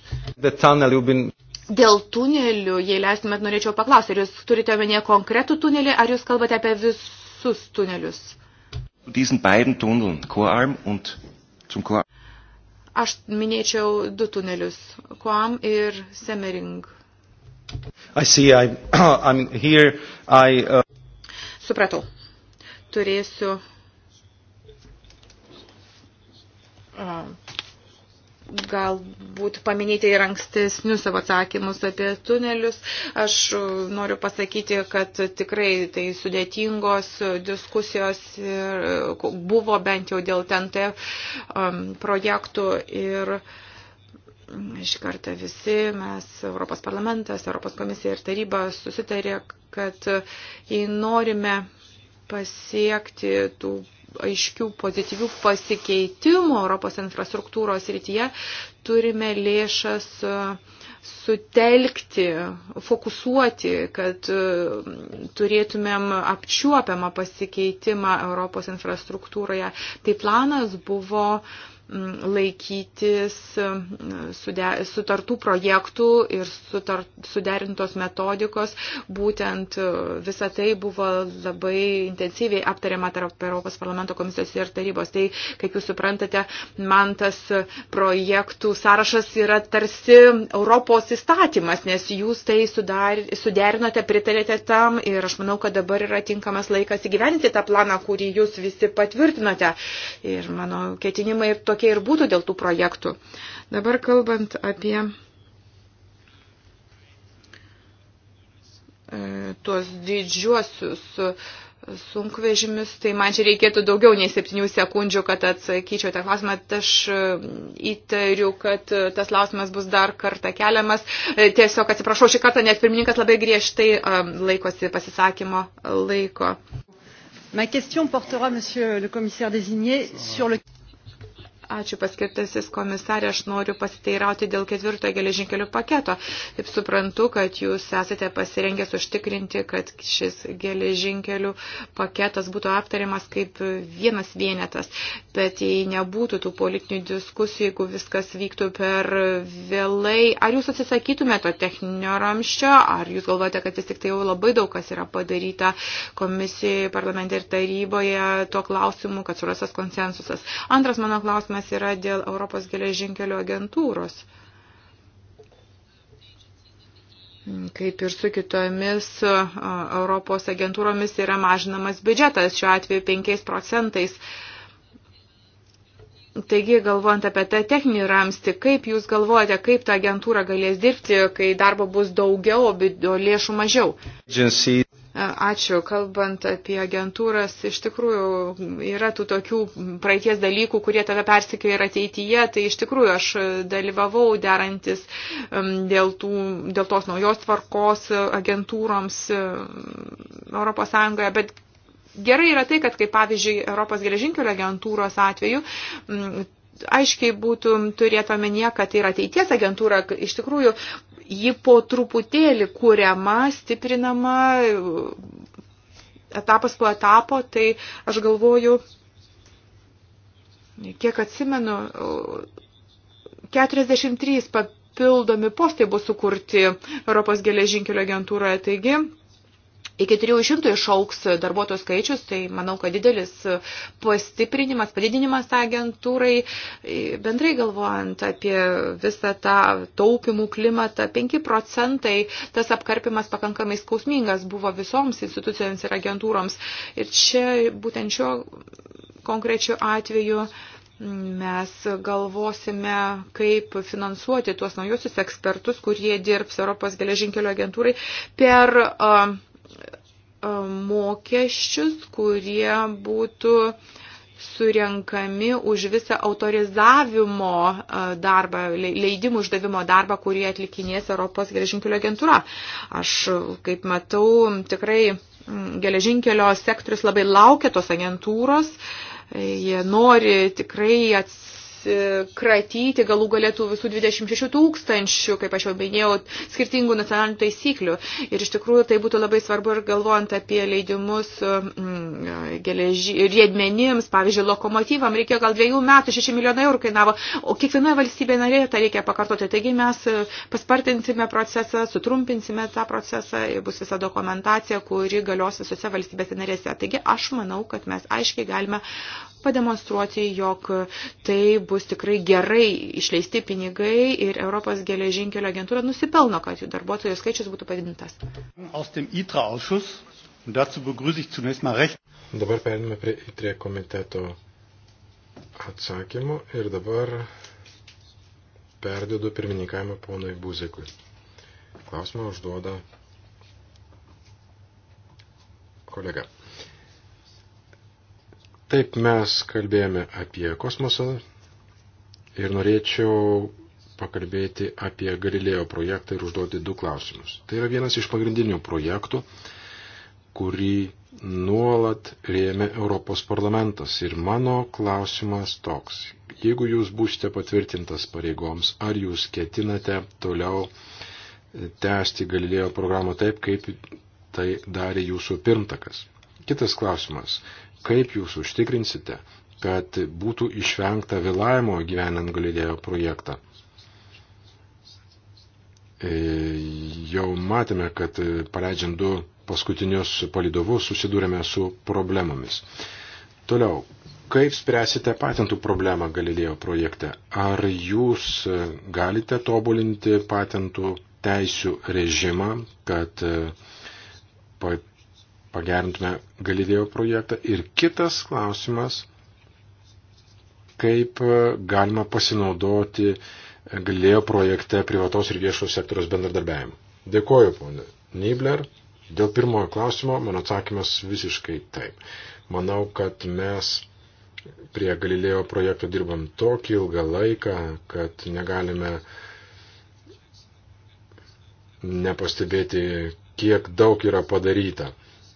Dėl tunelių, jei leistumėt, norėčiau paklausti, ar Jūs turite omenyje konkretų tunelį, ar Jūs kalbate apie visus tunelius? Diesen beiden Tunneln, Chorarm und zum Chorarm. Aš minėčiau du tunelius, Kuam ir Semering. I see, I, I'm here, I, uh... Supratau. Turėsiu galbūt paminėti ir ankstesnius savo atsakymus apie tunelius. Aš e, noriu pasakyti, kad tikrai tai sudėtingos diskusijos e, buvo bent jau dėl TNT projektų ir mm, šį kartą visi mes, Europos parlamentas, Europos komisija ir taryba susitarė, kad e, jei norime pasiekti tų aiškių pozityvių pasikeitimų Europos infrastruktūros rytyje, turime lėšas e, sutelkti, fokusuoti, kad e, turėtumėm apčiuopiamą pasikeitimą Europos infrastruktūroje. Tai planas buvo uh, laikytis mm, sutartų projektų ir suderintos metodikos. Būtent e, visa tai buvo labai intensyviai aptariama tarp Europos parlamento komisijos ir tarybos. Tai, kaip jūs suprantate, man tas projektų sąrašas yra tarsi Europos įstatymas, nes jūs tai sudar, suderinote, pritarėte tam ir aš manau, kad dabar yra tinkamas laikas įgyventi tą planą, kurį jūs visi patvirtinote. Ir mano ketinimai ir tokie tokie ir būtų dėl tų projektų. Dabar kalbant apie e, tuos didžiuosius e, sunkvežimius, tai man čia reikėtų daugiau nei septynių sekundžių, kad atsakyčiau tą klausimą. Tai aš e, įtariu, kad tas klausimas bus dar kartą keliamas. Tiesiog atsiprašau šį kartą, nes pirmininkas labai griežtai laikosi pasisakymo laiko. Ma question portera, monsieur le commissaire désigné, sur le... Ačiū paskirtasis komisarė, aš noriu pasiteirauti dėl ketvirtojo geležinkelių paketo. Taip suprantu, kad jūs esate pasirengęs užtikrinti, kad šis geležinkelių paketas būtų aptariamas kaip vienas vienetas, bet jei nebūtų tų politinių diskusijų, jeigu viskas vyktų per vėlai, ar jūs atsisakytumėte to techninio ramščio, ar jūs galvojate, kad vis tik tai jau labai daug kas yra padaryta komisijoje, parlamente ir taryboje tuo klausimu, kad surastas konsensusas. Antras mano klausimas klausimas yra dėl Europos geležinkelio agentūros. Kaip ir su kitomis Europos agentūromis yra mažinamas biudžetas, šiuo atveju 5 procentais. Taigi, galvojant apie tą techninį ramstį, kaip Jūs galvojate, kaip ta agentūra galės dirbti, kai darbo bus daugiau, o lėšų mažiau? Agency. Ačiū. Kalbant apie agentūras, iš tikrųjų yra tų tokių praeities dalykų, kurie tave persikėjo ir ateityje. Tai iš tikrųjų aš dalyvavau derantis um, dėl, tų, dėl tos naujos tvarkos agentūroms um, ES, bet gerai yra tai, kad kaip pavyzdžiui Europos geležinkelio agentūros atveju um, aiškiai būtų turėtų omenyje, kad ir tai ateities agentūra iš tikrųjų ji po truputėlį kuriama, stiprinama, etapas po etapo, tai aš galvoju, kiek atsimenu, 43 papildomi postai bus sukurti Europos geležinkelio agentūroje, taigi Iki 300 išauks darbuotojų skaičius, tai manau, kad didelis pastiprinimas, padidinimas tai agentūrai, e, bendrai galvojant apie visą tą taupimų klimatą, 5 procentai tas apkarpimas pakankamai skausmingas buvo visoms institucijoms ir agentūroms. Ir čia būtent šiuo konkrečiu atveju mes galvosime, kaip finansuoti tuos naujosius ekspertus, kurie dirbs Europos geležinkelio agentūrai per uh, mokesčius, kurie būtų surenkami už visą autorizavimo darbą, leidimų uždavimo darbą, kurį atlikinės Europos geležinkelio agentūra. Aš, kaip matau, tikrai geležinkelio sektorius labai laukia tos agentūros, jie nori tikrai atsitikti atsikratyti galų galėtų visų 26 tūkstančių, kaip aš jau minėjau, skirtingų nacionalinių taisyklių. Ir iš tikrųjų tai būtų labai svarbu ir galvojant apie leidimus mm, geleži, riedmenims, pavyzdžiui, lokomotyvam, reikėjo gal dviejų metų, 6 milijonai eurų kainavo, o kiekvienoje valstybėje narėje tą reikia pakartoti. Taigi mes paspartinsime procesą, sutrumpinsime tą procesą, bus visa dokumentacija, kuri galios visose valstybėse narėse. Taigi aš manau, kad mes aiškiai galime pademonstruoti, jog tai bus tikrai gerai išleisti pinigai ir Europos geležinkelio agentūra nusipelno, kad jų darbuotojų skaičius būtų padidintas. Dabar perėmėme prie ITRE komiteto atsakymų ir dabar perdedu pirmininkavimą ponui Buzikui. Klausimą užduoda kolega. Taip mes kalbėjome apie kosmosą ir norėčiau pakalbėti apie Galilėjo projektą ir užduoti du klausimus. Tai yra vienas iš pagrindinių projektų, kurį nuolat rėmė Europos parlamentas. Ir mano klausimas toks. Jeigu jūs būsite patvirtintas pareigoms, ar jūs ketinate toliau tęsti Galilėjo programą taip, kaip tai darė jūsų pirmtakas? Kitas klausimas. Kaip jūs užtikrinsite, kad būtų išvengta vėlavimo gyvenant galidėjo projektą? E, jau matėme, kad paleidžiant du paskutinius palidovus susidūrėme su problemomis. Toliau, kaip spręsite patentų problemą Galilėjo projekte? Ar jūs galite tobulinti patentų teisių režimą, kad e, pagerintume Galilėjo projektą. Ir kitas klausimas, kaip e, galima pasinaudoti e, Galilėjo projekte privataus ir viešo sektoriaus bendradarbiavimu. Dėkoju, ponė Nibler. Dėl pirmojo klausimo mano atsakymas visiškai taip. Manau, kad mes prie Galilėjo projekto dirbam tokį ilgą laiką, kad negalime nepastebėti, kiek daug yra padaryta.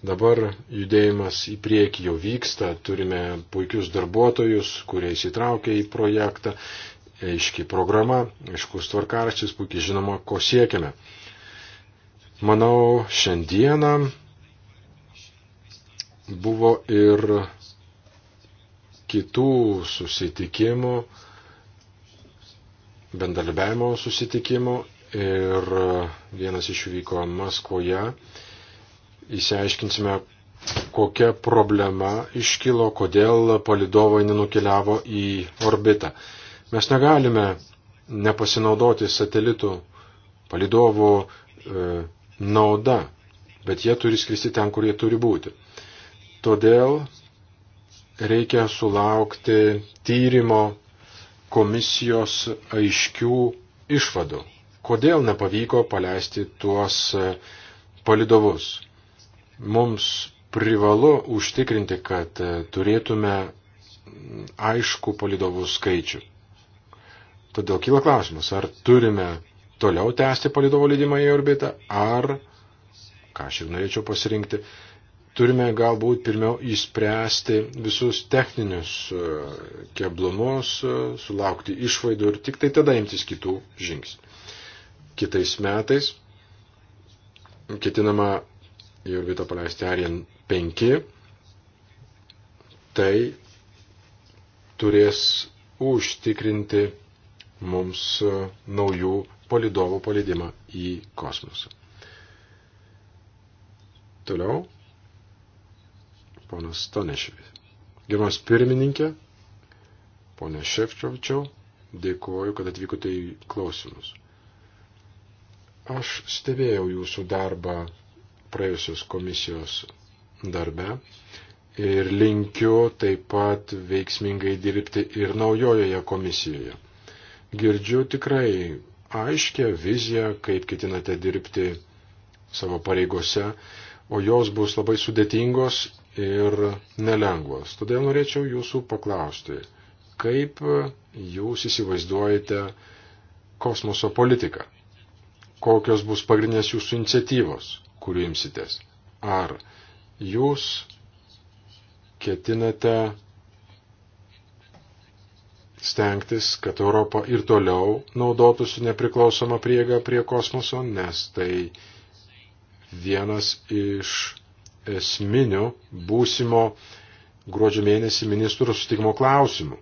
Dabar judėjimas į priekį jau vyksta, turime puikius darbuotojus, kurie įsitraukia į projektą, aiški programa, aiškus tvarkaraštis, puikiai žinoma, ko siekiame. Manau, šiandieną buvo ir kitų susitikimų, bendarbiavimo susitikimų ir vienas iš jų vyko Maskvoje Įsiaiškinsime, kokia problema iškilo, kodėl palidovai nenukeliavo į orbitą. Mes negalime nepasinaudoti satelitų palidovų e, nauda, bet jie turi skristi ten, kur jie turi būti. Todėl reikia sulaukti tyrimo komisijos aiškių išvadų, kodėl nepavyko paleisti tuos palidovus. Mums privalu užtikrinti, kad e, turėtume aišku palidovų skaičių. Todėl kyla klausimas, ar turime toliau tęsti palidovo lydimą į orbitą, ar, ką aš ir norėčiau pasirinkti, turime galbūt pirmiau įspręsti visus techninius e, keblumus, e, sulaukti išvaidų ir tik tai tada imtis kitų žingsnių. Kitais metais ketinama į orbitą paleisti Arian 5, tai turės užtikrinti mums e, naujų palidovų palidimą į kosmosą. Toliau, ponas Stanešvis. Gerbiamas pirmininkė, ponė Šefčiovičiau, dėkuoju, kad atvykote į klausimus. Aš stebėjau jūsų darbą praėjusios komisijos darbe. Ir linkiu taip pat veiksmingai dirbti ir naujojoje komisijoje. Girdžiu tikrai aiškę viziją, kaip ketinate dirbti savo pareigose, o jos bus labai sudėtingos ir nelengvos. Todėl norėčiau jūsų paklausti, kaip jūs įsivaizduojate kosmoso politiką? Kokios bus pagrindinės jūsų iniciatyvos? kuriuo imsitės. Ar jūs ketinate stengtis, kad Europa ir toliau naudotųsi nepriklausomą priegą prie kosmoso, nes tai vienas iš esminių būsimo gruodžio mėnesį ministrų sutikimo klausimų.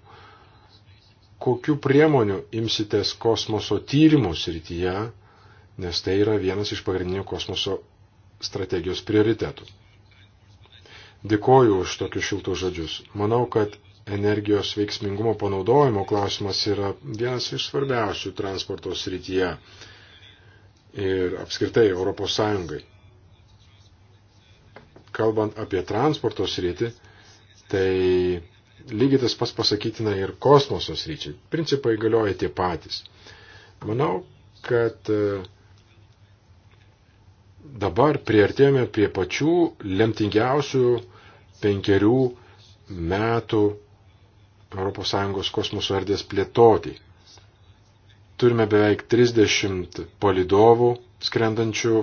Kokiu priemoniu imsitės kosmoso tyrimų srityje, nes tai yra vienas iš pagrindinių kosmoso strategijos prioritetų. Dėkoju už tokius šiltus žodžius. Manau, kad energijos veiksmingumo panaudojimo klausimas yra vienas iš svarbiausių transporto srityje ir apskritai Europos Sąjungai. Kalbant apie transporto sritį, tai lygiai tas pas pasakytina ir kosmoso sryčiai. Principai galioja tie patys. Manau, kad uh, dabar priartėjome prie pačių lemtingiausių penkerių metų ES kosmoso erdvės plėtoti. Turime beveik 30 palidovų skrendančių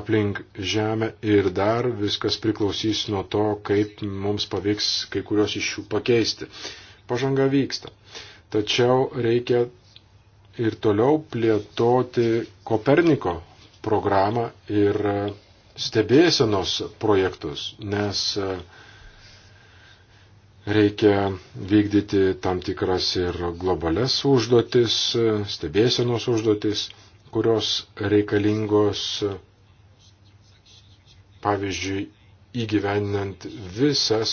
aplink Žemę ir dar viskas priklausys nuo to, kaip mums pavyks kai kurios iš jų pakeisti. Pažanga vyksta. Tačiau reikia ir toliau plėtoti Koperniko programą ir e, stebėsenos projektus, nes e, reikia vykdyti tam tikras ir globales užduotis, e, stebėsenos užduotis, kurios reikalingos, pavyzdžiui, įgyveninant visas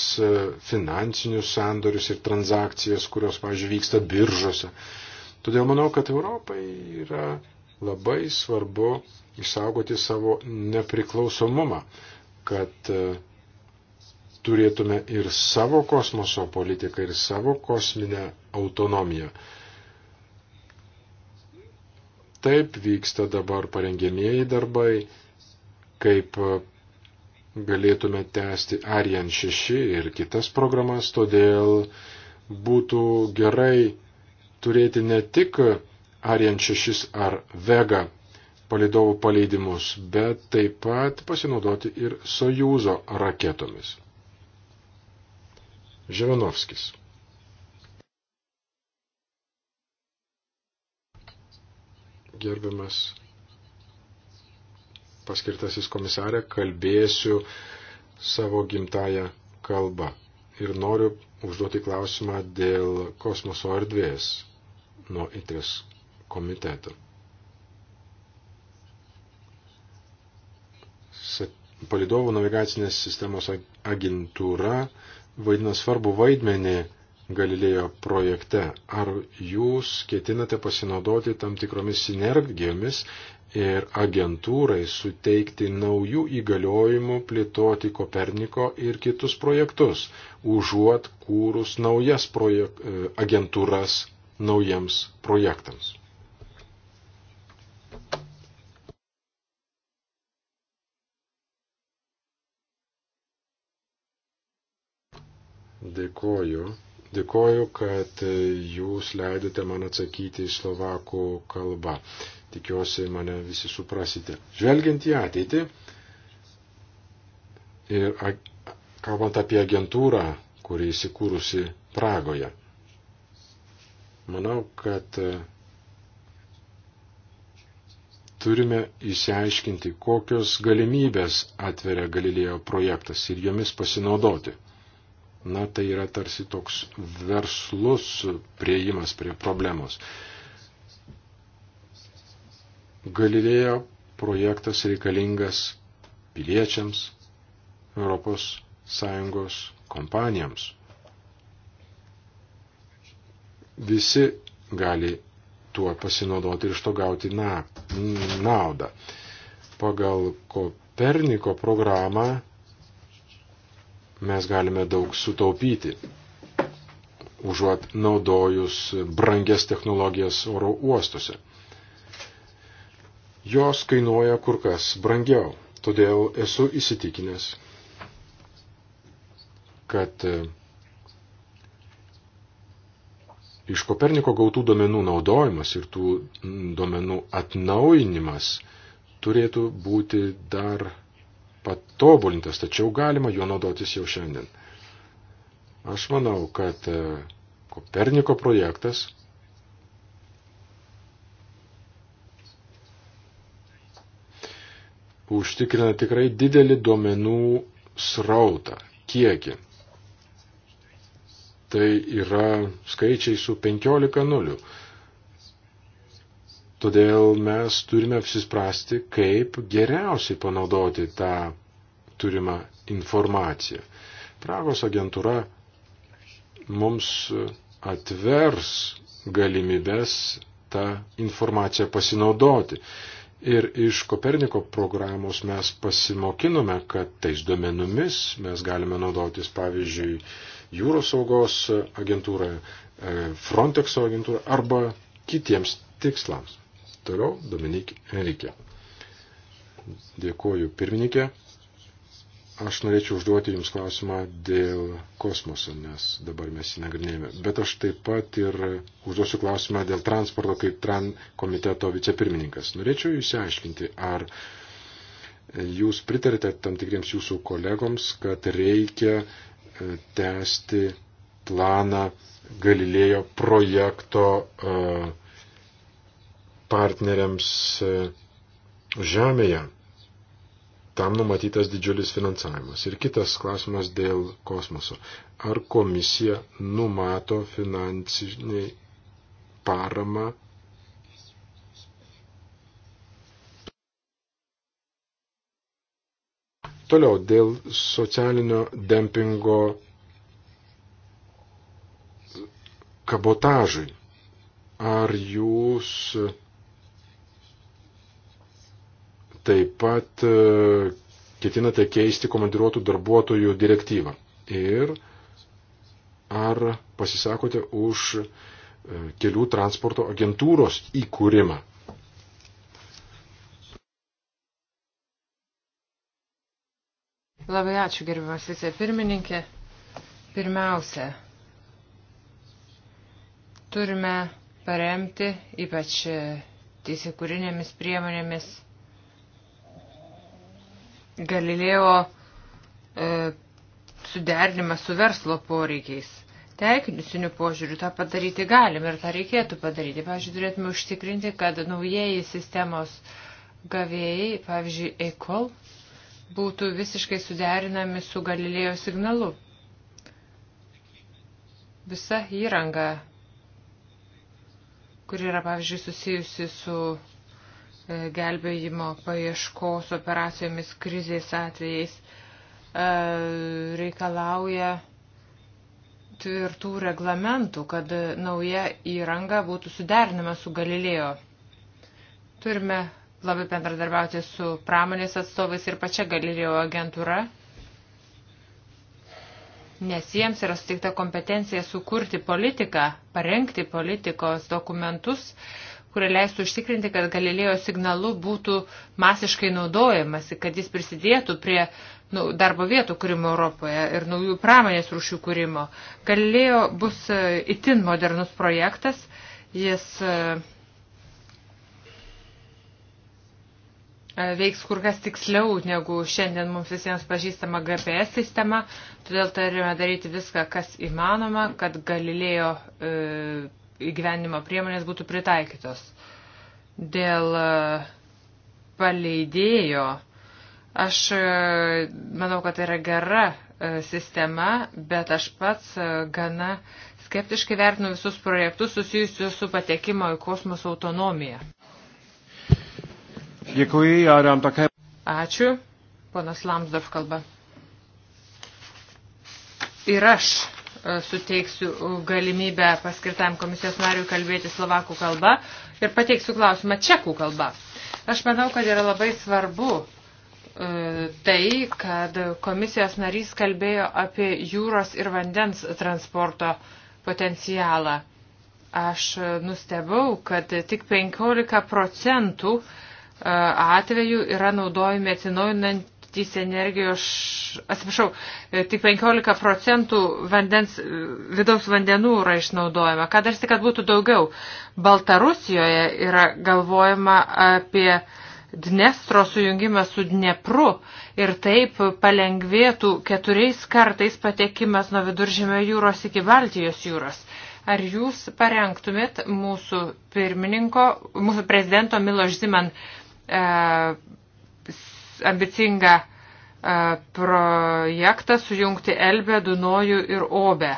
finansinius sandorius ir transakcijas, kurios, pavyzdžiui, vyksta biržose. Todėl manau, kad Europai yra labai svarbu išsaugoti savo nepriklausomumą, kad e, turėtume ir savo kosmoso politiką, ir savo kosminę autonomiją. Taip vyksta dabar parengėmieji darbai, kaip e, galėtume tęsti Ariane 6 ir kitas programas, todėl būtų gerai turėti ne tik Ariane 6 ar Vega palidovų paleidimus, bet taip pat pasinaudoti ir Sojuzo raketomis. Ževanovskis. Gerbiamas paskirtasis komisarė, kalbėsiu savo gimtają kalbą ir noriu užduoti klausimą dėl kosmoso erdvės nuo ITRES komiteto. palidovų navigacinės sistemos agentūra vaidina svarbu vaidmenį Galilėjo projekte. Ar jūs ketinate pasinaudoti tam tikromis sinergijomis ir agentūrai suteikti naujų įgaliojimų plėtoti Koperniko ir kitus projektus, užuot kūrus naujas projek e, agentūras naujiems projektams? Dėkoju. Dėkoju, kad jūs leidote man atsakyti į slovakų kalbą. Tikiuosi, mane visi suprasite. Žvelgiant į ateitį ir kalbant apie agentūrą, kuri įsikūrusi Pragoje, manau, kad e, turime išsiaiškinti, kokios galimybės atveria Galilėjo projektas ir jomis pasinaudoti na, tai yra tarsi toks verslus prieimas prie problemos. Galilėjo projektas reikalingas piliečiams, Europos Sąjungos kompanijoms. Visi gali tuo pasinaudoti ir iš to gauti na, naudą. Pagal Koperniko programą mes galime daug sutaupyti, užuot naudojus brangias technologijas oro uostuose. Jos kainuoja kur kas brangiau, todėl esu įsitikinęs, kad e, iš Koperniko gautų duomenų naudojimas ir tų duomenų atnaujinimas turėtų būti dar patobulintas, tačiau galima juo naudotis jau šiandien. Aš manau, kad e, Koperniko projektas užtikrina tikrai didelį duomenų srautą, kiekį. Tai yra skaičiai su 15 nulių. Todėl mes turime apsispręsti, kaip geriausiai panaudoti tą turimą informaciją. Pragos agentūra mums atvers galimybės tą informaciją pasinaudoti. Ir iš Koperniko programos mes pasimokinome, kad tais duomenomis mes galime naudotis, pavyzdžiui, jūros saugos agentūroje, Frontexo agentūroje arba kitiems tikslams. Toliau Dominik Enrikė. Dėkuoju pirmininkė. Aš norėčiau užduoti Jums klausimą dėl kosmoso, nes dabar mes jį nagrinėjame. Bet aš taip pat ir užduosiu klausimą dėl transporto kaip TRAN komiteto vicepirmininkas. Norėčiau išsiaiškinti, ar Jūs pritarite tam tikriems Jūsų kolegoms, kad reikia e, tęsti planą Galilėjo projekto uh, partneriams e, žemėje. Tam numatytas didžiulis finansavimas. Ir kitas klausimas dėl kosmoso. Ar komisija numato finansiniai paramą Toliau dėl socialinio dempingo kabotažui. Ar jūs Taip pat e, ketinate keisti komandiruotų darbuotojų direktyvą. Ir ar pasisakote už e, kelių transporto agentūros įkūrimą? Labai ačiū, gerbiamas vicepirmininkė. Pirmiausia, turime paremti ypač teisėkūrinėmis priemonėmis Galilėjo e, suderinimas su verslo poreikiais. Teikinicinių požiūrių tą padaryti galim ir tą reikėtų padaryti. Pavyzdžiui, turėtume užtikrinti, kad naujieji sistemos gavėjai, pavyzdžiui, ECOL, būtų visiškai suderinami su Galilėjo signalu. Visa įranga, kuri yra, pavyzdžiui, susijusi su E, gelbėjimo paieškos operacijomis krizės atvejais e, reikalauja tvirtų reglamentų, kad nauja įranga būtų suderinama su Galilėjo. Turime labai bendradarbiauti su pramonės atstovais ir pačia Galilėjo agentūra, nes jiems yra suteikta kompetencija sukurti politiką, parengti politikos dokumentus, kurie leistų užtikrinti, kad Galilėjo signalu būtų masiškai naudojamasi, kad jis prisidėtų prie nu, darbo vietų kūrimo Europoje ir naujų pramonės rūšių kūrimo. Galilėjo bus e, itin modernus projektas, jis e, e, veiks kur kas tiksliau negu šiandien mums visiems pažįstama GPS sistema, todėl turime daryti viską, kas įmanoma, kad Galilėjo e, įgyvenimo priemonės būtų pritaikytos. Dėl e, paleidėjo, aš e, manau, kad tai yra gera e, sistema, bet aš pats gana skeptiškai vertinu visus projektus susijusius su patekimo į kosmosą autonomiją. Děkuji, já dám také. Ačiū, ponas Lamsdorf kalba. Ir aš E, suteiksiu galimybę paskirtam komisijos nariui kalbėti slovakų kalbą ir pateiksiu klausimą čekų kalbą. Aš manau, kad yra labai svarbu e, tai, kad komisijos narys kalbėjo apie jūros ir vandens transporto potencialą. Aš nustebau, kad tik 15 procentų e, atvejų yra naudojami atsinaujinant svarstys energijos, atsiprašau, e, tik 15 procentų vandens, e, vidaus vandenų yra išnaudojama. Ką darsi, kad būtų daugiau? Baltarusijoje yra galvojama apie Dnestro sujungimą su Dnepru ir taip palengvėtų keturiais kartais patekimas nuo viduržėmio jūros iki Baltijos jūros. Ar jūs parengtumėt mūsų pirmininko, mūsų prezidento Miloš Ziman e, ambicingą e, projektą sujungti Elbę, Dunojų ir Obę.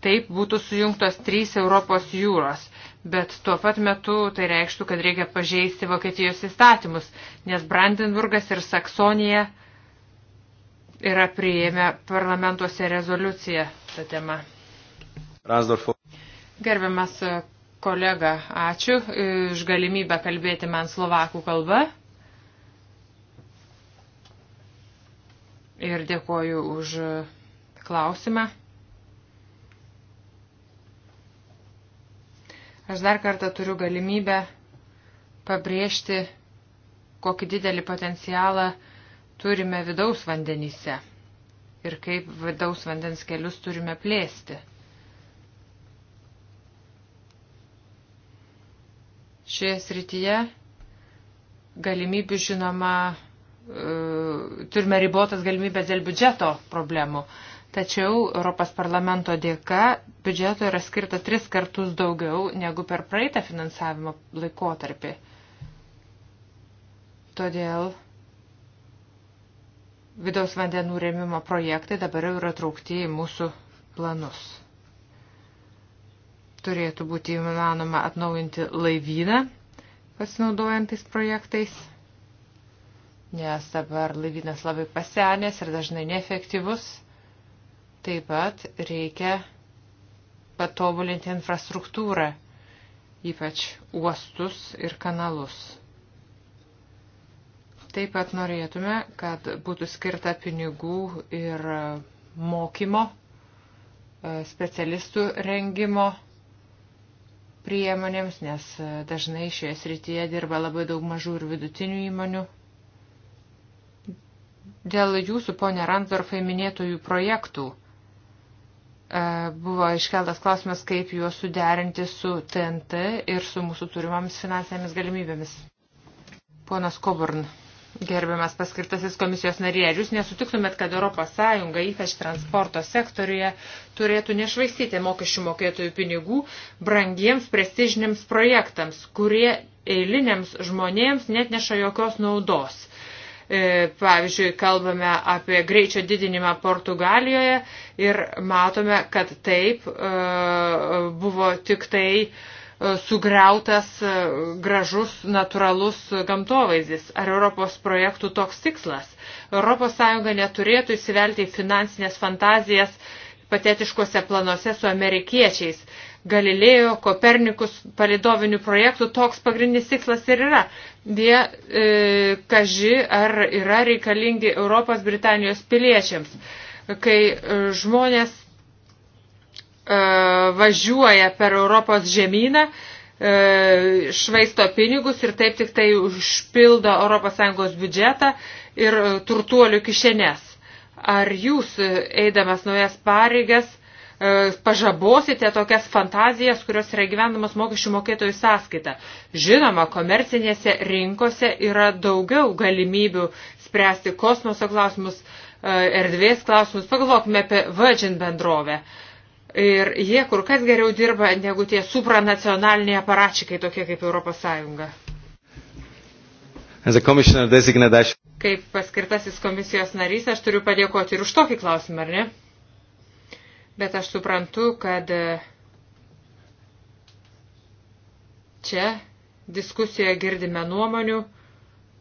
Taip būtų sujungtos trys Europos jūros, bet tuo pat metu tai reikštų, kad reikia pažeisti Vokietijos įstatymus, nes Brandenburgas ir Saksonija yra prieėmę parlamentuose rezoliuciją tą temą. Rasdorfo. Gerbiamas kolega, ačiū e, už galimybę kalbėti man slovakų kalbą. ir dėkoju už klausimą. Aš dar kartą turiu galimybę pabrėžti, kokį didelį potencialą turime vidaus vandenyse ir kaip vidaus vandens kelius turime plėsti. Šioje srityje galimybių žinoma E, turime ribotas galimybės dėl biudžeto problemų. Tačiau Europos parlamento dėka biudžeto yra skirta tris kartus daugiau negu per praeitą finansavimo laikotarpį. Todėl vidaus vandenų rėmimo projektai dabar jau yra traukti į mūsų planus. Turėtų būti įmanoma atnaujinti laivyną, pasinaudojantis projektais nes dabar laivynas labai pasenęs ir dažnai neefektyvus. Taip pat reikia patobulinti infrastruktūrą, ypač uostus ir kanalus. Taip pat norėtume, kad būtų skirta pinigų ir mokymo, specialistų rengimo priemonėms, nes dažnai šioje srityje dirba labai daug mažų ir vidutinių įmonių. Dėl jūsų, ponė Randzorfai, minėtojų projektų e, buvo iškeltas klausimas, kaip juos suderinti su TNT ir su mūsų turimomis finansinėmis galimybėmis. Ponas Koburn, gerbiamas paskirtasis komisijos narė, ar jūs nesutiktumėt, kad ES, ypač transporto sektoriuje, turėtų nešvaistyti mokesčių mokėtojų pinigų brangiems prestižiniams projektams, kurie eiliniams žmonėms net neša jokios naudos? E, pavyzdžiui, kalbame apie greičio didinimą Portugalijoje ir matome, kad taip e, buvo tik tai e, sugriautas gražus natūralus gamtovaizdis. Ar Europos projektų toks tikslas? ES neturėtų įsivelti į finansinės fantazijas patetiškose planuose su amerikiečiais. Galilėjo, Kopernikus palidovinių projektų toks pagrindinis tikslas ir yra jie, e, kaži, ar yra reikalingi Europos Britanijos piliečiams, kai e, žmonės e, važiuoja per Europos žemyną, e, švaisto pinigus ir taip tik tai užpildo ES biudžetą ir e, turtuolių kišenes. Ar jūs, e, eidamas naujas pareigas, E, pažabosite tokias fantazijas, kurios yra gyvendamas mokesčių mokėtojų sąskaita. Žinoma, komercinėse rinkose yra daugiau galimybių spręsti kosmoso klausimus, e, erdvės klausimus. Pagalvokime apie Virgin bendrovę. Ir jie kur kas geriau dirba negu tie supranacionaliniai aparačikai, tokie kaip Europos Sąjunga. Kaip paskirtasis komisijos narys, aš turiu padėkoti ir už tokį klausimą, ar ne? bet aš suprantu, kad e, čia diskusijoje girdime nuomonių,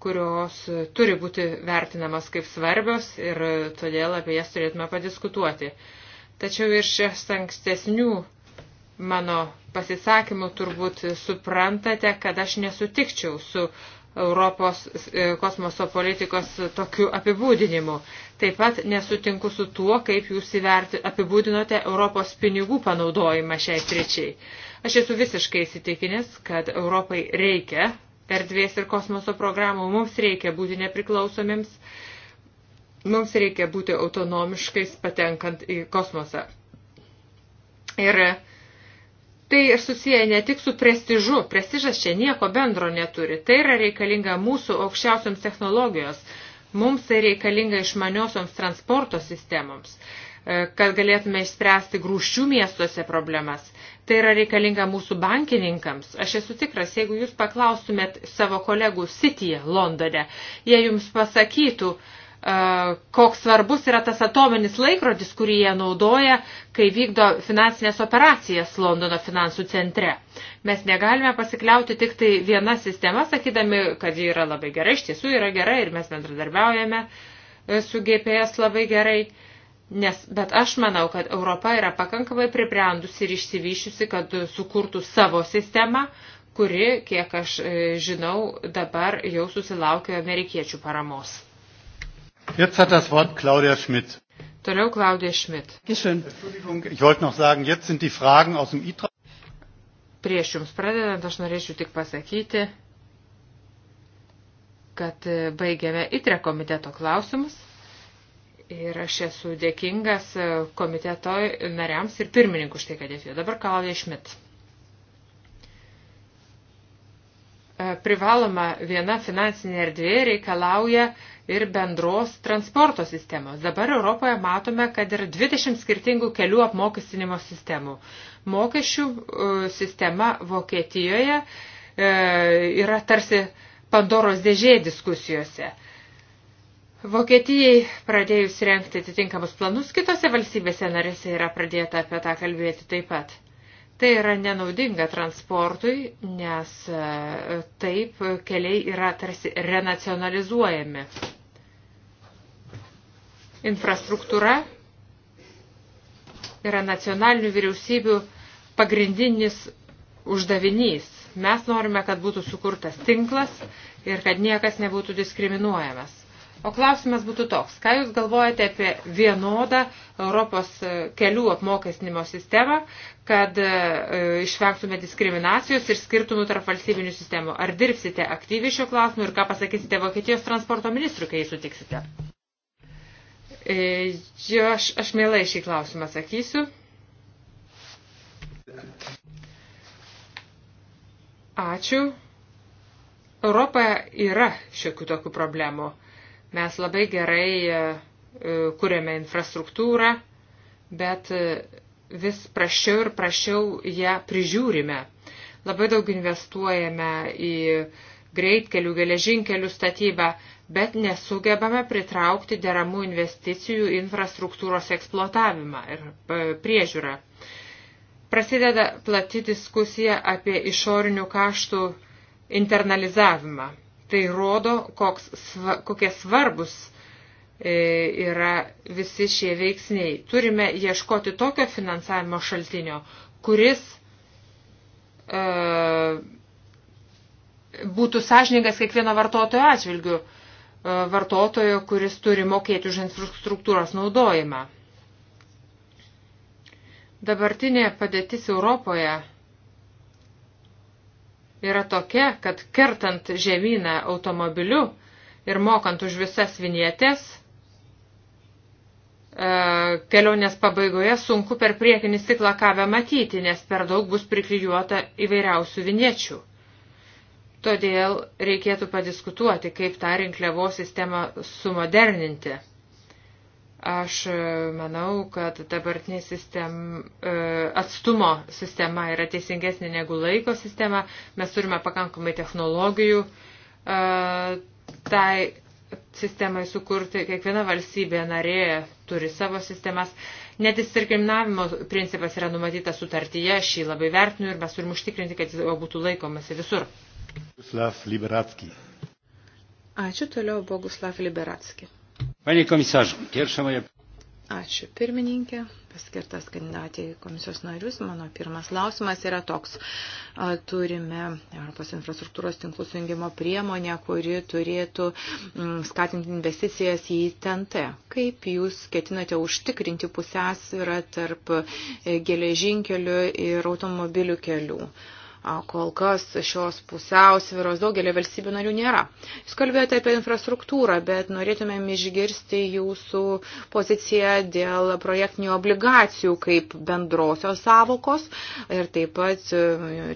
kurios e, turi būti vertinamas kaip svarbios ir e, todėl apie jas turėtume padiskutuoti. Tačiau iš ankstesnių mano pasisakymų turbūt suprantate, kad aš nesutikčiau su Europos kosmoso politikos tokiu apibūdinimu. Taip pat nesutinku su tuo, kaip jūs įverti, apibūdinote Europos pinigų panaudojimą šiai sričiai. Aš esu visiškai įsitikinęs, kad Europai reikia erdvės ir kosmoso programų, mums reikia būti nepriklausomiems, mums reikia būti autonomiškais patenkant į kosmosą. Ir tai ir susiję ne tik su prestižu, prestižas čia nieko bendro neturi, tai yra reikalinga mūsų aukščiausiams technologijos Mums tai reikalinga išmaniosioms transporto sistemoms, e, kad galėtume išspręsti grūščių miestuose problemas. Tai yra reikalinga mūsų bankininkams. Aš esu tikras, jeigu jūs paklaustumėt savo kolegų Cityje, Londone, jie jums pasakytų, uh, koks svarbus yra tas atominis laikrodis, kurį jie naudoja, kai vykdo finansinės operacijas Londono finansų centre. Mes negalime pasikliauti tik tai viena sistema, sakydami, kad ji yra labai gerai, iš tiesų yra gerai ir mes bendradarbiaujame e, su GPS labai gerai. Nes, bet aš manau, kad Europa yra pakankamai pribrendusi ir išsivyšiusi, kad sukurtų savo sistemą, kuri, kiek aš e, žinau, dabar jau susilaukia amerikiečių paramos. Jetzt hat das Wort Claudia Schmidt. Toliau Klaudija Šmit. Prieš Jums pradedant, aš norėčiau tik pasakyti, kad e, baigėme ITRE komiteto klausimus ir aš esu dėkingas e, komiteto nariams ir pirmininkų štai, kad atėjo. Dabar Klaudija Šmit. E, privaloma viena finansinė erdvė reikalauja ir bendros transporto sistemos. Dabar Europoje matome, kad yra 20 skirtingų kelių apmokestinimo sistemų. Mokesčių e, sistema Vokietijoje e, yra tarsi Pandoros dėžė diskusijose. Vokietijai pradėjus renkti atitinkamus planus, kitose valstybėse narėse yra pradėta apie tą kalbėti taip pat. Tai yra nenaudinga transportui, nes e, taip keliai yra tarsi renacionalizuojami. Infrastruktūra yra nacionalinių vyriausybių pagrindinis uždavinys. Mes norime, kad būtų sukurtas tinklas ir kad niekas nebūtų diskriminuojamas. O klausimas būtų toks, ką Jūs galvojate apie vienodą Europos kelių apmokestinimo sistemą, kad e, išvengtume diskriminacijos ir skirtumų tarp valstybinių sistemų? Ar dirbsite aktyviai šio klausimu ir ką pasakysite Vokietijos transporto ministrui, kai jį sutiksite? E, jo, aš, aš mielai šį klausimą atsakysiu. Ačiū. Europoje yra šiokių tokių problemų. Mes labai gerai e, e, kuriame infrastruktūrą, bet vis prašiau ir prašiau ją prižiūrime. Labai daug investuojame į greitkelių, geležinkelių statybą, bet nesugebame pritraukti deramų investicijų infrastruktūros eksploatavimą ir e, priežiūrą. Prasideda plati diskusija apie išorinių kaštų internalizavimą. Tai rodo, koks, kokie svarbus e, yra visi šie veiksniai. Turime ieškoti tokio finansavimo šaltinio, kuris e, būtų sąžininkas kiekvieno vartotojo atžvilgiu. E, E, vartotojo, kuris turi mokėti už infrastruktūros naudojimą. Dabartinė padėtis Europoje yra tokia, kad kertant žemyną automobiliu ir mokant už visas vinietės, e, kelionės pabaigoje sunku per priekinį stiklą kavę matyti, nes per daug bus priklijuota įvairiausių viniečių. Todėl reikėtų padiskutuoti, kaip tą rinkliavos sistemą sumoderninti. Aš e, manau, kad dabartinė sistem, e, atstumo sistema yra teisingesnė negu laiko sistema. Mes turime pakankamai technologijų e, tai sistemai sukurti. Kiekviena valstybė narė turi savo sistemas. Nediskriminavimo principas yra numatytas sutartyje, aš jį labai vertinu ir mes turim užtikrinti, kad jis būtų laikomasi visur. Boguslav Liberatski. Ačiū toliau Boguslav Liberatski. Panie komisarzu, pierwsza moja. Ačiū pirmininkė, paskirtas kandidatė į komisijos narius. Mano pirmas klausimas yra toks. Turime Europos infrastruktūros tinklų sujungimo priemonę, kuri turėtų mm, skatinti investicijas į TNT. Kaip jūs ketinate užtikrinti pusęsvyrą tarp geležinkelių ir automobilių kelių? kol kas šios pusiausviros daugelio valstybių narių nėra. Jūs kalbėjote apie infrastruktūrą, bet norėtumėm išgirsti jūsų poziciją dėl projektinių obligacijų kaip bendrosios savokos ir taip pat e,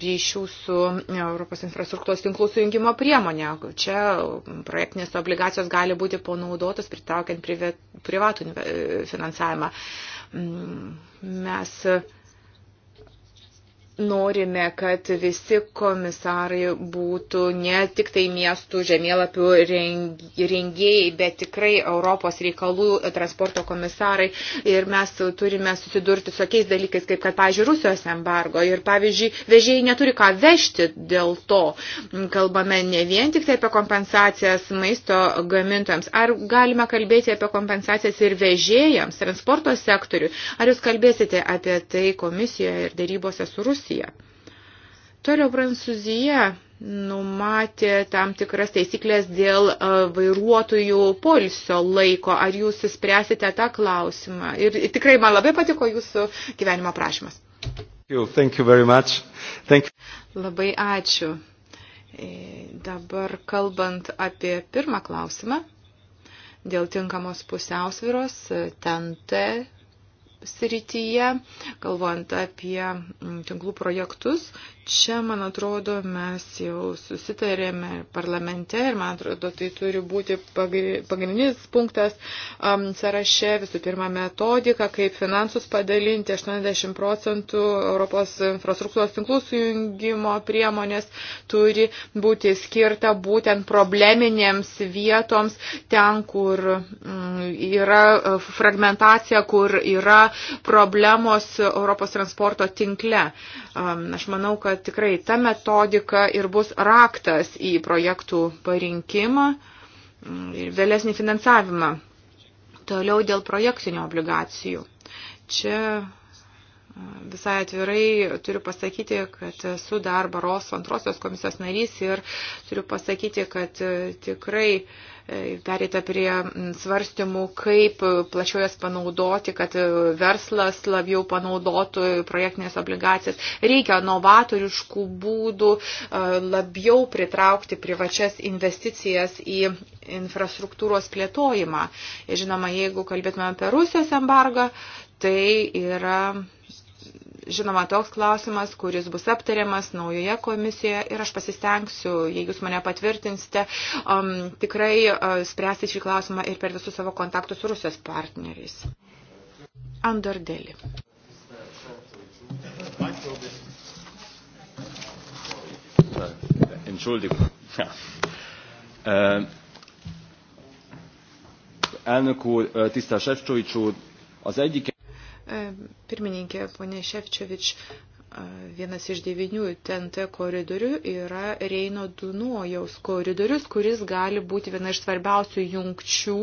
ryšių su Europos infrastruktūros tinklų sujungimo priemonė. Čia projektinės obligacijos gali būti panaudotos pritraukiant privatų finansavimą. Mm, mes norime, kad visi komisarai būtų ne tik tai miestų žemėlapių rengėjai, bet tikrai Europos reikalų transporto komisarai. Ir mes turime susidurti su tokiais dalykais, kaip kad, pavyzdžiui, Rusijos embargo. Ir, pavyzdžiui, vežėjai neturi ką vežti dėl to. Kalbame ne vien tik tai apie kompensacijas maisto gamintojams. Ar galime kalbėti apie kompensacijas ir vežėjams, transporto sektoriui? Ar jūs kalbėsite apie tai komisijoje ir darybose su Rusija? Rusiją. Toliau Prancūzija numatė tam tikras taisyklės dėl e, vairuotojų polsio laiko. Ar jūs spręsite tą klausimą? Ir tikrai man labai patiko jūsų gyvenimo prašymas. Thank you very much. Thank you. Labai ačiū. E, dabar kalbant apie pirmą klausimą dėl tinkamos pusiausviros, e, TNT srityje, galvojant apie mm, tinklų projektus, čia, man atrodo, mes jau susitarėme parlamente ir, man atrodo, tai turi būti pagrindinis punktas um, sąraše. Visų pirma, metodika, kaip finansus padalinti 80 procentų Europos infrastruktūros tinklų sujungimo priemonės turi būti skirta būtent probleminėms vietoms, ten, kur mm, yra e, fragmentacija, kur yra problemos Europos transporto tinkle. Um, aš manau, kad kad tikrai ta metodika ir bus raktas į projektų parinkimą ir vėlesnį finansavimą. Toliau dėl projektinių obligacijų. Čia Visai atvirai turiu pasakyti, kad esu dar Baros antrosios komisijos narys ir turiu pasakyti, kad e, tikrai e, perėta prie svarstymų, kaip plačiau jas panaudoti, kad e, verslas labiau panaudotų projektinės obligacijas. Reikia novatoriškų būdų labiau pritraukti privačias investicijas į infrastruktūros plėtojimą. Ir žinoma, jeigu kalbėtume apie Rusijos embargą, tai yra žinoma, toks klausimas, kuris bus aptariamas naujoje komisijoje ir aš pasistengsiu, jei jūs mane patvirtinsite, um, tikrai uh, spręsti šį klausimą ir per visus savo kontaktus su Rusijos partneriais. Andor Deli. Entschuldigung. Ja. Äh, elnök úr, tisztelt Sefcsovics úr, az egyik E, pirmininkė, ponė Ševčiovič, e, vienas iš devinių TNT koridorių yra Reino Dunojaus koridorius, kuris gali būti viena iš svarbiausių jungčių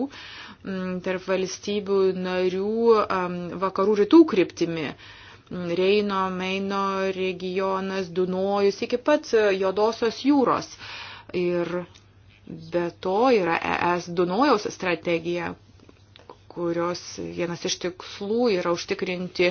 tarp valstybių narių vakarų rytų kryptimi. Reino, Meino regionas, Dunojus iki pat Jodosios jūros. Ir be to yra ES Dunojaus strategija, kurios vienas iš tikslų yra užtikrinti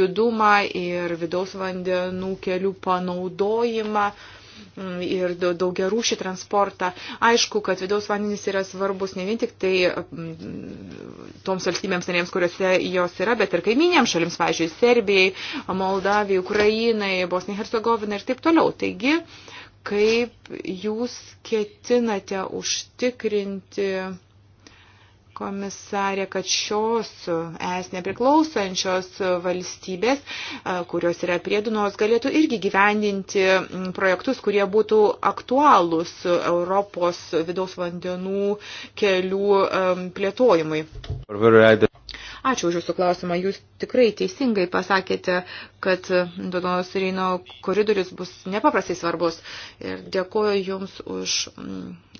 judumą ir vidaus vandenų kelių panaudojimą mm, ir daugia rūšį transportą. Aišku, kad vidaus vandenys yra svarbus ne vien tik tai mm, toms valstybėms narėms, kuriuose jos yra, bet ir kaiminėms šalims, pavyzdžiui, Serbijai, Moldavijai, Ukrainai, Bosnijai, Hercegovinai ir taip toliau. Taigi, kaip jūs ketinate užtikrinti komisarė, kad šios es nepriklausančios valstybės, kurios yra priedunos, galėtų irgi gyvendinti projektus, kurie būtų aktualūs Europos vidaus vandenų kelių plėtojimui. Ačiū už Jūsų klausimą. Jūs tikrai teisingai pasakėte, kad Donos Reino koridorius bus nepaprastai svarbus. Ir dėkoju Jums už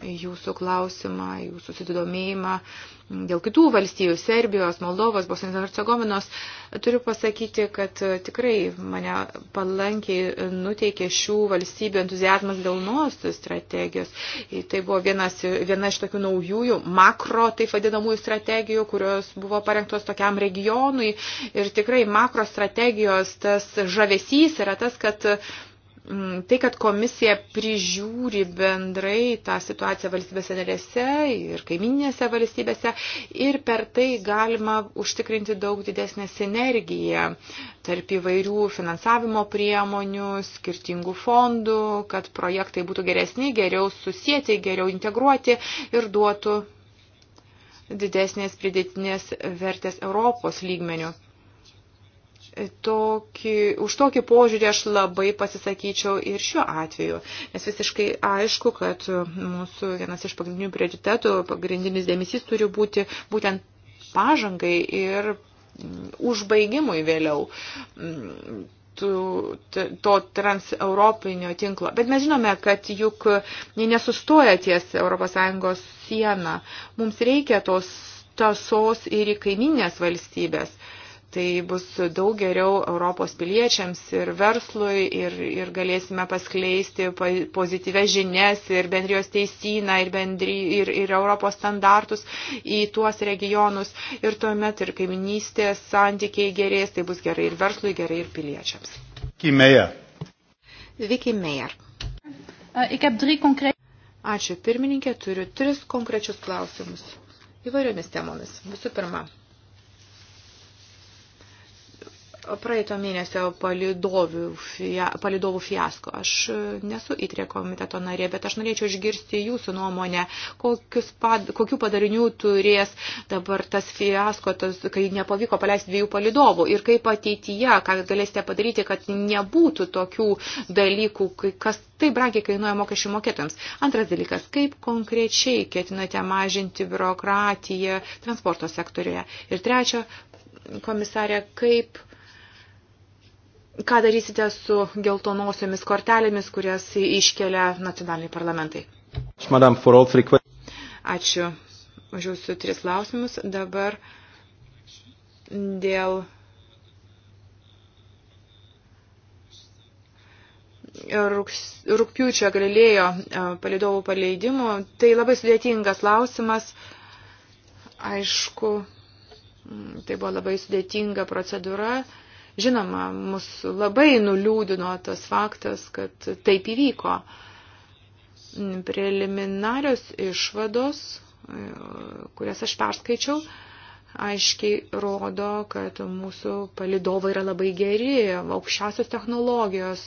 jūsų klausimą, jūsų susidomėjimą dėl kitų valstybių - Serbijos, Moldovos, Bosnijos ir Hercegovinos. Turiu pasakyti, kad e, tikrai mane palankiai nuteikė šių valstybių entuzijazmas dėl nuostų strategijos. Ir tai buvo vienas, viena iš tokių naujųjų makro, taip vadinamųjų strategijų, kurios buvo parengtos tokiam regionui. Ir tikrai makro strategijos tas žavesys yra tas, kad Mm, tai, kad komisija prižiūri bendrai tą situaciją valstybėse narėse ir kaiminėse valstybėse ir per tai galima užtikrinti daug didesnę sinergiją tarp įvairių finansavimo priemonių, skirtingų fondų, kad projektai būtų geresni, geriau susijęti, geriau integruoti ir duotų didesnės pridėtinės vertės Europos lygmenių tokį, už tokį požiūrį aš labai pasisakyčiau ir šiuo atveju, nes visiškai aišku, kad mūsų vienas iš pagrindinių prioritetų, pagrindinis dėmesys turi būti būtent pažangai ir užbaigimui vėliau mm, tų, to transeuropinio tinklo. Bet mes žinome, kad juk nesustoja ties ES siena. Mums reikia tos tasos ir į kaiminės valstybės. Uh, Tai bus daug geriau Europos piliečiams ir verslui ir, ir galėsime paskleisti pozityvę žinias ir bendrijos teisyną ir, bendry, ir, ir Europos standartus į tuos regionus. Ir tuomet ir kaiminystės santykiai gerės, tai bus gerai ir verslui, gerai ir piliečiams. Kimėja. Viki Meijer. Ačiū pirmininkė, turiu tris konkrečius klausimus įvairiomis temomis. Visų pirma, praeito mėnesio palidovų fiasko. Aš e, nesu įtrė e komiteto narė, bet aš norėčiau išgirsti jūsų nuomonę, kokius pad, kokių padarinių turės dabar tas fiasko, tas, kai nepavyko paleisti dviejų palidovų ir kaip ateityje, ką galėsite padaryti, kad nebūtų tokių dalykų, kas tai brangiai kainuoja mokesčių mokėtams. Antras dalykas, kaip konkrečiai ketinate mažinti biurokratiją transporto sektoriuje. Ir trečio, komisarė, kaip ką darysite su geltonosiomis kortelėmis, kurias iškelia nacionaliniai parlamentai? Ačiū už jūsų tris klausimus. Dabar dėl rūpiučio galilėjo e, palidovų paleidimų. Tai labai sudėtingas klausimas. Aišku, tai buvo labai sudėtinga procedūra. Žinoma, mus labai nuliūdino tas faktas, kad taip įvyko. Preliminarios išvados, kurias aš perskaičiau, aiškiai rodo, kad mūsų palidovai yra labai geri, aukščiausios technologijos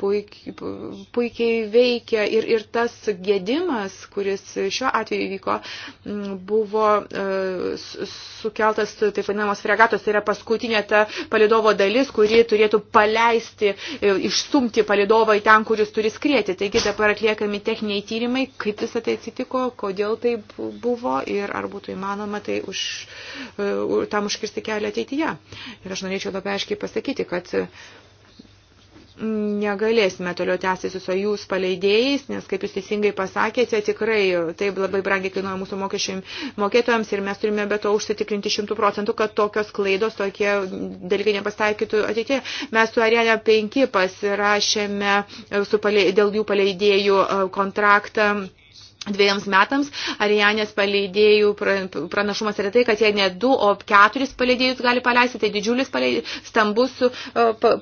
puikiai, puikiai veikia ir, ir tas gedimas, kuris šiuo atveju įvyko, buvo e, sukeltas taip vadinamos fregatos, tai yra paskutinė ta palidovo dalis, kuri turėtų paleisti, e, išstumti palidovą į ten, kuris turi skrėti. Taigi dabar atliekami techniniai tyrimai, kaip visą tai atsitiko, kodėl tai buvo ir ar būtų įmanoma tai už E, tam užkirsti kelią ateityje. Ir aš norėčiau labai aiškiai pasakyti, kad negalėsime toliau tęsti su sojus paleidėjais, nes, kaip jūs teisingai pasakėte, tikrai taip labai brangiai kainuoja mūsų mokesčių mokėtojams ir mes turime be to užsitikrinti šimtų procentų, kad tokios klaidos, tokie dalykai nepastaikytų ateitie. Mes su Arena 5 pasirašėme su palei, dėl jų paleidėjų e, kontraktą dviejams metams. Arijanės paleidėjų pranašumas yra tai, kad jie ne du, o keturis paleidėjus gali paleisti. Tai didžiulis paleidėjas, stambus e,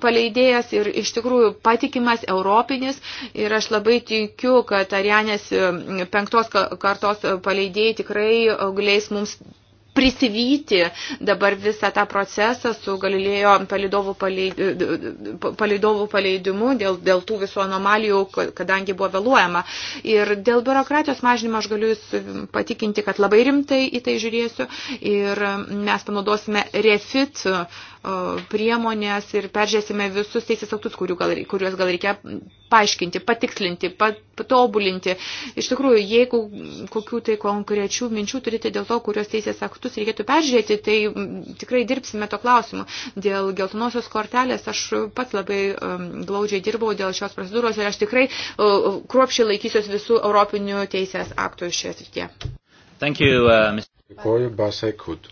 paleidėjas ir iš tikrųjų patikimas europinis. Ir aš labai tikiu, kad Arijanės penktos kartos paleidėjai tikrai e, leis mums prisivyti dabar visą tą procesą su Galilėjo palidovų, palidovų paleidimu dėl, dėl tų visų anomalijų, kadangi buvo vėluojama. Ir dėl biurokratijos mažinimo aš galiu Jūs patikinti, kad labai rimtai į tai žiūrėsiu ir mes panaudosime refit uh, priemonės ir peržiūrėsime visus teisės aktus, gal, kuriuos gal reikia paaiškinti, patikslinti, patobulinti. Iš tikrųjų, jeigu kokių tai konkrečių minčių turite dėl to, kuriuos teisės aktus reikėtų peržiūrėti, tai tikrai dirbsime to klausimu. Dėl geltonosios kortelės aš pats labai um, glaudžiai dirbau dėl šios procedūros ir aš tikrai uh, kruopšiai laikysiuos visų europinių teisės aktų šioje srityje. Thank you, uh, Mr. Dėkoju, Basai Kut.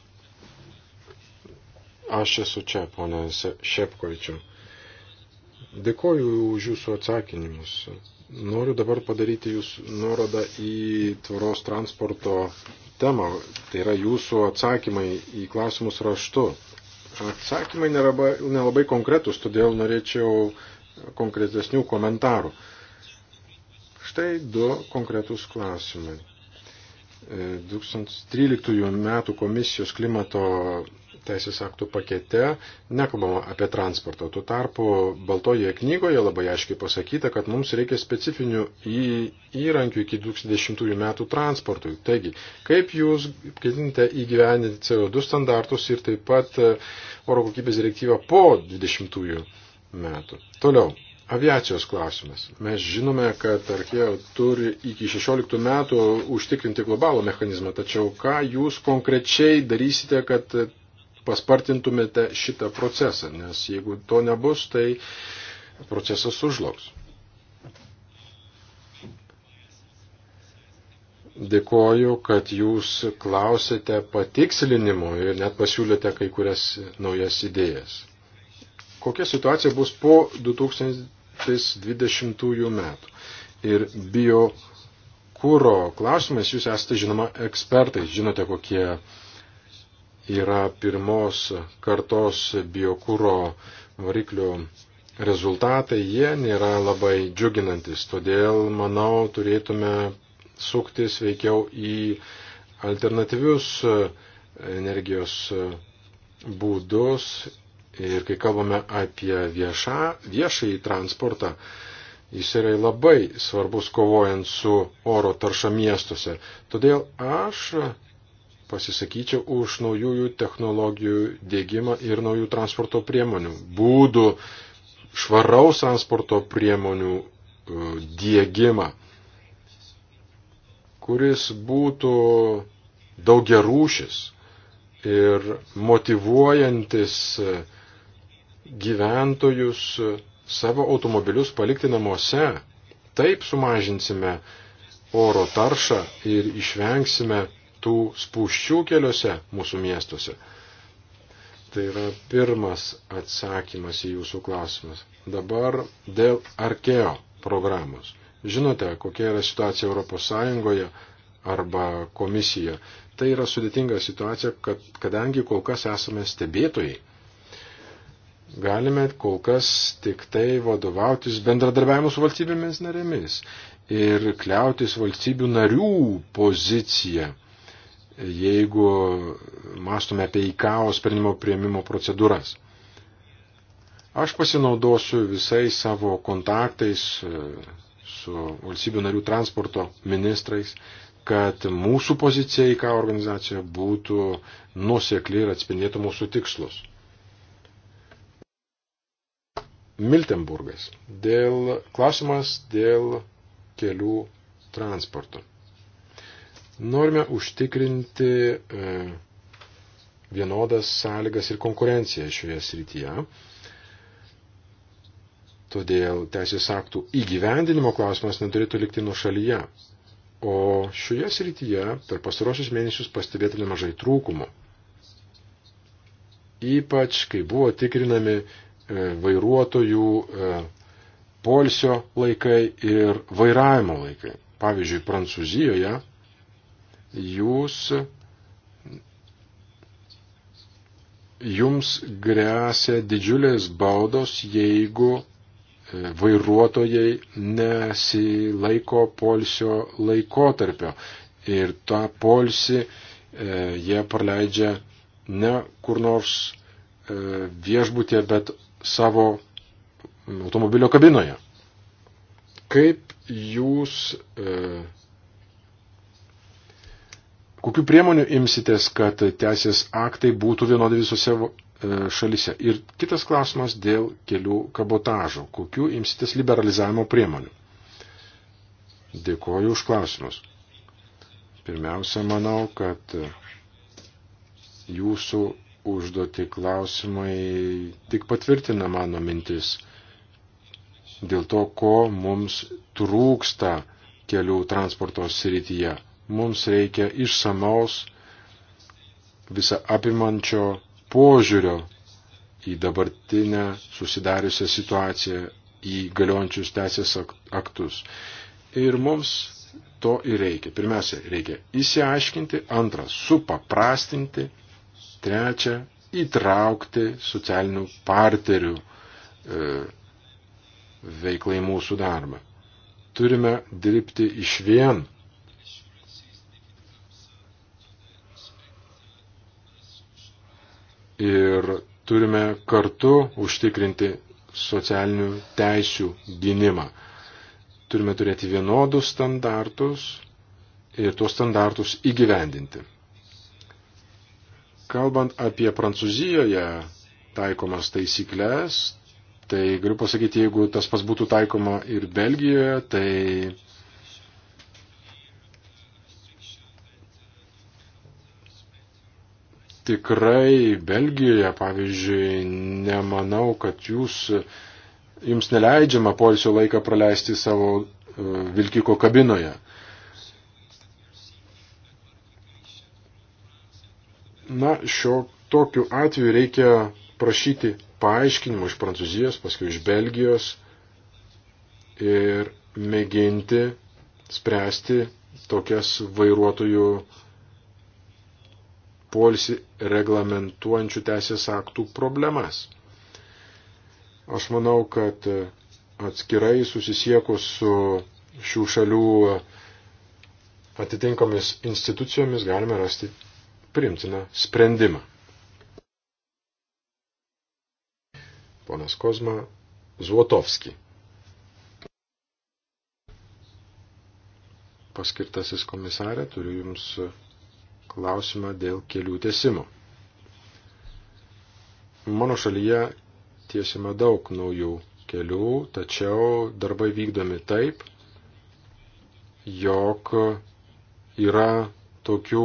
Aš esu čia, ponė Šepkovičiu. Dėkoju už jūsų atsakinimus. Noriu dabar padaryti jūs nuorodą į tvaros transporto temą. Tai yra jūsų atsakymai į klausimus raštu. Atsakymai nelabai, nelabai konkretus, todėl norėčiau konkretesnių komentarų. Štai du konkretus klausimai. 2013 e, metų komisijos klimato teisės aktų pakete nekalbama apie transportą. Tuo tarpu Baltoje knygoje labai aiškiai pasakyta, kad mums reikia specifinių įrankių iki 2010 metų transportui. Taigi, kaip jūs ketinite įgyveninti CO2 standartus ir taip pat e, oro kokybės direktyvą po 2020 metų. Toliau. Aviacijos klausimas. Mes žinome, kad Arkėjo turi iki 16 metų užtikrinti globalų mechanizmą, tačiau ką jūs konkrečiai darysite, kad paspartintumėte šitą procesą, nes jeigu to nebus, tai procesas užloks. Dėkoju, kad jūs klausėte patikslinimo ir net pasiūlėte kai kurias naujas idėjas. Kokia situacija bus po 2020 metų? Ir bio kūro klausimais jūs esate žinoma ekspertai, žinote, kokie yra pirmos kartos biokūro variklių rezultatai, jie nėra labai džiuginantis. Todėl, manau, turėtume suktis veikiau į alternatyvius energijos būdus. Ir kai kalbame apie viešą, viešąjį transportą, jis yra labai svarbus kovojant su oro tarša miestuose. Todėl aš pasisakyčiau už naujųjų technologijų dėgymą ir naujų transporto priemonių, būdų švaraus transporto priemonių e, dėgymą, kuris būtų daugiarūšis ir motivuojantis gyventojus savo automobilius palikti namuose. Taip sumažinsime oro taršą ir išvengsime tų spūščių keliuose mūsų miestuose. Tai yra pirmas atsakymas į jūsų klausimas. Dabar dėl Arkeo programos. Žinote, kokia yra situacija Europos Sąjungoje arba komisija. Tai yra sudėtinga situacija, kad, kadangi kol kas esame stebėtojai. Galime kol kas tik tai vadovautis bendradarbiavimu su valstybėmis narėmis ir kliautis valstybių narių poziciją jeigu mąstume apie įkao sprendimo prieimimo procedūras. Aš pasinaudosiu visais savo kontaktais e, su valstybių narių transporto ministrais, kad mūsų pozicija į ką organizacija būtų nusekli ir atspindėtų mūsų tikslus. Miltenburgas. Dėl, klausimas dėl kelių transporto. Norime užtikrinti e, vienodas sąlygas ir konkurenciją šioje srityje. Todėl teisės aktų įgyvendinimo klausimas neturėtų likti nuo šalyje. O šioje srityje per pastarosius mėnesius pastebėta nemažai trūkumų. Ypač, kai buvo tikrinami e, vairuotojų e, polsio laikai ir vairavimo laikai. Pavyzdžiui, Prancūzijoje jūs, jums grėsia didžiulės baudos, jeigu e, vairuotojai nesilaiko polsio laikotarpio ir tą polsį e, jie praleidžia ne kur nors e, viešbutė, bet savo automobilio kabinoje. Kaip jūs e, Kokiu priemoniu imsitės, kad teisės aktai būtų vienodai visose e, šalise? Ir kitas klausimas dėl kelių kabotažo. Kokiu imsitės liberalizavimo priemonių? Dėkoju už klausimus. Pirmiausia, manau, kad jūsų užduoti klausimai tik patvirtina mano mintis dėl to, ko mums trūksta kelių transporto srityje mums reikia išsamaus visą apimančio požiūrio į dabartinę susidariusią situaciją, į galiojančius teisės aktus. Ir mums to ir reikia. Pirmiausia, reikia įsiaiškinti, antra, supaprastinti, trečia, įtraukti socialinių partnerių e, veiklai mūsų darbą. Turime dirbti iš vien ir turime kartu užtikrinti socialinių teisių gynimą. Turime turėti vienodus standartus ir tuos standartus įgyvendinti. Kalbant apie Prancūzijoje taikomas taisyklės, tai galiu pasakyti, jeigu tas pas būtų taikoma ir Belgijoje, tai tikrai Belgijoje, pavyzdžiui, nemanau, kad jūs, jums neleidžiama poilsio laiką praleisti savo e, vilkiko kabinoje. Na, šio tokiu atveju reikia prašyti paaiškinimo iš Prancūzijos, paskui iš Belgijos ir mėginti spręsti tokias vairuotojų polsi reglamentuojančių teisės aktų problemas. Aš manau, kad atskirai susisiekus su šių šalių atitinkomis institucijomis galime rasti primtiną sprendimą. Ponas Kozma Zuotovski. Paskirtasis komisarė, turiu Jums klausimą dėl kelių tiesimo. Mano šalyje tiesime daug naujų kelių, tačiau darbai vykdomi taip, jog yra tokių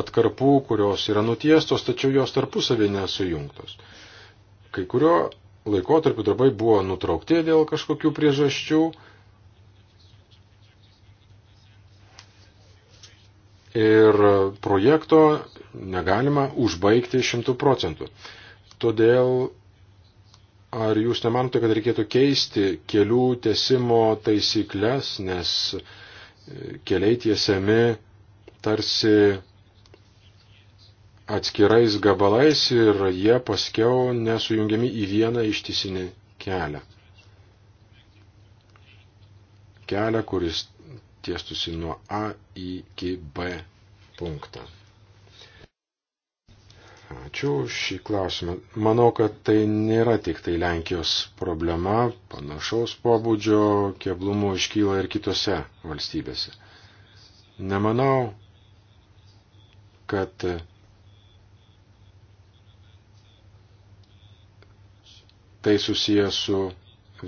atkarpų, kurios yra nutiestos, tačiau jos tarpusavį nesujungtos. Kai kurio laikotarpiu darbai buvo nutraukti dėl kažkokių priežasčių, ir projekto negalima užbaigti šimtų procentų. Todėl ar jūs nemanote, kad reikėtų keisti kelių tiesimo taisyklės, nes e, keliai tiesiami tarsi atskirais gabalais ir jie paskiau nesujungiami į vieną ištisinį kelią. Kelią, kuris tiestusi nuo A iki B punktą. Ačiū šį klausimą. Manau, kad tai nėra tik tai Lenkijos problema, panašaus pobūdžio keblumų iškyla ir kitose valstybėse. Nemanau, kad tai susijęs su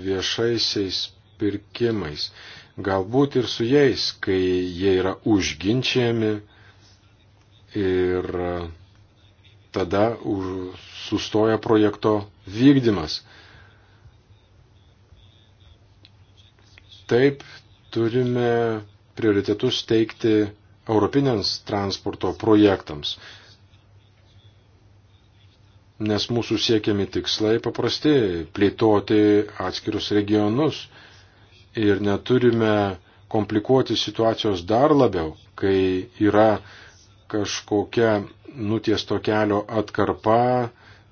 viešaisiais pirkimais. Galbūt ir su jais, kai jie yra užginčiami ir tada už, sustoja projekto vykdymas. Taip turime prioritetus teikti europinėms transporto projektams, nes mūsų siekiami tikslai paprasti - plėtoti atskirus regionus, ir neturime komplikuoti situacijos dar labiau, kai yra kažkokia nutiesto kelio atkarpa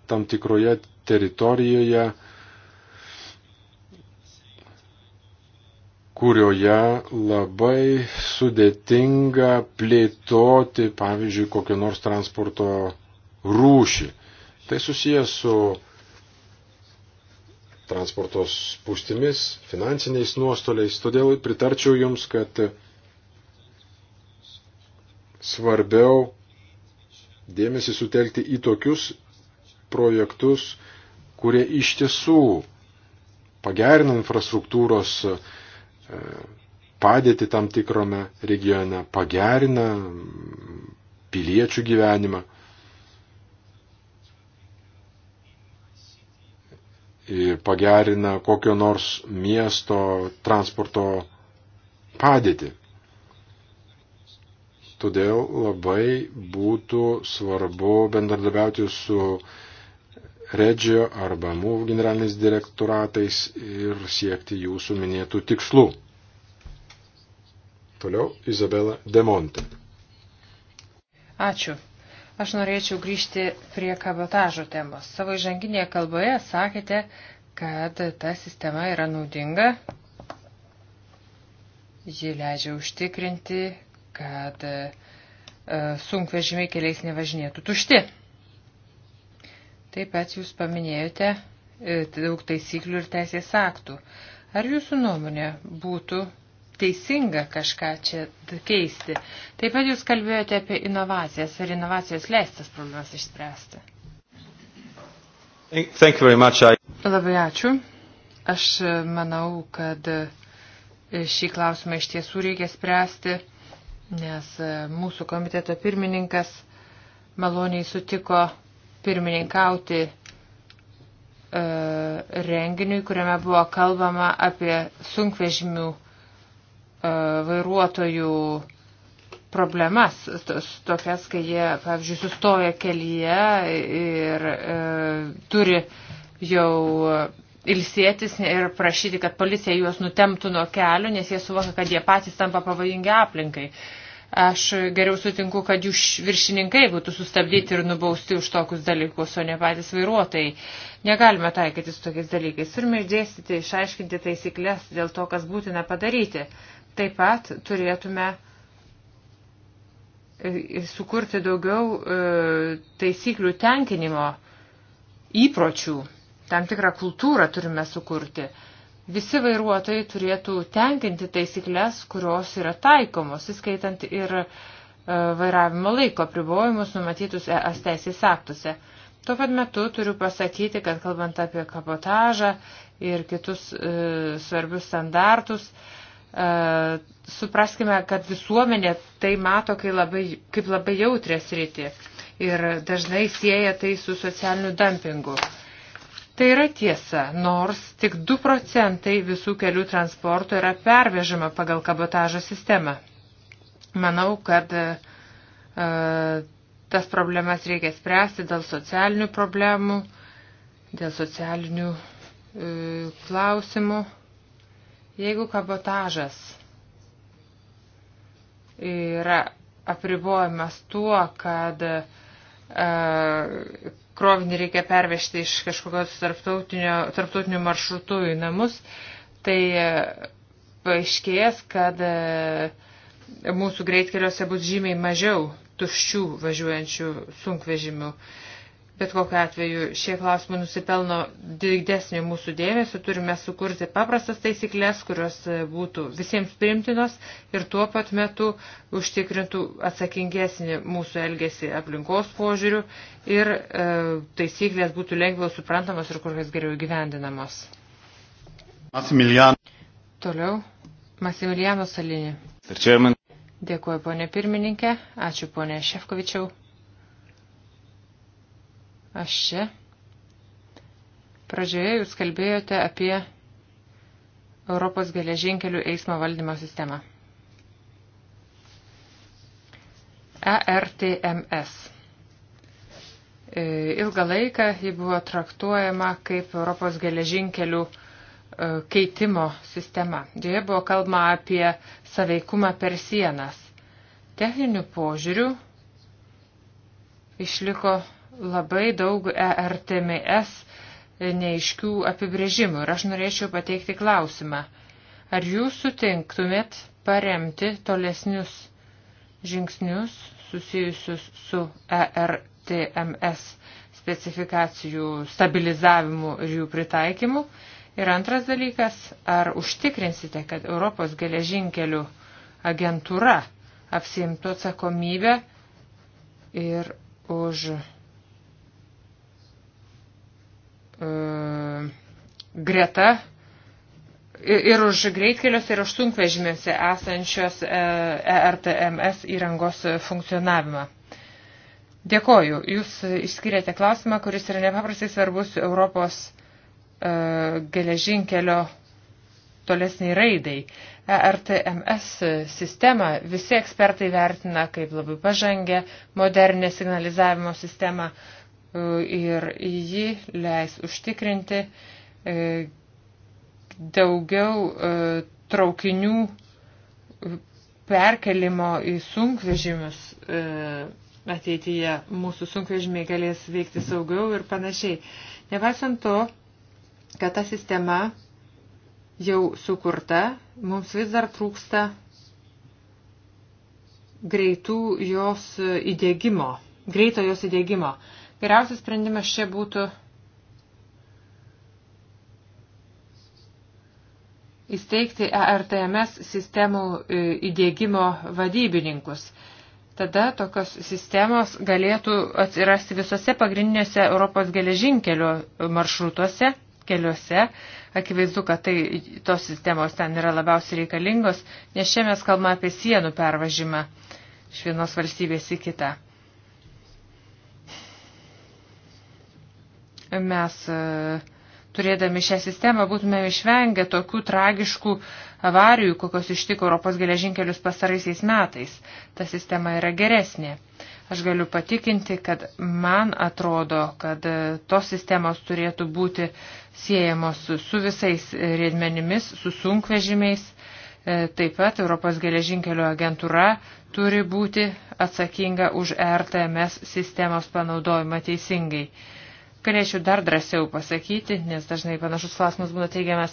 tam tikroje teritorijoje, kurioje labai sudėtinga plėtoti, pavyzdžiui, kokią nors transporto rūšį. Tai susijęs su transportos spūstimis, finansiniais nuostoliais. Todėl pritarčiau Jums, kad svarbiau dėmesį sutelkti į tokius projektus, kurie iš tiesų pagerina infrastruktūros e, padėti tam tikrame regione, pagerina piliečių gyvenimą. pagerina kokio nors miesto transporto padėtį. Todėl labai būtų svarbu bendradarbiauti su Regio arba MUV generaliniais direktoratais ir siekti jūsų minėtų tikslų. Toliau Izabela Demonte. Ačiū. Aš norėčiau grįžti prie kabotažo temos. Savo įžanginėje kalboje sakėte, kad ta sistema yra naudinga. Ji leidžia užtikrinti, kad e, sunkvežimiai keliais nevažinėtų tušti. Taip pat jūs paminėjote e, daug taisyklių ir teisės aktų. Ar jūsų nuomonė būtų teisinga kažką čia keisti. Taip pat jūs kalbėjote apie inovacijas, ar inovacijos leistas problemas išspręsti. Thank you very much. I... Labai ačiū. Aš e, manau, kad e, šį klausimą iš tiesų reikia spręsti, nes e, mūsų komiteto pirmininkas maloniai sutiko pirmininkauti renginiui, kuriame buvo kalbama apie sunkvežimių E, vairuotojų problemas, tokias, kai jie, pavyzdžiui, sustoja kelyje ir e, turi jau ilsėtis ir prašyti, kad policija juos nutemtų nuo kelių, nes jie suvoka, kad jie patys tampa pavojingi aplinkai. Aš geriau sutinku, kad jų viršininkai būtų sustabdyti ir nubausti už tokius dalykus, o ne patys vairuotojai. Negalime taikyti su tokiais dalykais. Turime išdėstyti, išaiškinti taisyklės dėl to, kas būtina padaryti. Taip pat turėtume e, sukurti daugiau e, taisyklių tenkinimo įpročių, tam tikrą kultūrą turime sukurti. Visi vairuotojai turėtų tenkinti taisyklės, kurios yra taikomos, įskaitant ir e, vairavimo laiko pribojimus numatytus ES teisės aktuose. Tuo pat metu turiu pasakyti, kad kalbant apie kabotažą ir kitus e, svarbius standartus, e, E, supraskime, kad visuomenė tai mato kaip labai, kaip labai jautrę sritį ir dažnai sieja tai su socialiniu dumpingu. Tai yra tiesa, nors tik 2 procentai visų kelių transporto yra pervežama pagal kabotažo sistemą. Manau, kad e, tas problemas reikia spręsti dėl socialinių problemų, dėl socialinių e, klausimų. Jeigu kabotažas yra apribojamas tuo, kad e, krovinį reikia pervežti iš kažkokios tarptautinių maršrutų į namus, tai e, paaiškės, kad e, mūsų greitkeliuose bus žymiai mažiau tuščių važiuojančių sunkvežimių. E, Bet kokiu atveju šie klausimai nusipelno didesnio mūsų dėmesio, turime sukurti paprastas taisyklės, kurios e, būtų visiems primtinos ir tuo pat metu užtikrintų atsakingesnį mūsų elgesį aplinkos požiūrių ir e, taisyklės būtų lengviau suprantamos ir kur kas geriau gyvendinamos. Masimiliano. Toliau. Masimiliano Salinį. Dėkuoju, ponė pirmininkė. Ačiū, ponė Šefkovičiau. Aš čia. Pradžioje jūs kalbėjote apie Europos geležinkelių eismo valdymo sistemą. ERTMS. E, ilgą laiką ji buvo traktuojama kaip Europos geležinkelių e, keitimo sistema. Joje buvo kalba apie saveikumą per sienas. Techninių požiūrių išliko labai daug ERTMS neiškių apibrėžimų ir aš norėčiau pateikti klausimą. Ar jūs sutinktumėt paremti tolesnius žingsnius susijusius su ERTMS specifikacijų stabilizavimu ir jų pritaikymu? Ir antras dalykas, ar užtikrinsite, kad Europos geležinkelių agentūra apsimtų atsakomybę ir už E, greta ir už greitkeliuose, ir už sunkvežimėse esančios ERTMS e įrangos funkcionavimą. Dėkoju. Jūs išskiriate klausimą, kuris yra nepaprastai svarbus Europos e, geležinkelio tolesniai raidai. ERTMS sistemą visi ekspertai vertina kaip labai pažangę modernę signalizavimo sistemą. Uh, ir ji leis užtikrinti e, daugiau e, traukinių e, perkelimo į sunkvežimius ateityje. Mūsų sunkvežimiai galės veikti saugiau ir panašiai. Nepaisant to, kad ta sistema jau sukurta, mums vis dar trūksta greitų jos įdėgymo, greito jos įdėgymo. Geriausias sprendimas čia būtų įsteigti ERTMS sistemų e, įdėgymo vadybininkus. Tada tokios sistemos galėtų atsirasti visose pagrindinėse Europos geležinkelio maršrutuose, keliuose. Akivaizdu, kad tai, tos sistemos ten yra labiausiai reikalingos, nes čia mes kalbame apie sienų pervažimą iš vienos valstybės į kitą. mes e, turėdami šią sistemą būtume išvengę tokių tragiškų avarijų, kokios ištiko Europos geležinkelius pasaraisiais metais. Ta sistema yra geresnė. Aš galiu patikinti, kad man atrodo, kad e, tos sistemos turėtų būti siejamos su visais riedmenimis, su sunkvežimiais. E, taip pat Europos geležinkelio agentūra turi būti atsakinga už RTMS sistemos panaudojimą teisingai. Galėčiau dar drąsiau pasakyti, nes dažnai panašus klausimas būna teigiamas.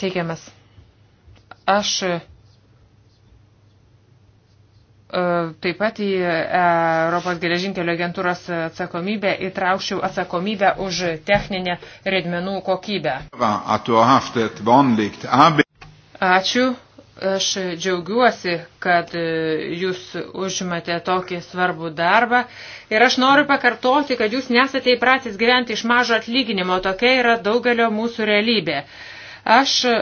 teigiamas. Aš e, taip pat į e, Europos geležinkelio agentūros atsakomybę įtraukčiau atsakomybę už techninę redmenų kokybę. Ačiū Aš džiaugiuosi, kad e, jūs užimate tokį svarbų darbą ir aš noriu pakartoti, kad jūs nesate įpratęs gyventi iš mažo atlyginimo, tokia yra daugelio mūsų realybė. Aš e,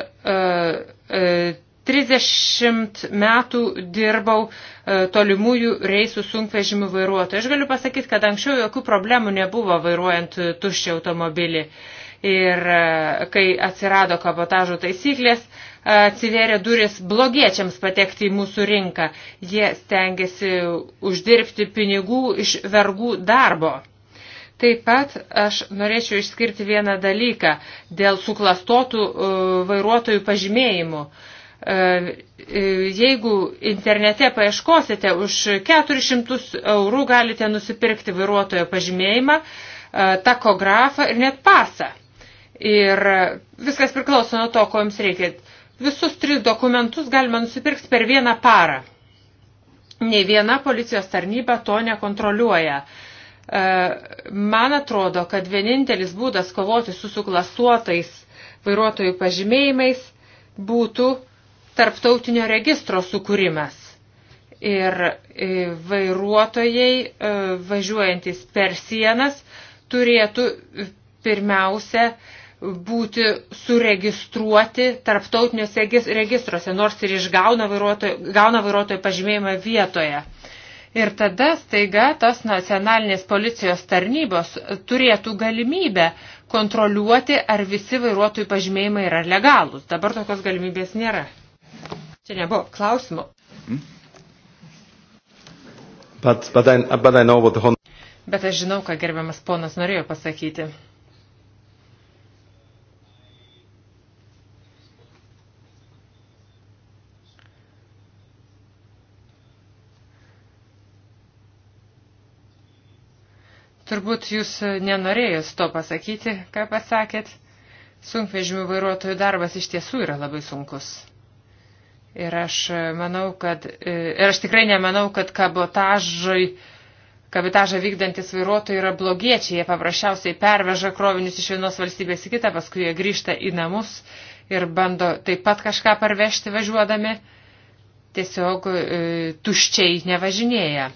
e, 30 metų dirbau e, tolimųjų reisų sunkvežimių vairuotojų. Aš galiu pasakyti, kad anksčiau jokių problemų nebuvo vairuojant tuščią automobilį. Ir e, kai atsirado kabotažo taisyklės, atsiveria duris blogiečiams patekti į mūsų rinką. Jie stengiasi uždirbti pinigų iš vergų darbo. Taip pat aš norėčiau išskirti vieną dalyką dėl suklastotų e, vairuotojų pažymėjimų. E, e, jeigu internete paieškosite, už 400 eurų galite nusipirkti vairuotojo pažymėjimą, takografą ir net pasą. Ir viskas priklauso nuo to, ko jums reikia. Visus tris dokumentus galima nusipirkti per vieną parą. Nei viena policijos tarnyba to nekontroliuoja. E, man atrodo, kad vienintelis būdas kovoti su suklastuotais vairuotojų pažymėjimais būtų tarptautinio registro sukūrimas. Ir e, vairuotojai e, važiuojantis per sienas turėtų pirmiausia būti suregistruoti tarptautiniuose registruose, nors ir išgauna vairuotojo, gauna vairuotojo pažymėjimą vietoje. Ir tada staiga tos nacionalinės policijos tarnybos turėtų galimybę kontroliuoti, ar visi vairuotojų pažymėjimai yra legalūs. Dabar tokios galimybės nėra. Čia nebuvo klausimo. Hmm? But, but I, but I know what the... Bet aš žinau, ką gerbiamas ponas norėjo pasakyti. Turbūt jūs nenorėjus to pasakyti, ką pasakėt. Sunkvežimių vairuotojų darbas iš tiesų yra labai sunkus. Ir aš manau, kad, e, ir aš tikrai nemanau, kad kabotažai, kabitažą vykdantis vairuotojai yra blogiečiai. Jie paprasčiausiai perveža krovinius iš vienos valstybės į kitą, paskui jie grįžta į namus ir bando taip pat kažką parvežti važiuodami. Tiesiog e, tuščiai nevažinėja.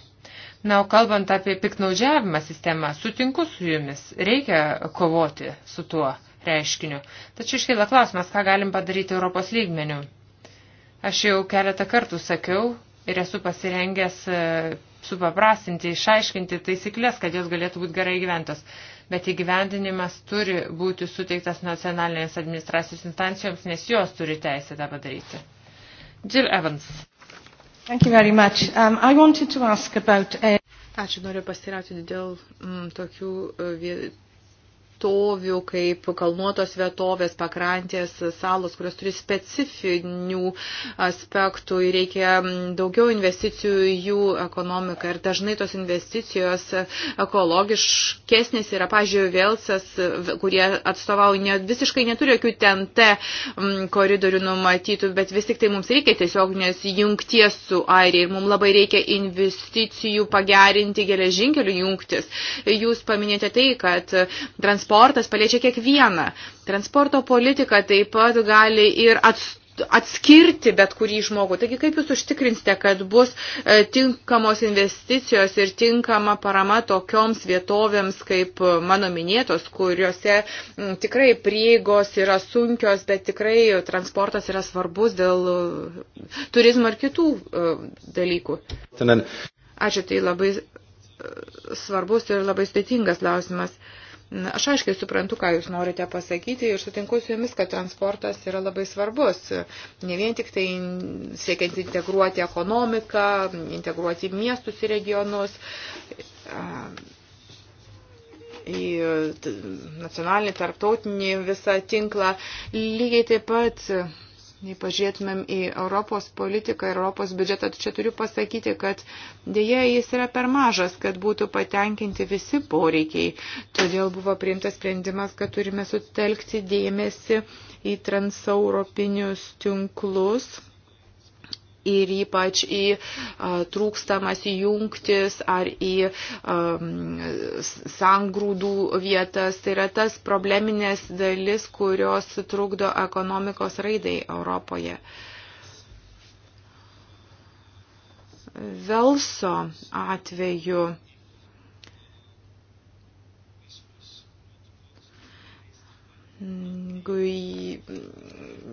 Na, o kalbant apie piknaudžiavimą sistemą, sutinku su jumis, reikia kovoti su tuo reiškiniu. Tačiau iškyla klausimas, ką galim padaryti Europos lygmeniu. Aš jau keletą kartų sakiau ir esu pasirengęs e, supaprastinti, išaiškinti taisyklės, kad jos galėtų būti gerai gyventos. Bet įgyvendinimas turi būti suteiktas nacionalinės administracijos instancijoms, nes jos turi teisę tą padaryti. Jill Evans. Thank you very much. Um, I wanted to ask about... A... Uh, Ačiū, noriu pasirauti dėl m, mm, tokių e, vietų vietovių, kaip kalnuotos vietovės, pakrantės, salos, kurios turi specifinių aspektų ir reikia daugiau investicijų į jų ekonomiką. Ir dažnai tos investicijos ekologiškesnės yra, pažiūrėjau, Velsas, kurie atstovauja, ne, visiškai neturi jokių TNT koridorių numatytų, bet vis tik tai mums reikia tiesiog nes jungties su Airija ir mums labai reikia investicijų pagerinti geležinkelių jungtis. Jūs paminėjote tai, kad transportas transportas paliečia kiekvieną. Transporto politika taip pat gali ir atstovauti atskirti bet kurį žmogų. Taigi kaip jūs užtikrinsite, kad bus e, tinkamos investicijos ir tinkama parama tokioms vietovėms, kaip e, mano minėtos, kuriuose tikrai prieigos yra sunkios, bet tikrai transportas yra svarbus dėl e, turizmo ir kitų dalykų. Ačiū, tai labai svarbus ir labai sudėtingas klausimas. Aš aiškiai suprantu, ką Jūs norite pasakyti ir sutinku su Jumis, kad transportas yra labai svarbus. Ne vien tik tai siekiant integruoti ekonomiką, integruoti miestus ir regionus į nacionalinį, tarptautinį visą tinklą. Lygiai taip pat Jei pažiūrėtumėm į Europos politiką ir Europos biudžetą, tai čia turiu pasakyti, kad dėja jis yra per mažas, kad būtų patenkinti visi poreikiai. Todėl buvo priimtas sprendimas, kad turime sutelkti dėmesį į transeuropinius tinklus ir ypač į trūkstamas į jungtis ar į sangrūdų vietas. Tai yra tas probleminės dalis, kurios trukdo ekonomikos raidai Europoje. Velso atveju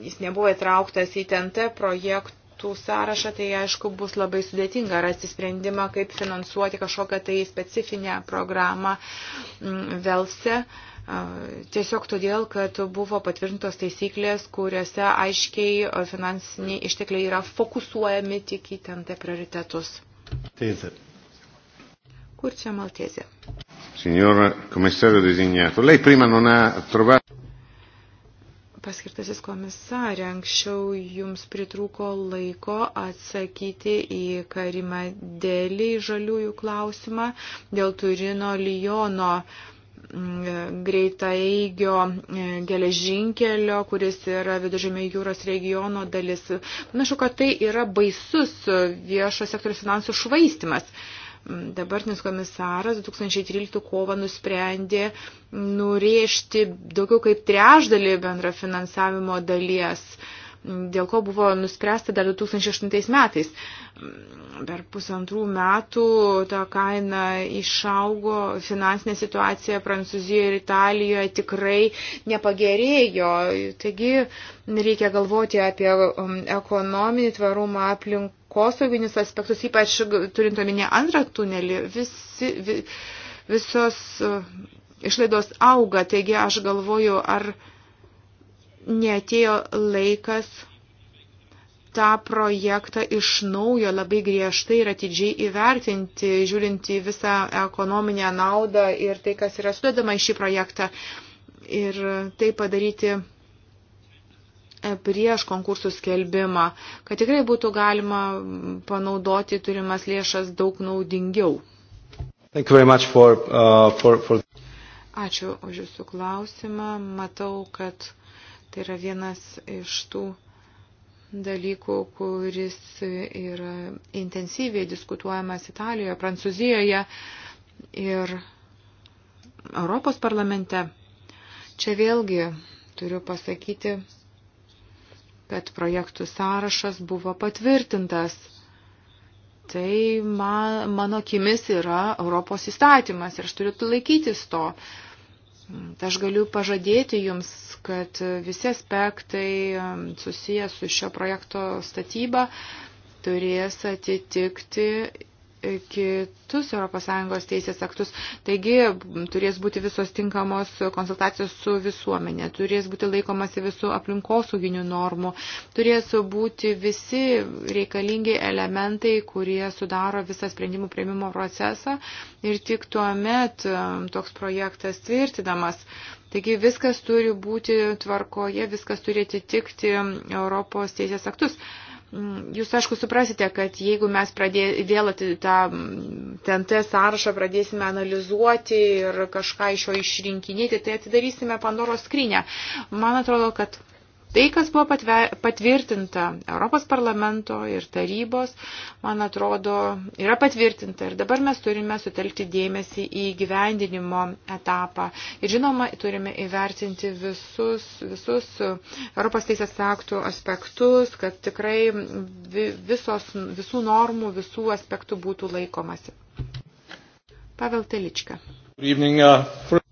jis nebuvo įtrauktas į TNT projektų projektų sąrašą, tai aišku bus labai sudėtinga rasti sprendimą, kaip finansuoti kažkokią tai specifinę programą mm, Velse. Tiesiog todėl, kad buvo patvirtintos taisyklės, kuriuose aiškiai finansiniai ištekliai yra fokusuojami tik į ten tai prioritetus. Tezė. Kur čia Maltezė? Signor commissario designato, lei prima non ha trovato paskirtasis komisarė, anksčiau jums pritrūko laiko atsakyti į Karimą Dėlį žaliųjų klausimą dėl Turino Lijono mm, greitaeigio mm, geležinkelio, kuris yra viduržėmė jūros regiono dalis. Panašu, kad tai yra baisus viešo sektorių finansų švaistimas. Uh, dabartinis komisaras 2013 kovą nusprendė nurėžti daugiau kaip trešdalį bendrafinansavimo dalies dėl ko buvo nuspręsta dar 2008 metais. Per pusantrų metų ta kaina išaugo, finansinė situacija Prancūzijoje ir Italijoje tikrai nepagerėjo. Taigi reikia galvoti apie um, ekonominį tvarumą aplinką aplinkosauginius aspektus, ypač turint omenyje antrą tunelį, visi, vi, visos e, išlaidos auga, taigi aš galvoju, ar netėjo laikas tą projektą iš naujo labai griežtai ir atidžiai įvertinti, žiūrint į visą ekonominę naudą ir tai, kas yra sudedama į šį projektą. Ir tai padaryti prieš konkursų skelbimą, kad tikrai būtų galima panaudoti turimas lėšas daug naudingiau. For, uh, for, for... Ačiū už Jūsų klausimą. Matau, kad tai yra vienas iš tų dalykų, kuris yra intensyviai diskutuojamas Italijoje, Prancūzijoje ir Europos parlamente. Čia vėlgi turiu pasakyti, kad projektų sąrašas buvo patvirtintas. Tai man, mano akimis yra Europos įstatymas ir aš turiu laikytis to. Tai aš galiu pažadėti Jums, kad visi aspektai um, susijęs su šio projekto statyba turės atitikti kitus ES teisės aktus. Taigi turės būti visos tinkamos konsultacijos su visuomenė, turės būti laikomasi visų aplinkosauginių normų, turės būti visi reikalingi elementai, kurie sudaro visą sprendimų prieimimo procesą ir tik tuo met um, toks projektas tvirtinamas. Taigi viskas turi būti tvarkoje, viskas turi atitikti Europos teisės aktus. Mm, jūs, aišku, suprasite, kad jeigu mes pradė, vėl tą TNT mm, sąrašą pradėsime analizuoti ir kažką iš jo išrinkinėti, tai atidarysime Pandoros skrinę. Man atrodo, kad Tai, kas buvo patvirtinta Europos parlamento ir tarybos, man atrodo, yra patvirtinta ir dabar mes turime sutelkti dėmesį į gyvendinimo etapą. Ir žinoma, turime įvertinti visus, visus Europos teisės aktų aspektus, kad tikrai visos, visų normų, visų aspektų būtų laikomasi. Pavel Telička. Good evening, uh, for...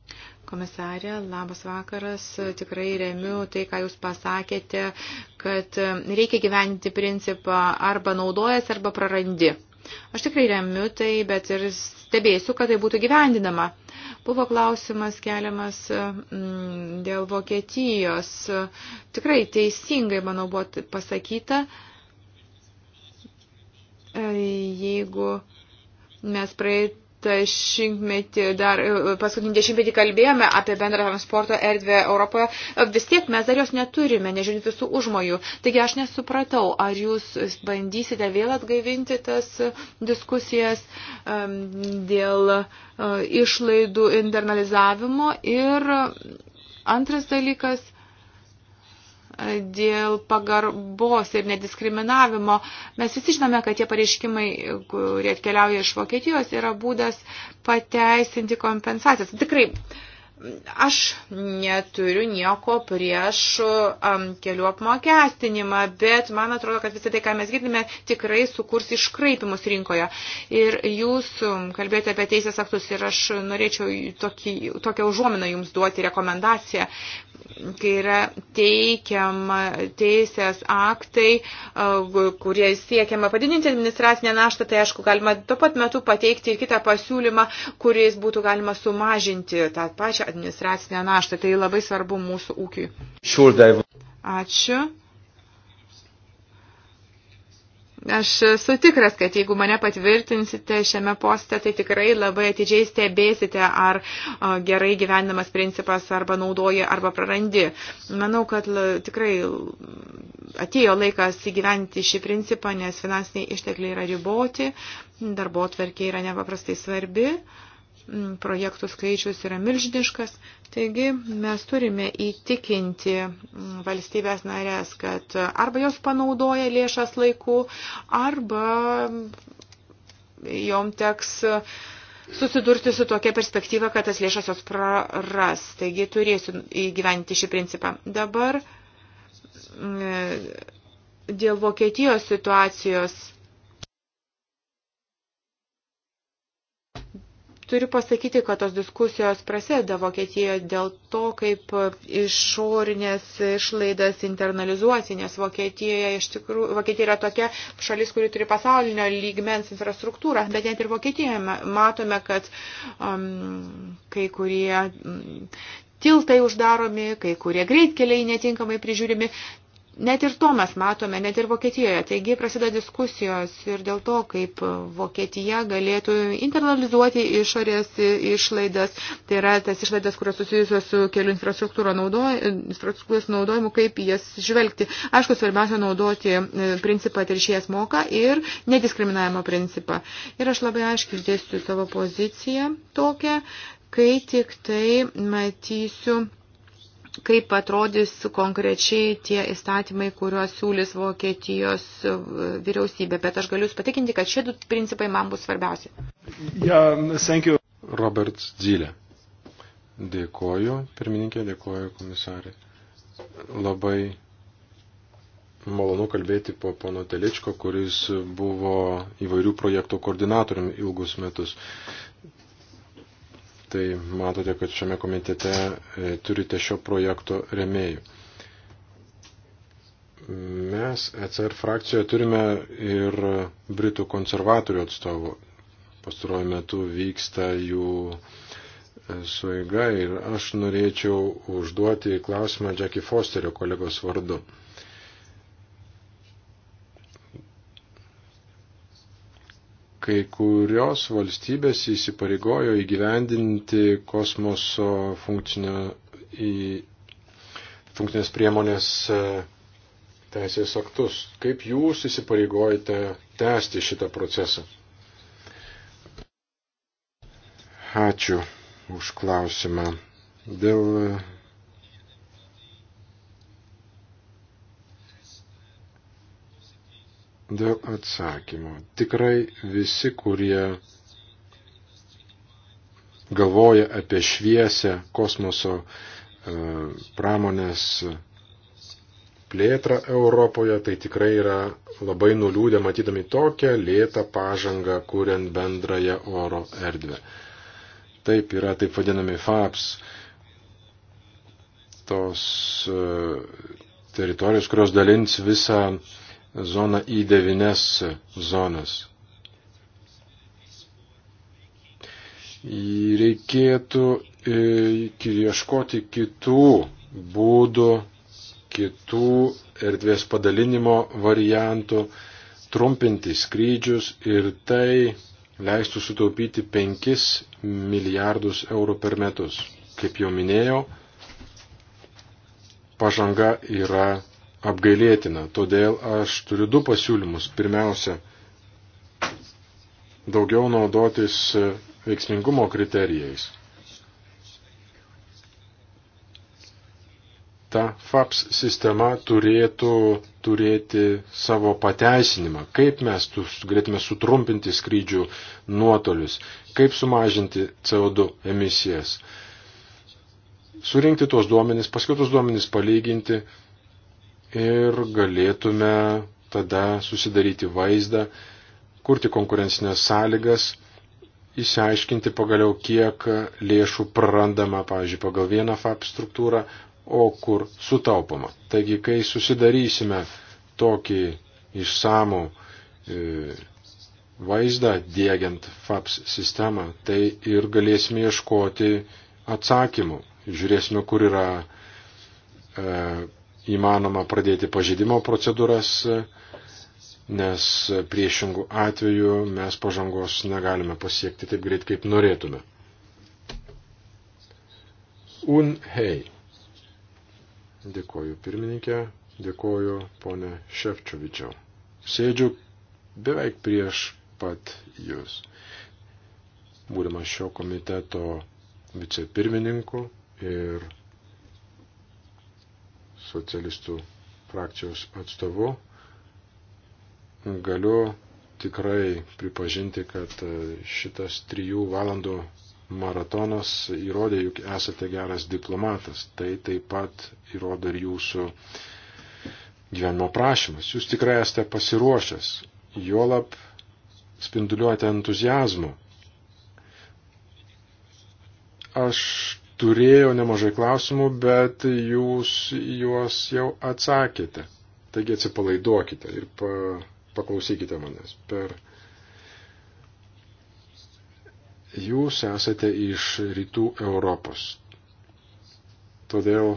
Komisarė, labas vakaras. Tikrai remiu tai, ką Jūs pasakėte, kad reikia gyventi principą arba naudojas, arba prarandi. Aš tikrai remiu tai, bet ir stebėsiu, kad tai būtų gyvendinama. Buvo klausimas keliamas mm, dėl Vokietijos. Tikrai teisingai, manau, buvo pasakyta, e, jeigu mes praeit dešimtmetį, dar e, paskutinį dešimtmetį kalbėjome apie bendrą transporto erdvę Europoje, e, vis tiek mes dar jos neturime, nežiūrint visų užmojų. Taigi aš nesupratau, ar jūs bandysite vėl atgaivinti tas diskusijas um, dėl uh, išlaidų internalizavimo ir antras dalykas dėl pagarbos ir nediskriminavimo. Mes visi žinome, kad tie pareiškimai, kurie atkeliauja iš Vokietijos, yra būdas pateisinti kompensacijas. Tikrai Aš neturiu nieko prieš um, kelių apmokestinimą, bet man atrodo, kad visą tai, ką mes girdime, tikrai sukurs iškraipimus rinkoje. Ir jūs kalbėjote apie teisės aktus ir aš norėčiau tokį, tokią užuominą jums duoti rekomendaciją, kai yra teikiama teisės aktai, kurie siekiama padidinti administracinę naštą, tai aišku, galima tuo pat metu pateikti ir kitą pasiūlymą, kuriais būtų galima sumažinti tą pačią administracinę naštą. Tai labai svarbu mūsų ūkiui. Ačiū. Aš esu tikras, kad jeigu mane patvirtinsite šiame poste, tai tikrai labai atidžiai stebėsite, ar gerai gyvendamas principas arba naudoji, arba prarandi. Manau, kad tikrai atėjo laikas įgyventi šį principą, nes finansiniai ištekliai yra riboti, darbo tvarkiai yra nepaprastai svarbi projektų skaičius yra milžiniškas, taigi mes turime įtikinti valstybės narės, kad arba jos panaudoja lėšas laiku, arba jom teks susidurti su tokia perspektyva, kad tas lėšas jos praras. Taigi turėsiu įgyventi šį principą. Dabar dėl Vokietijos situacijos Turiu pasakyti, kad tos diskusijos prasideda Vokietijoje dėl to, kaip išorinės išlaidas internalizuoti, nes Vokietijoje iš tikrųjų, Vokietija yra tokia šalis, kuri turi pasaulinio lygmens infrastruktūrą, bet net ir Vokietijoje matome, kad um, kai kurie um, tiltai uždaromi, kai kurie greitkeliai netinkamai prižiūrimi. Net ir to mes matome, net ir Vokietijoje. Taigi prasideda diskusijos ir dėl to, kaip Vokietija galėtų internalizuoti išorės išlaidas, tai yra tas išlaidas, kurios susijusios su kelių infrastruktūros naudoj, naudojimu, kaip jas žvelgti. Aišku, svarbiausia naudoti e, principą teršėjas moka ir nediskriminavimo principą. Ir aš labai aiškiai išdėsiu savo poziciją tokią, kai tik tai matysiu kaip atrodys konkrečiai tie įstatymai, kuriuos siūlys Vokietijos e, vyriausybė. Bet aš galiu jūs patikinti, kad šie du principai man bus svarbiausi. Ja, thank you. Robert Zylė. Dėkoju, pirmininkė, dėkoju, komisarė. Labai malonu kalbėti po pono Teličko, kuris buvo įvairių projektų koordinatoriumi ilgus metus tai matote, kad šiame komitete e, turite šio projekto remėjų. Mes ECR frakcijoje turime ir Britų konservatorių atstovų. Pastaruoju metu vyksta jų e, suiga ir aš norėčiau užduoti klausimą Jackie Fosterio kolegos vardu. kai kurios valstybės įsipareigojo įgyvendinti kosmoso funkcinio, į, funkcinės priemonės e, teisės aktus. Kaip jūs įsipareigojate tęsti šitą procesą? Ačiū už klausimą. Dėl dėl atsakymo. Tikrai visi, kurie galvoja apie šviesę kosmoso e, pramonės plėtrą Europoje, tai tikrai yra labai nuliūdę matydami tokią lėtą pažangą, kuriant bendrąją oro erdvę. Taip yra taip vadinami FAPS, tos e, teritorijos, kurios dalins visą uh, zoną į devynes zonas. Reikėtų e, ieškoti kitų būdų, kitų erdvės padalinimo variantų, trumpinti skrydžius ir tai leistų sutaupyti 5 milijardus eurų per metus. Kaip jau minėjau, pažanga yra apgailėtina. Todėl aš turiu du pasiūlymus. Pirmiausia, daugiau naudotis veiksmingumo kriterijais. Ta FAPS sistema turėtų turėti savo pateisinimą, kaip mes galėtume sutrumpinti skrydžių nuotolius, kaip sumažinti CO2 emisijas surinkti tuos duomenys, paskui tuos duomenys palyginti ir galėtume tada susidaryti vaizdą, kurti konkurencinės sąlygas, įsiaiškinti pagaliau, kiek lėšų prarandama, pavyzdžiui, pagal vieną FAP struktūrą, o kur sutaupama. Taigi, kai susidarysime tokį išsamų e, vaizdą dėgiant FAPS sistemą, tai ir galėsime ieškoti atsakymų. Žiūrėsime, kur yra e, įmanoma pradėti pažydimo procedūras, nes priešingų atveju mes pažangos negalime pasiekti taip greit, kaip norėtume. Un hei. Dėkoju pirmininkė, dėkoju ponė Ševčiovičiau. Sėdžiu beveik prieš pat jūs. Būdamas šio komiteto vicepirmininku ir socialistų frakcijos atstovu, galiu tikrai pripažinti, kad e, šitas trijų valandų maratonas įrodė, juk esate geras diplomatas. Tai taip pat įrodo ir jūsų gyvenimo prašymas. Jūs tikrai esate pasiruošęs, juolap spinduliuojate entuzijazmu. Aš turėjau nemažai klausimų, bet jūs juos jau atsakėte. Taigi atsipalaiduokite ir pa, paklausykite manęs. Per... Jūs esate iš rytų Europos. Todėl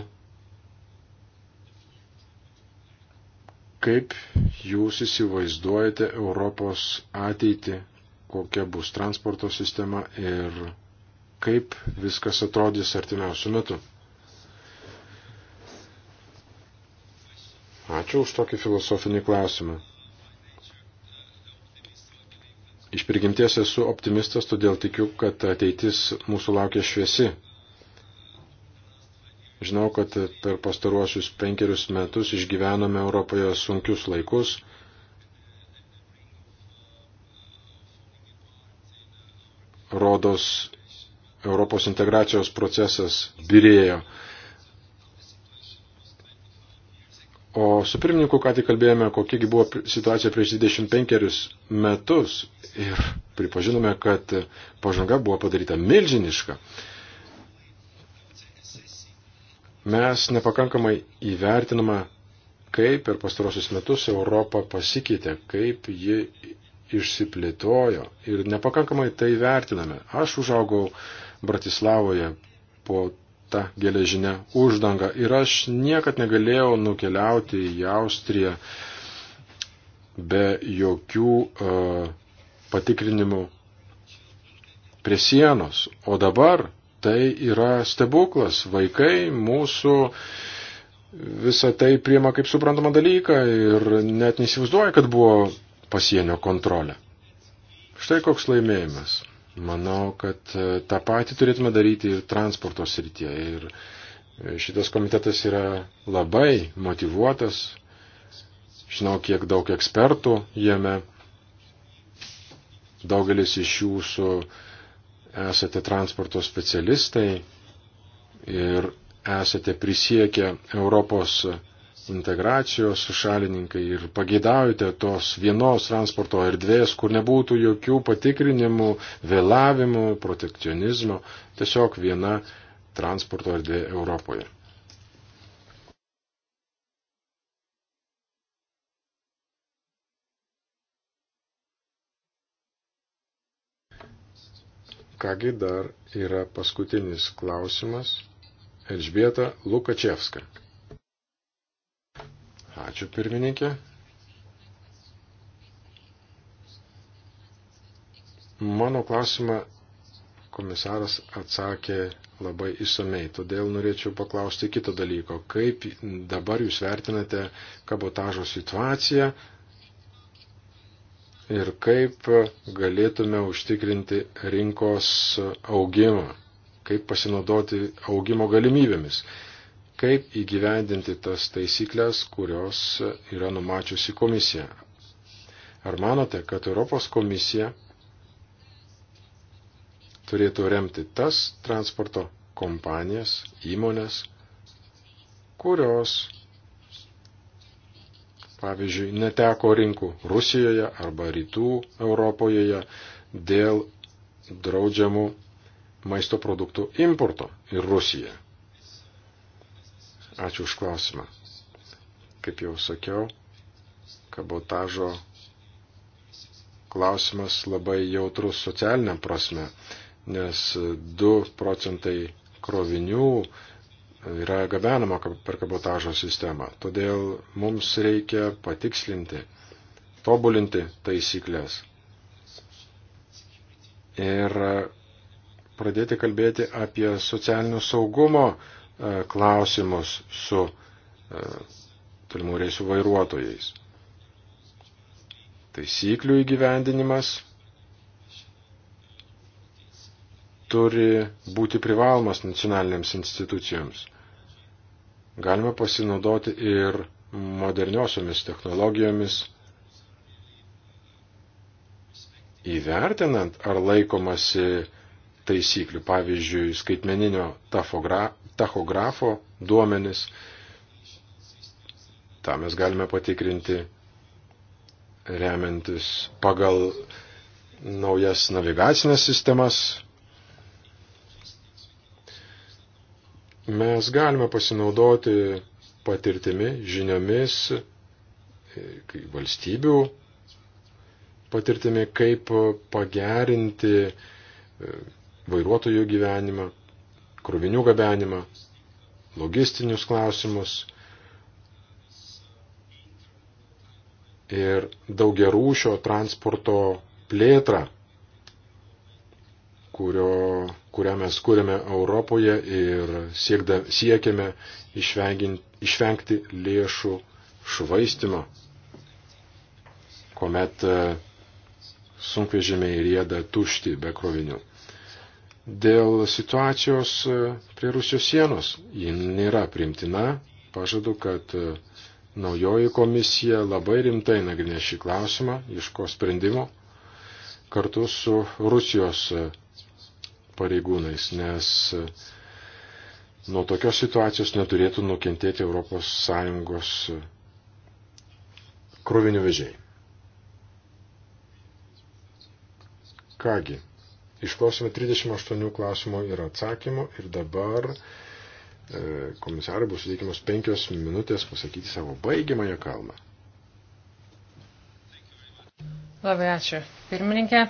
kaip jūs įsivaizduojate Europos ateitį, kokia bus transporto sistema ir kaip viskas atrodys artimiausiu metu. Ačiū už tokį filosofinį klausimą. Iš prigimties esu optimistas, todėl tikiu, kad ateitis mūsų laukia šviesi. Žinau, kad per pastaruosius penkerius metus išgyvenome Europoje sunkius laikus. Rodos Europos integracijos procesas birėjo. O su pirmininku ką tik kalbėjome, kokiegi buvo situacija prieš 25 metus ir pripažinome, kad pažanga buvo padaryta milžiniška. Mes nepakankamai įvertinama, kaip per pastarosius metus Europa pasikeitė, kaip ji išsiplėtojo ir nepakankamai tai vertiname. Aš užaugau Bratislavoje po tą geležinę uždangą. Ir aš niekad negalėjau nukeliauti į Austriją be jokių uh, patikrinimų prie sienos. O dabar tai yra stebuklas. Vaikai mūsų visą tai priema kaip suprantama dalyką ir net neįsivaizduoja, kad buvo pasienio kontrolė. Štai koks laimėjimas. Manau, kad e, tą patį turėtume daryti ir transporto srityje. Ir e, šitas komitetas yra labai motivuotas. Žinau, kiek daug ekspertų jame. Daugelis iš jūsų esate transporto specialistai ir esate prisiekę Europos integracijos šalininkai ir pageidaujate tos vienos transporto erdvės, kur nebūtų jokių patikrinimų, vėlavimų, protekcionizmo, tiesiog viena transporto erdvė Europoje. Kągi dar yra paskutinis klausimas. Elžbieta Lukačevska. Ačiū pirmininkė. Mano klausimą komisaras atsakė labai įsamei, todėl norėčiau paklausti kito dalyko. Kaip dabar jūs vertinate kabotažo situaciją ir kaip galėtume užtikrinti rinkos augimą, kaip pasinaudoti augimo galimybėmis kaip įgyvendinti tas taisyklės, kurios yra numačiusi komisija. Ar manote, kad Europos komisija turėtų remti tas transporto kompanijas, įmonės, kurios, pavyzdžiui, neteko rinkų Rusijoje arba Rytų Europoje dėl draudžiamų maisto produktų importo į Rusiją? Ačiū už klausimą. Kaip jau sakiau, kabotažo klausimas labai jautrus socialiniam prasme, nes 2 procentai krovinių yra gabenama per kabotažo sistemą. Todėl mums reikia patikslinti, tobulinti taisyklės ir pradėti kalbėti apie socialinio saugumo E, klausimus su e, tolimų reisų vairuotojais. Taisyklių įgyvendinimas turi būti privalomas nacionalinėms institucijoms. Galima pasinaudoti ir moderniosiomis technologijomis, įvertinant, ar laikomasi taisyklių, pavyzdžiui, skaitmeninio tachografo duomenis. Ta mes galime patikrinti remiantis pagal naujas navigacinės sistemas. Mes galime pasinaudoti patirtimi, žiniomis, valstybių patirtimi, kaip pagerinti vairuotojų gyvenimą, krovinių gabenimą, logistinius klausimus ir daugiarūšio transporto plėtrą, kurio, kurią mes kūrėme Europoje ir siekda, siekiame išvengti lėšų švaistimą, kuomet e, sunkvežimiai rieda tušti be krovinių dėl situacijos e, prie Rusijos sienos. Ji nėra primtina. Pažadu, kad e, naujoji komisija labai rimtai nagrinė šį klausimą, iško sprendimo kartu su Rusijos e, pareigūnais, nes nuo tokios situacijos neturėtų nukentėti ES krovinių vežėjai. Kągi, Išklausėme 38 klausimų ir atsakymų ir dabar e, komisarai bus suteikiamos penkios minutės pasakyti savo baigiamąją kalbą. Labai ačiū. Pirmininkė,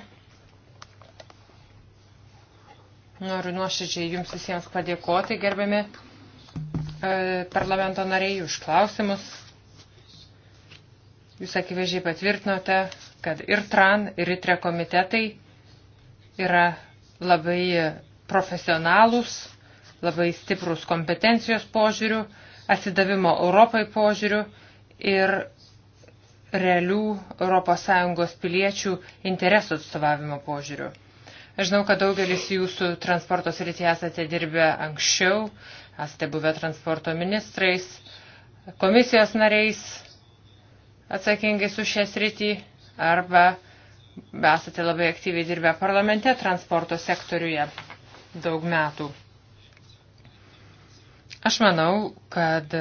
noriu nuoširdžiai Jums visiems padėkoti, gerbiami e, parlamento nariai, už klausimus. Jūs akivaizdžiai patvirtinote, kad ir TRAN, ir ITRE komitetai yra labai profesionalūs, labai stiprus kompetencijos požiūrių, atsidavimo Europai požiūrių ir realių ES piliečių interesų atstovavimo požiūrių. Aš žinau, kad daugelis jūsų transporto srityje esate dirbę anksčiau, esate buvę transporto ministrais, komisijos nariais atsakingais už šią sritį arba esate labai aktyviai dirbę parlamente transporto sektoriuje daug metų. Aš manau, kad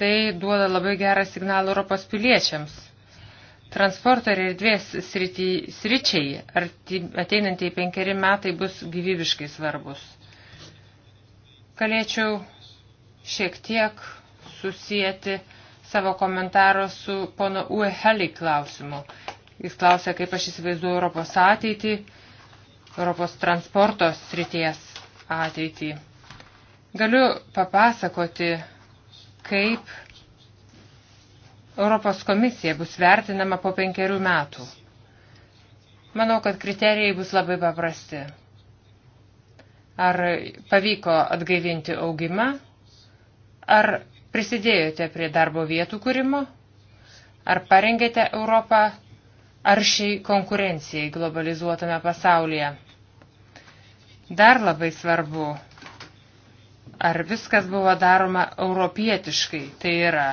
tai duoda labai gerą signalą Europos piliečiams. Transporto ir erdvės sričiai ateinantieji penkeri metai bus gyvybiškai svarbus. Galėčiau šiek tiek susijęti uh, savo komentaro su pono Ueheli klausimu. Jis klausė, kaip aš įsivaizduoju Europos ateitį, Europos transporto srities ateitį. Galiu papasakoti, kaip Europos komisija bus vertinama po penkerių metų. Manau, kad kriterijai bus labai paprasti. Ar pavyko atgaivinti augimą, ar prisidėjote prie darbo vietų kūrimo? Ar parengėte Europą aršiai konkurencijai globalizuotame pasaulyje? Dar labai svarbu, ar viskas buvo daroma europietiškai, tai yra,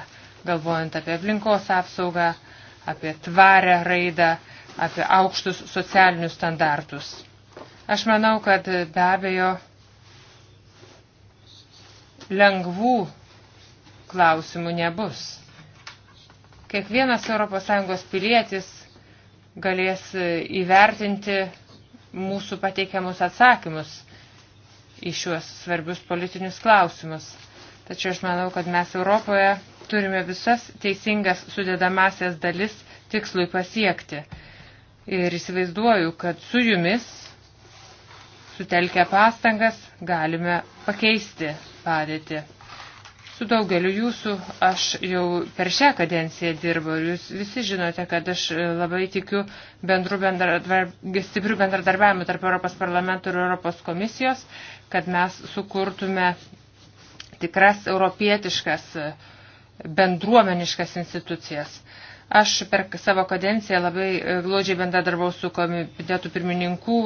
galvojant apie aplinkos apsaugą, apie tvarę raidą, apie aukštus socialinius standartus. Aš manau, kad be abejo lengvų klausimų nebus. Kiekvienas ES pilietis galės įvertinti mūsų pateikiamus atsakymus į šiuos svarbius politinius klausimus. Tačiau aš manau, kad mes Europoje turime visas teisingas sudėdamasias dalis tikslui pasiekti. Ir įsivaizduoju, kad su jumis, sutelkę pastangas, galime pakeisti padėtį. Su daugeliu jūsų aš jau per šią kadenciją dirbu ir jūs visi žinote, kad aš e, labai tikiu bendru bendradarb... stipriu bendradarbiavimu tarp Europos parlamento ir Europos komisijos, kad mes sukurtume tikras europietiškas e, bendruomeniškas institucijas. Aš per savo kadenciją labai e, glaudžiai bendradarbiau su komitetų pirmininkų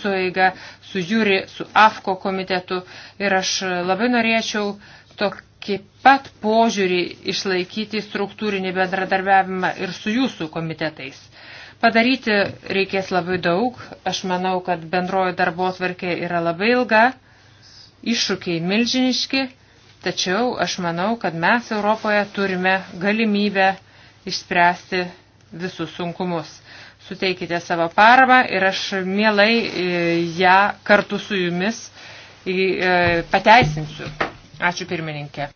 sueiga, su Juri, su AFKO komitetu ir aš labai norėčiau tok, tokį pat požiūrį išlaikyti struktūrinį bendradarbiavimą ir su jūsų komitetais. Padaryti reikės labai daug. Aš manau, kad bendroji darbo tvarkė yra labai ilga, iššūkiai milžiniški, tačiau aš manau, kad mes Europoje turime galimybę išspręsti visus sunkumus. Suteikite savo paramą ir aš mielai e, ją kartu su jumis e, pateisinsiu. Ačiū pirmininkė.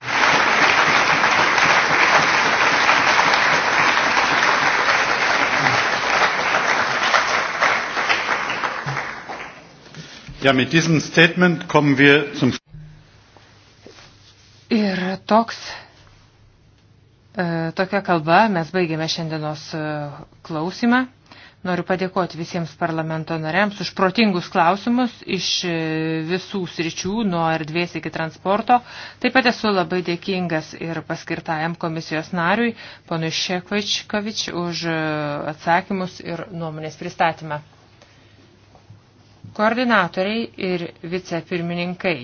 Ja, mit diesem Statement kommen wir zum Ir toks, e, tokia kalba mes baigėme šiandienos e, klausimą. Noriu padėkoti visiems parlamento nariams už protingus klausimus iš e, visų sričių, nuo erdvės iki transporto. Taip pat esu labai dėkingas ir paskirtajam komisijos nariui, ponui Šekvičkovič, už e, atsakymus ir nuomonės pristatymą. Koordinatoriai ir vicepirmininkai,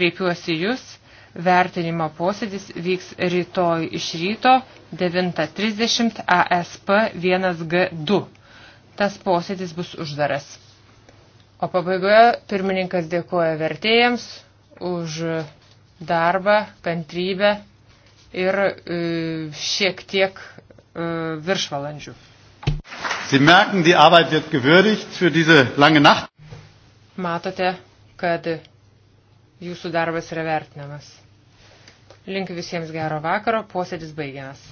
kreipiuosi jūs. Vertinimo posėdis vyks rytoj iš ryto 9.30 ASP 1G2 tas posėdis bus uždaras. O pabaigoje pirmininkas dėkoja vertėjams už darbą, kantrybę ir e, šiek tiek e, viršvalandžių. Sie merken, die Arbeit wird gewürdigt für diese lange Nacht. Matote, kad jūsų darbas yra vertinamas. Link visiems gero vakaro, posėdis baigiamas.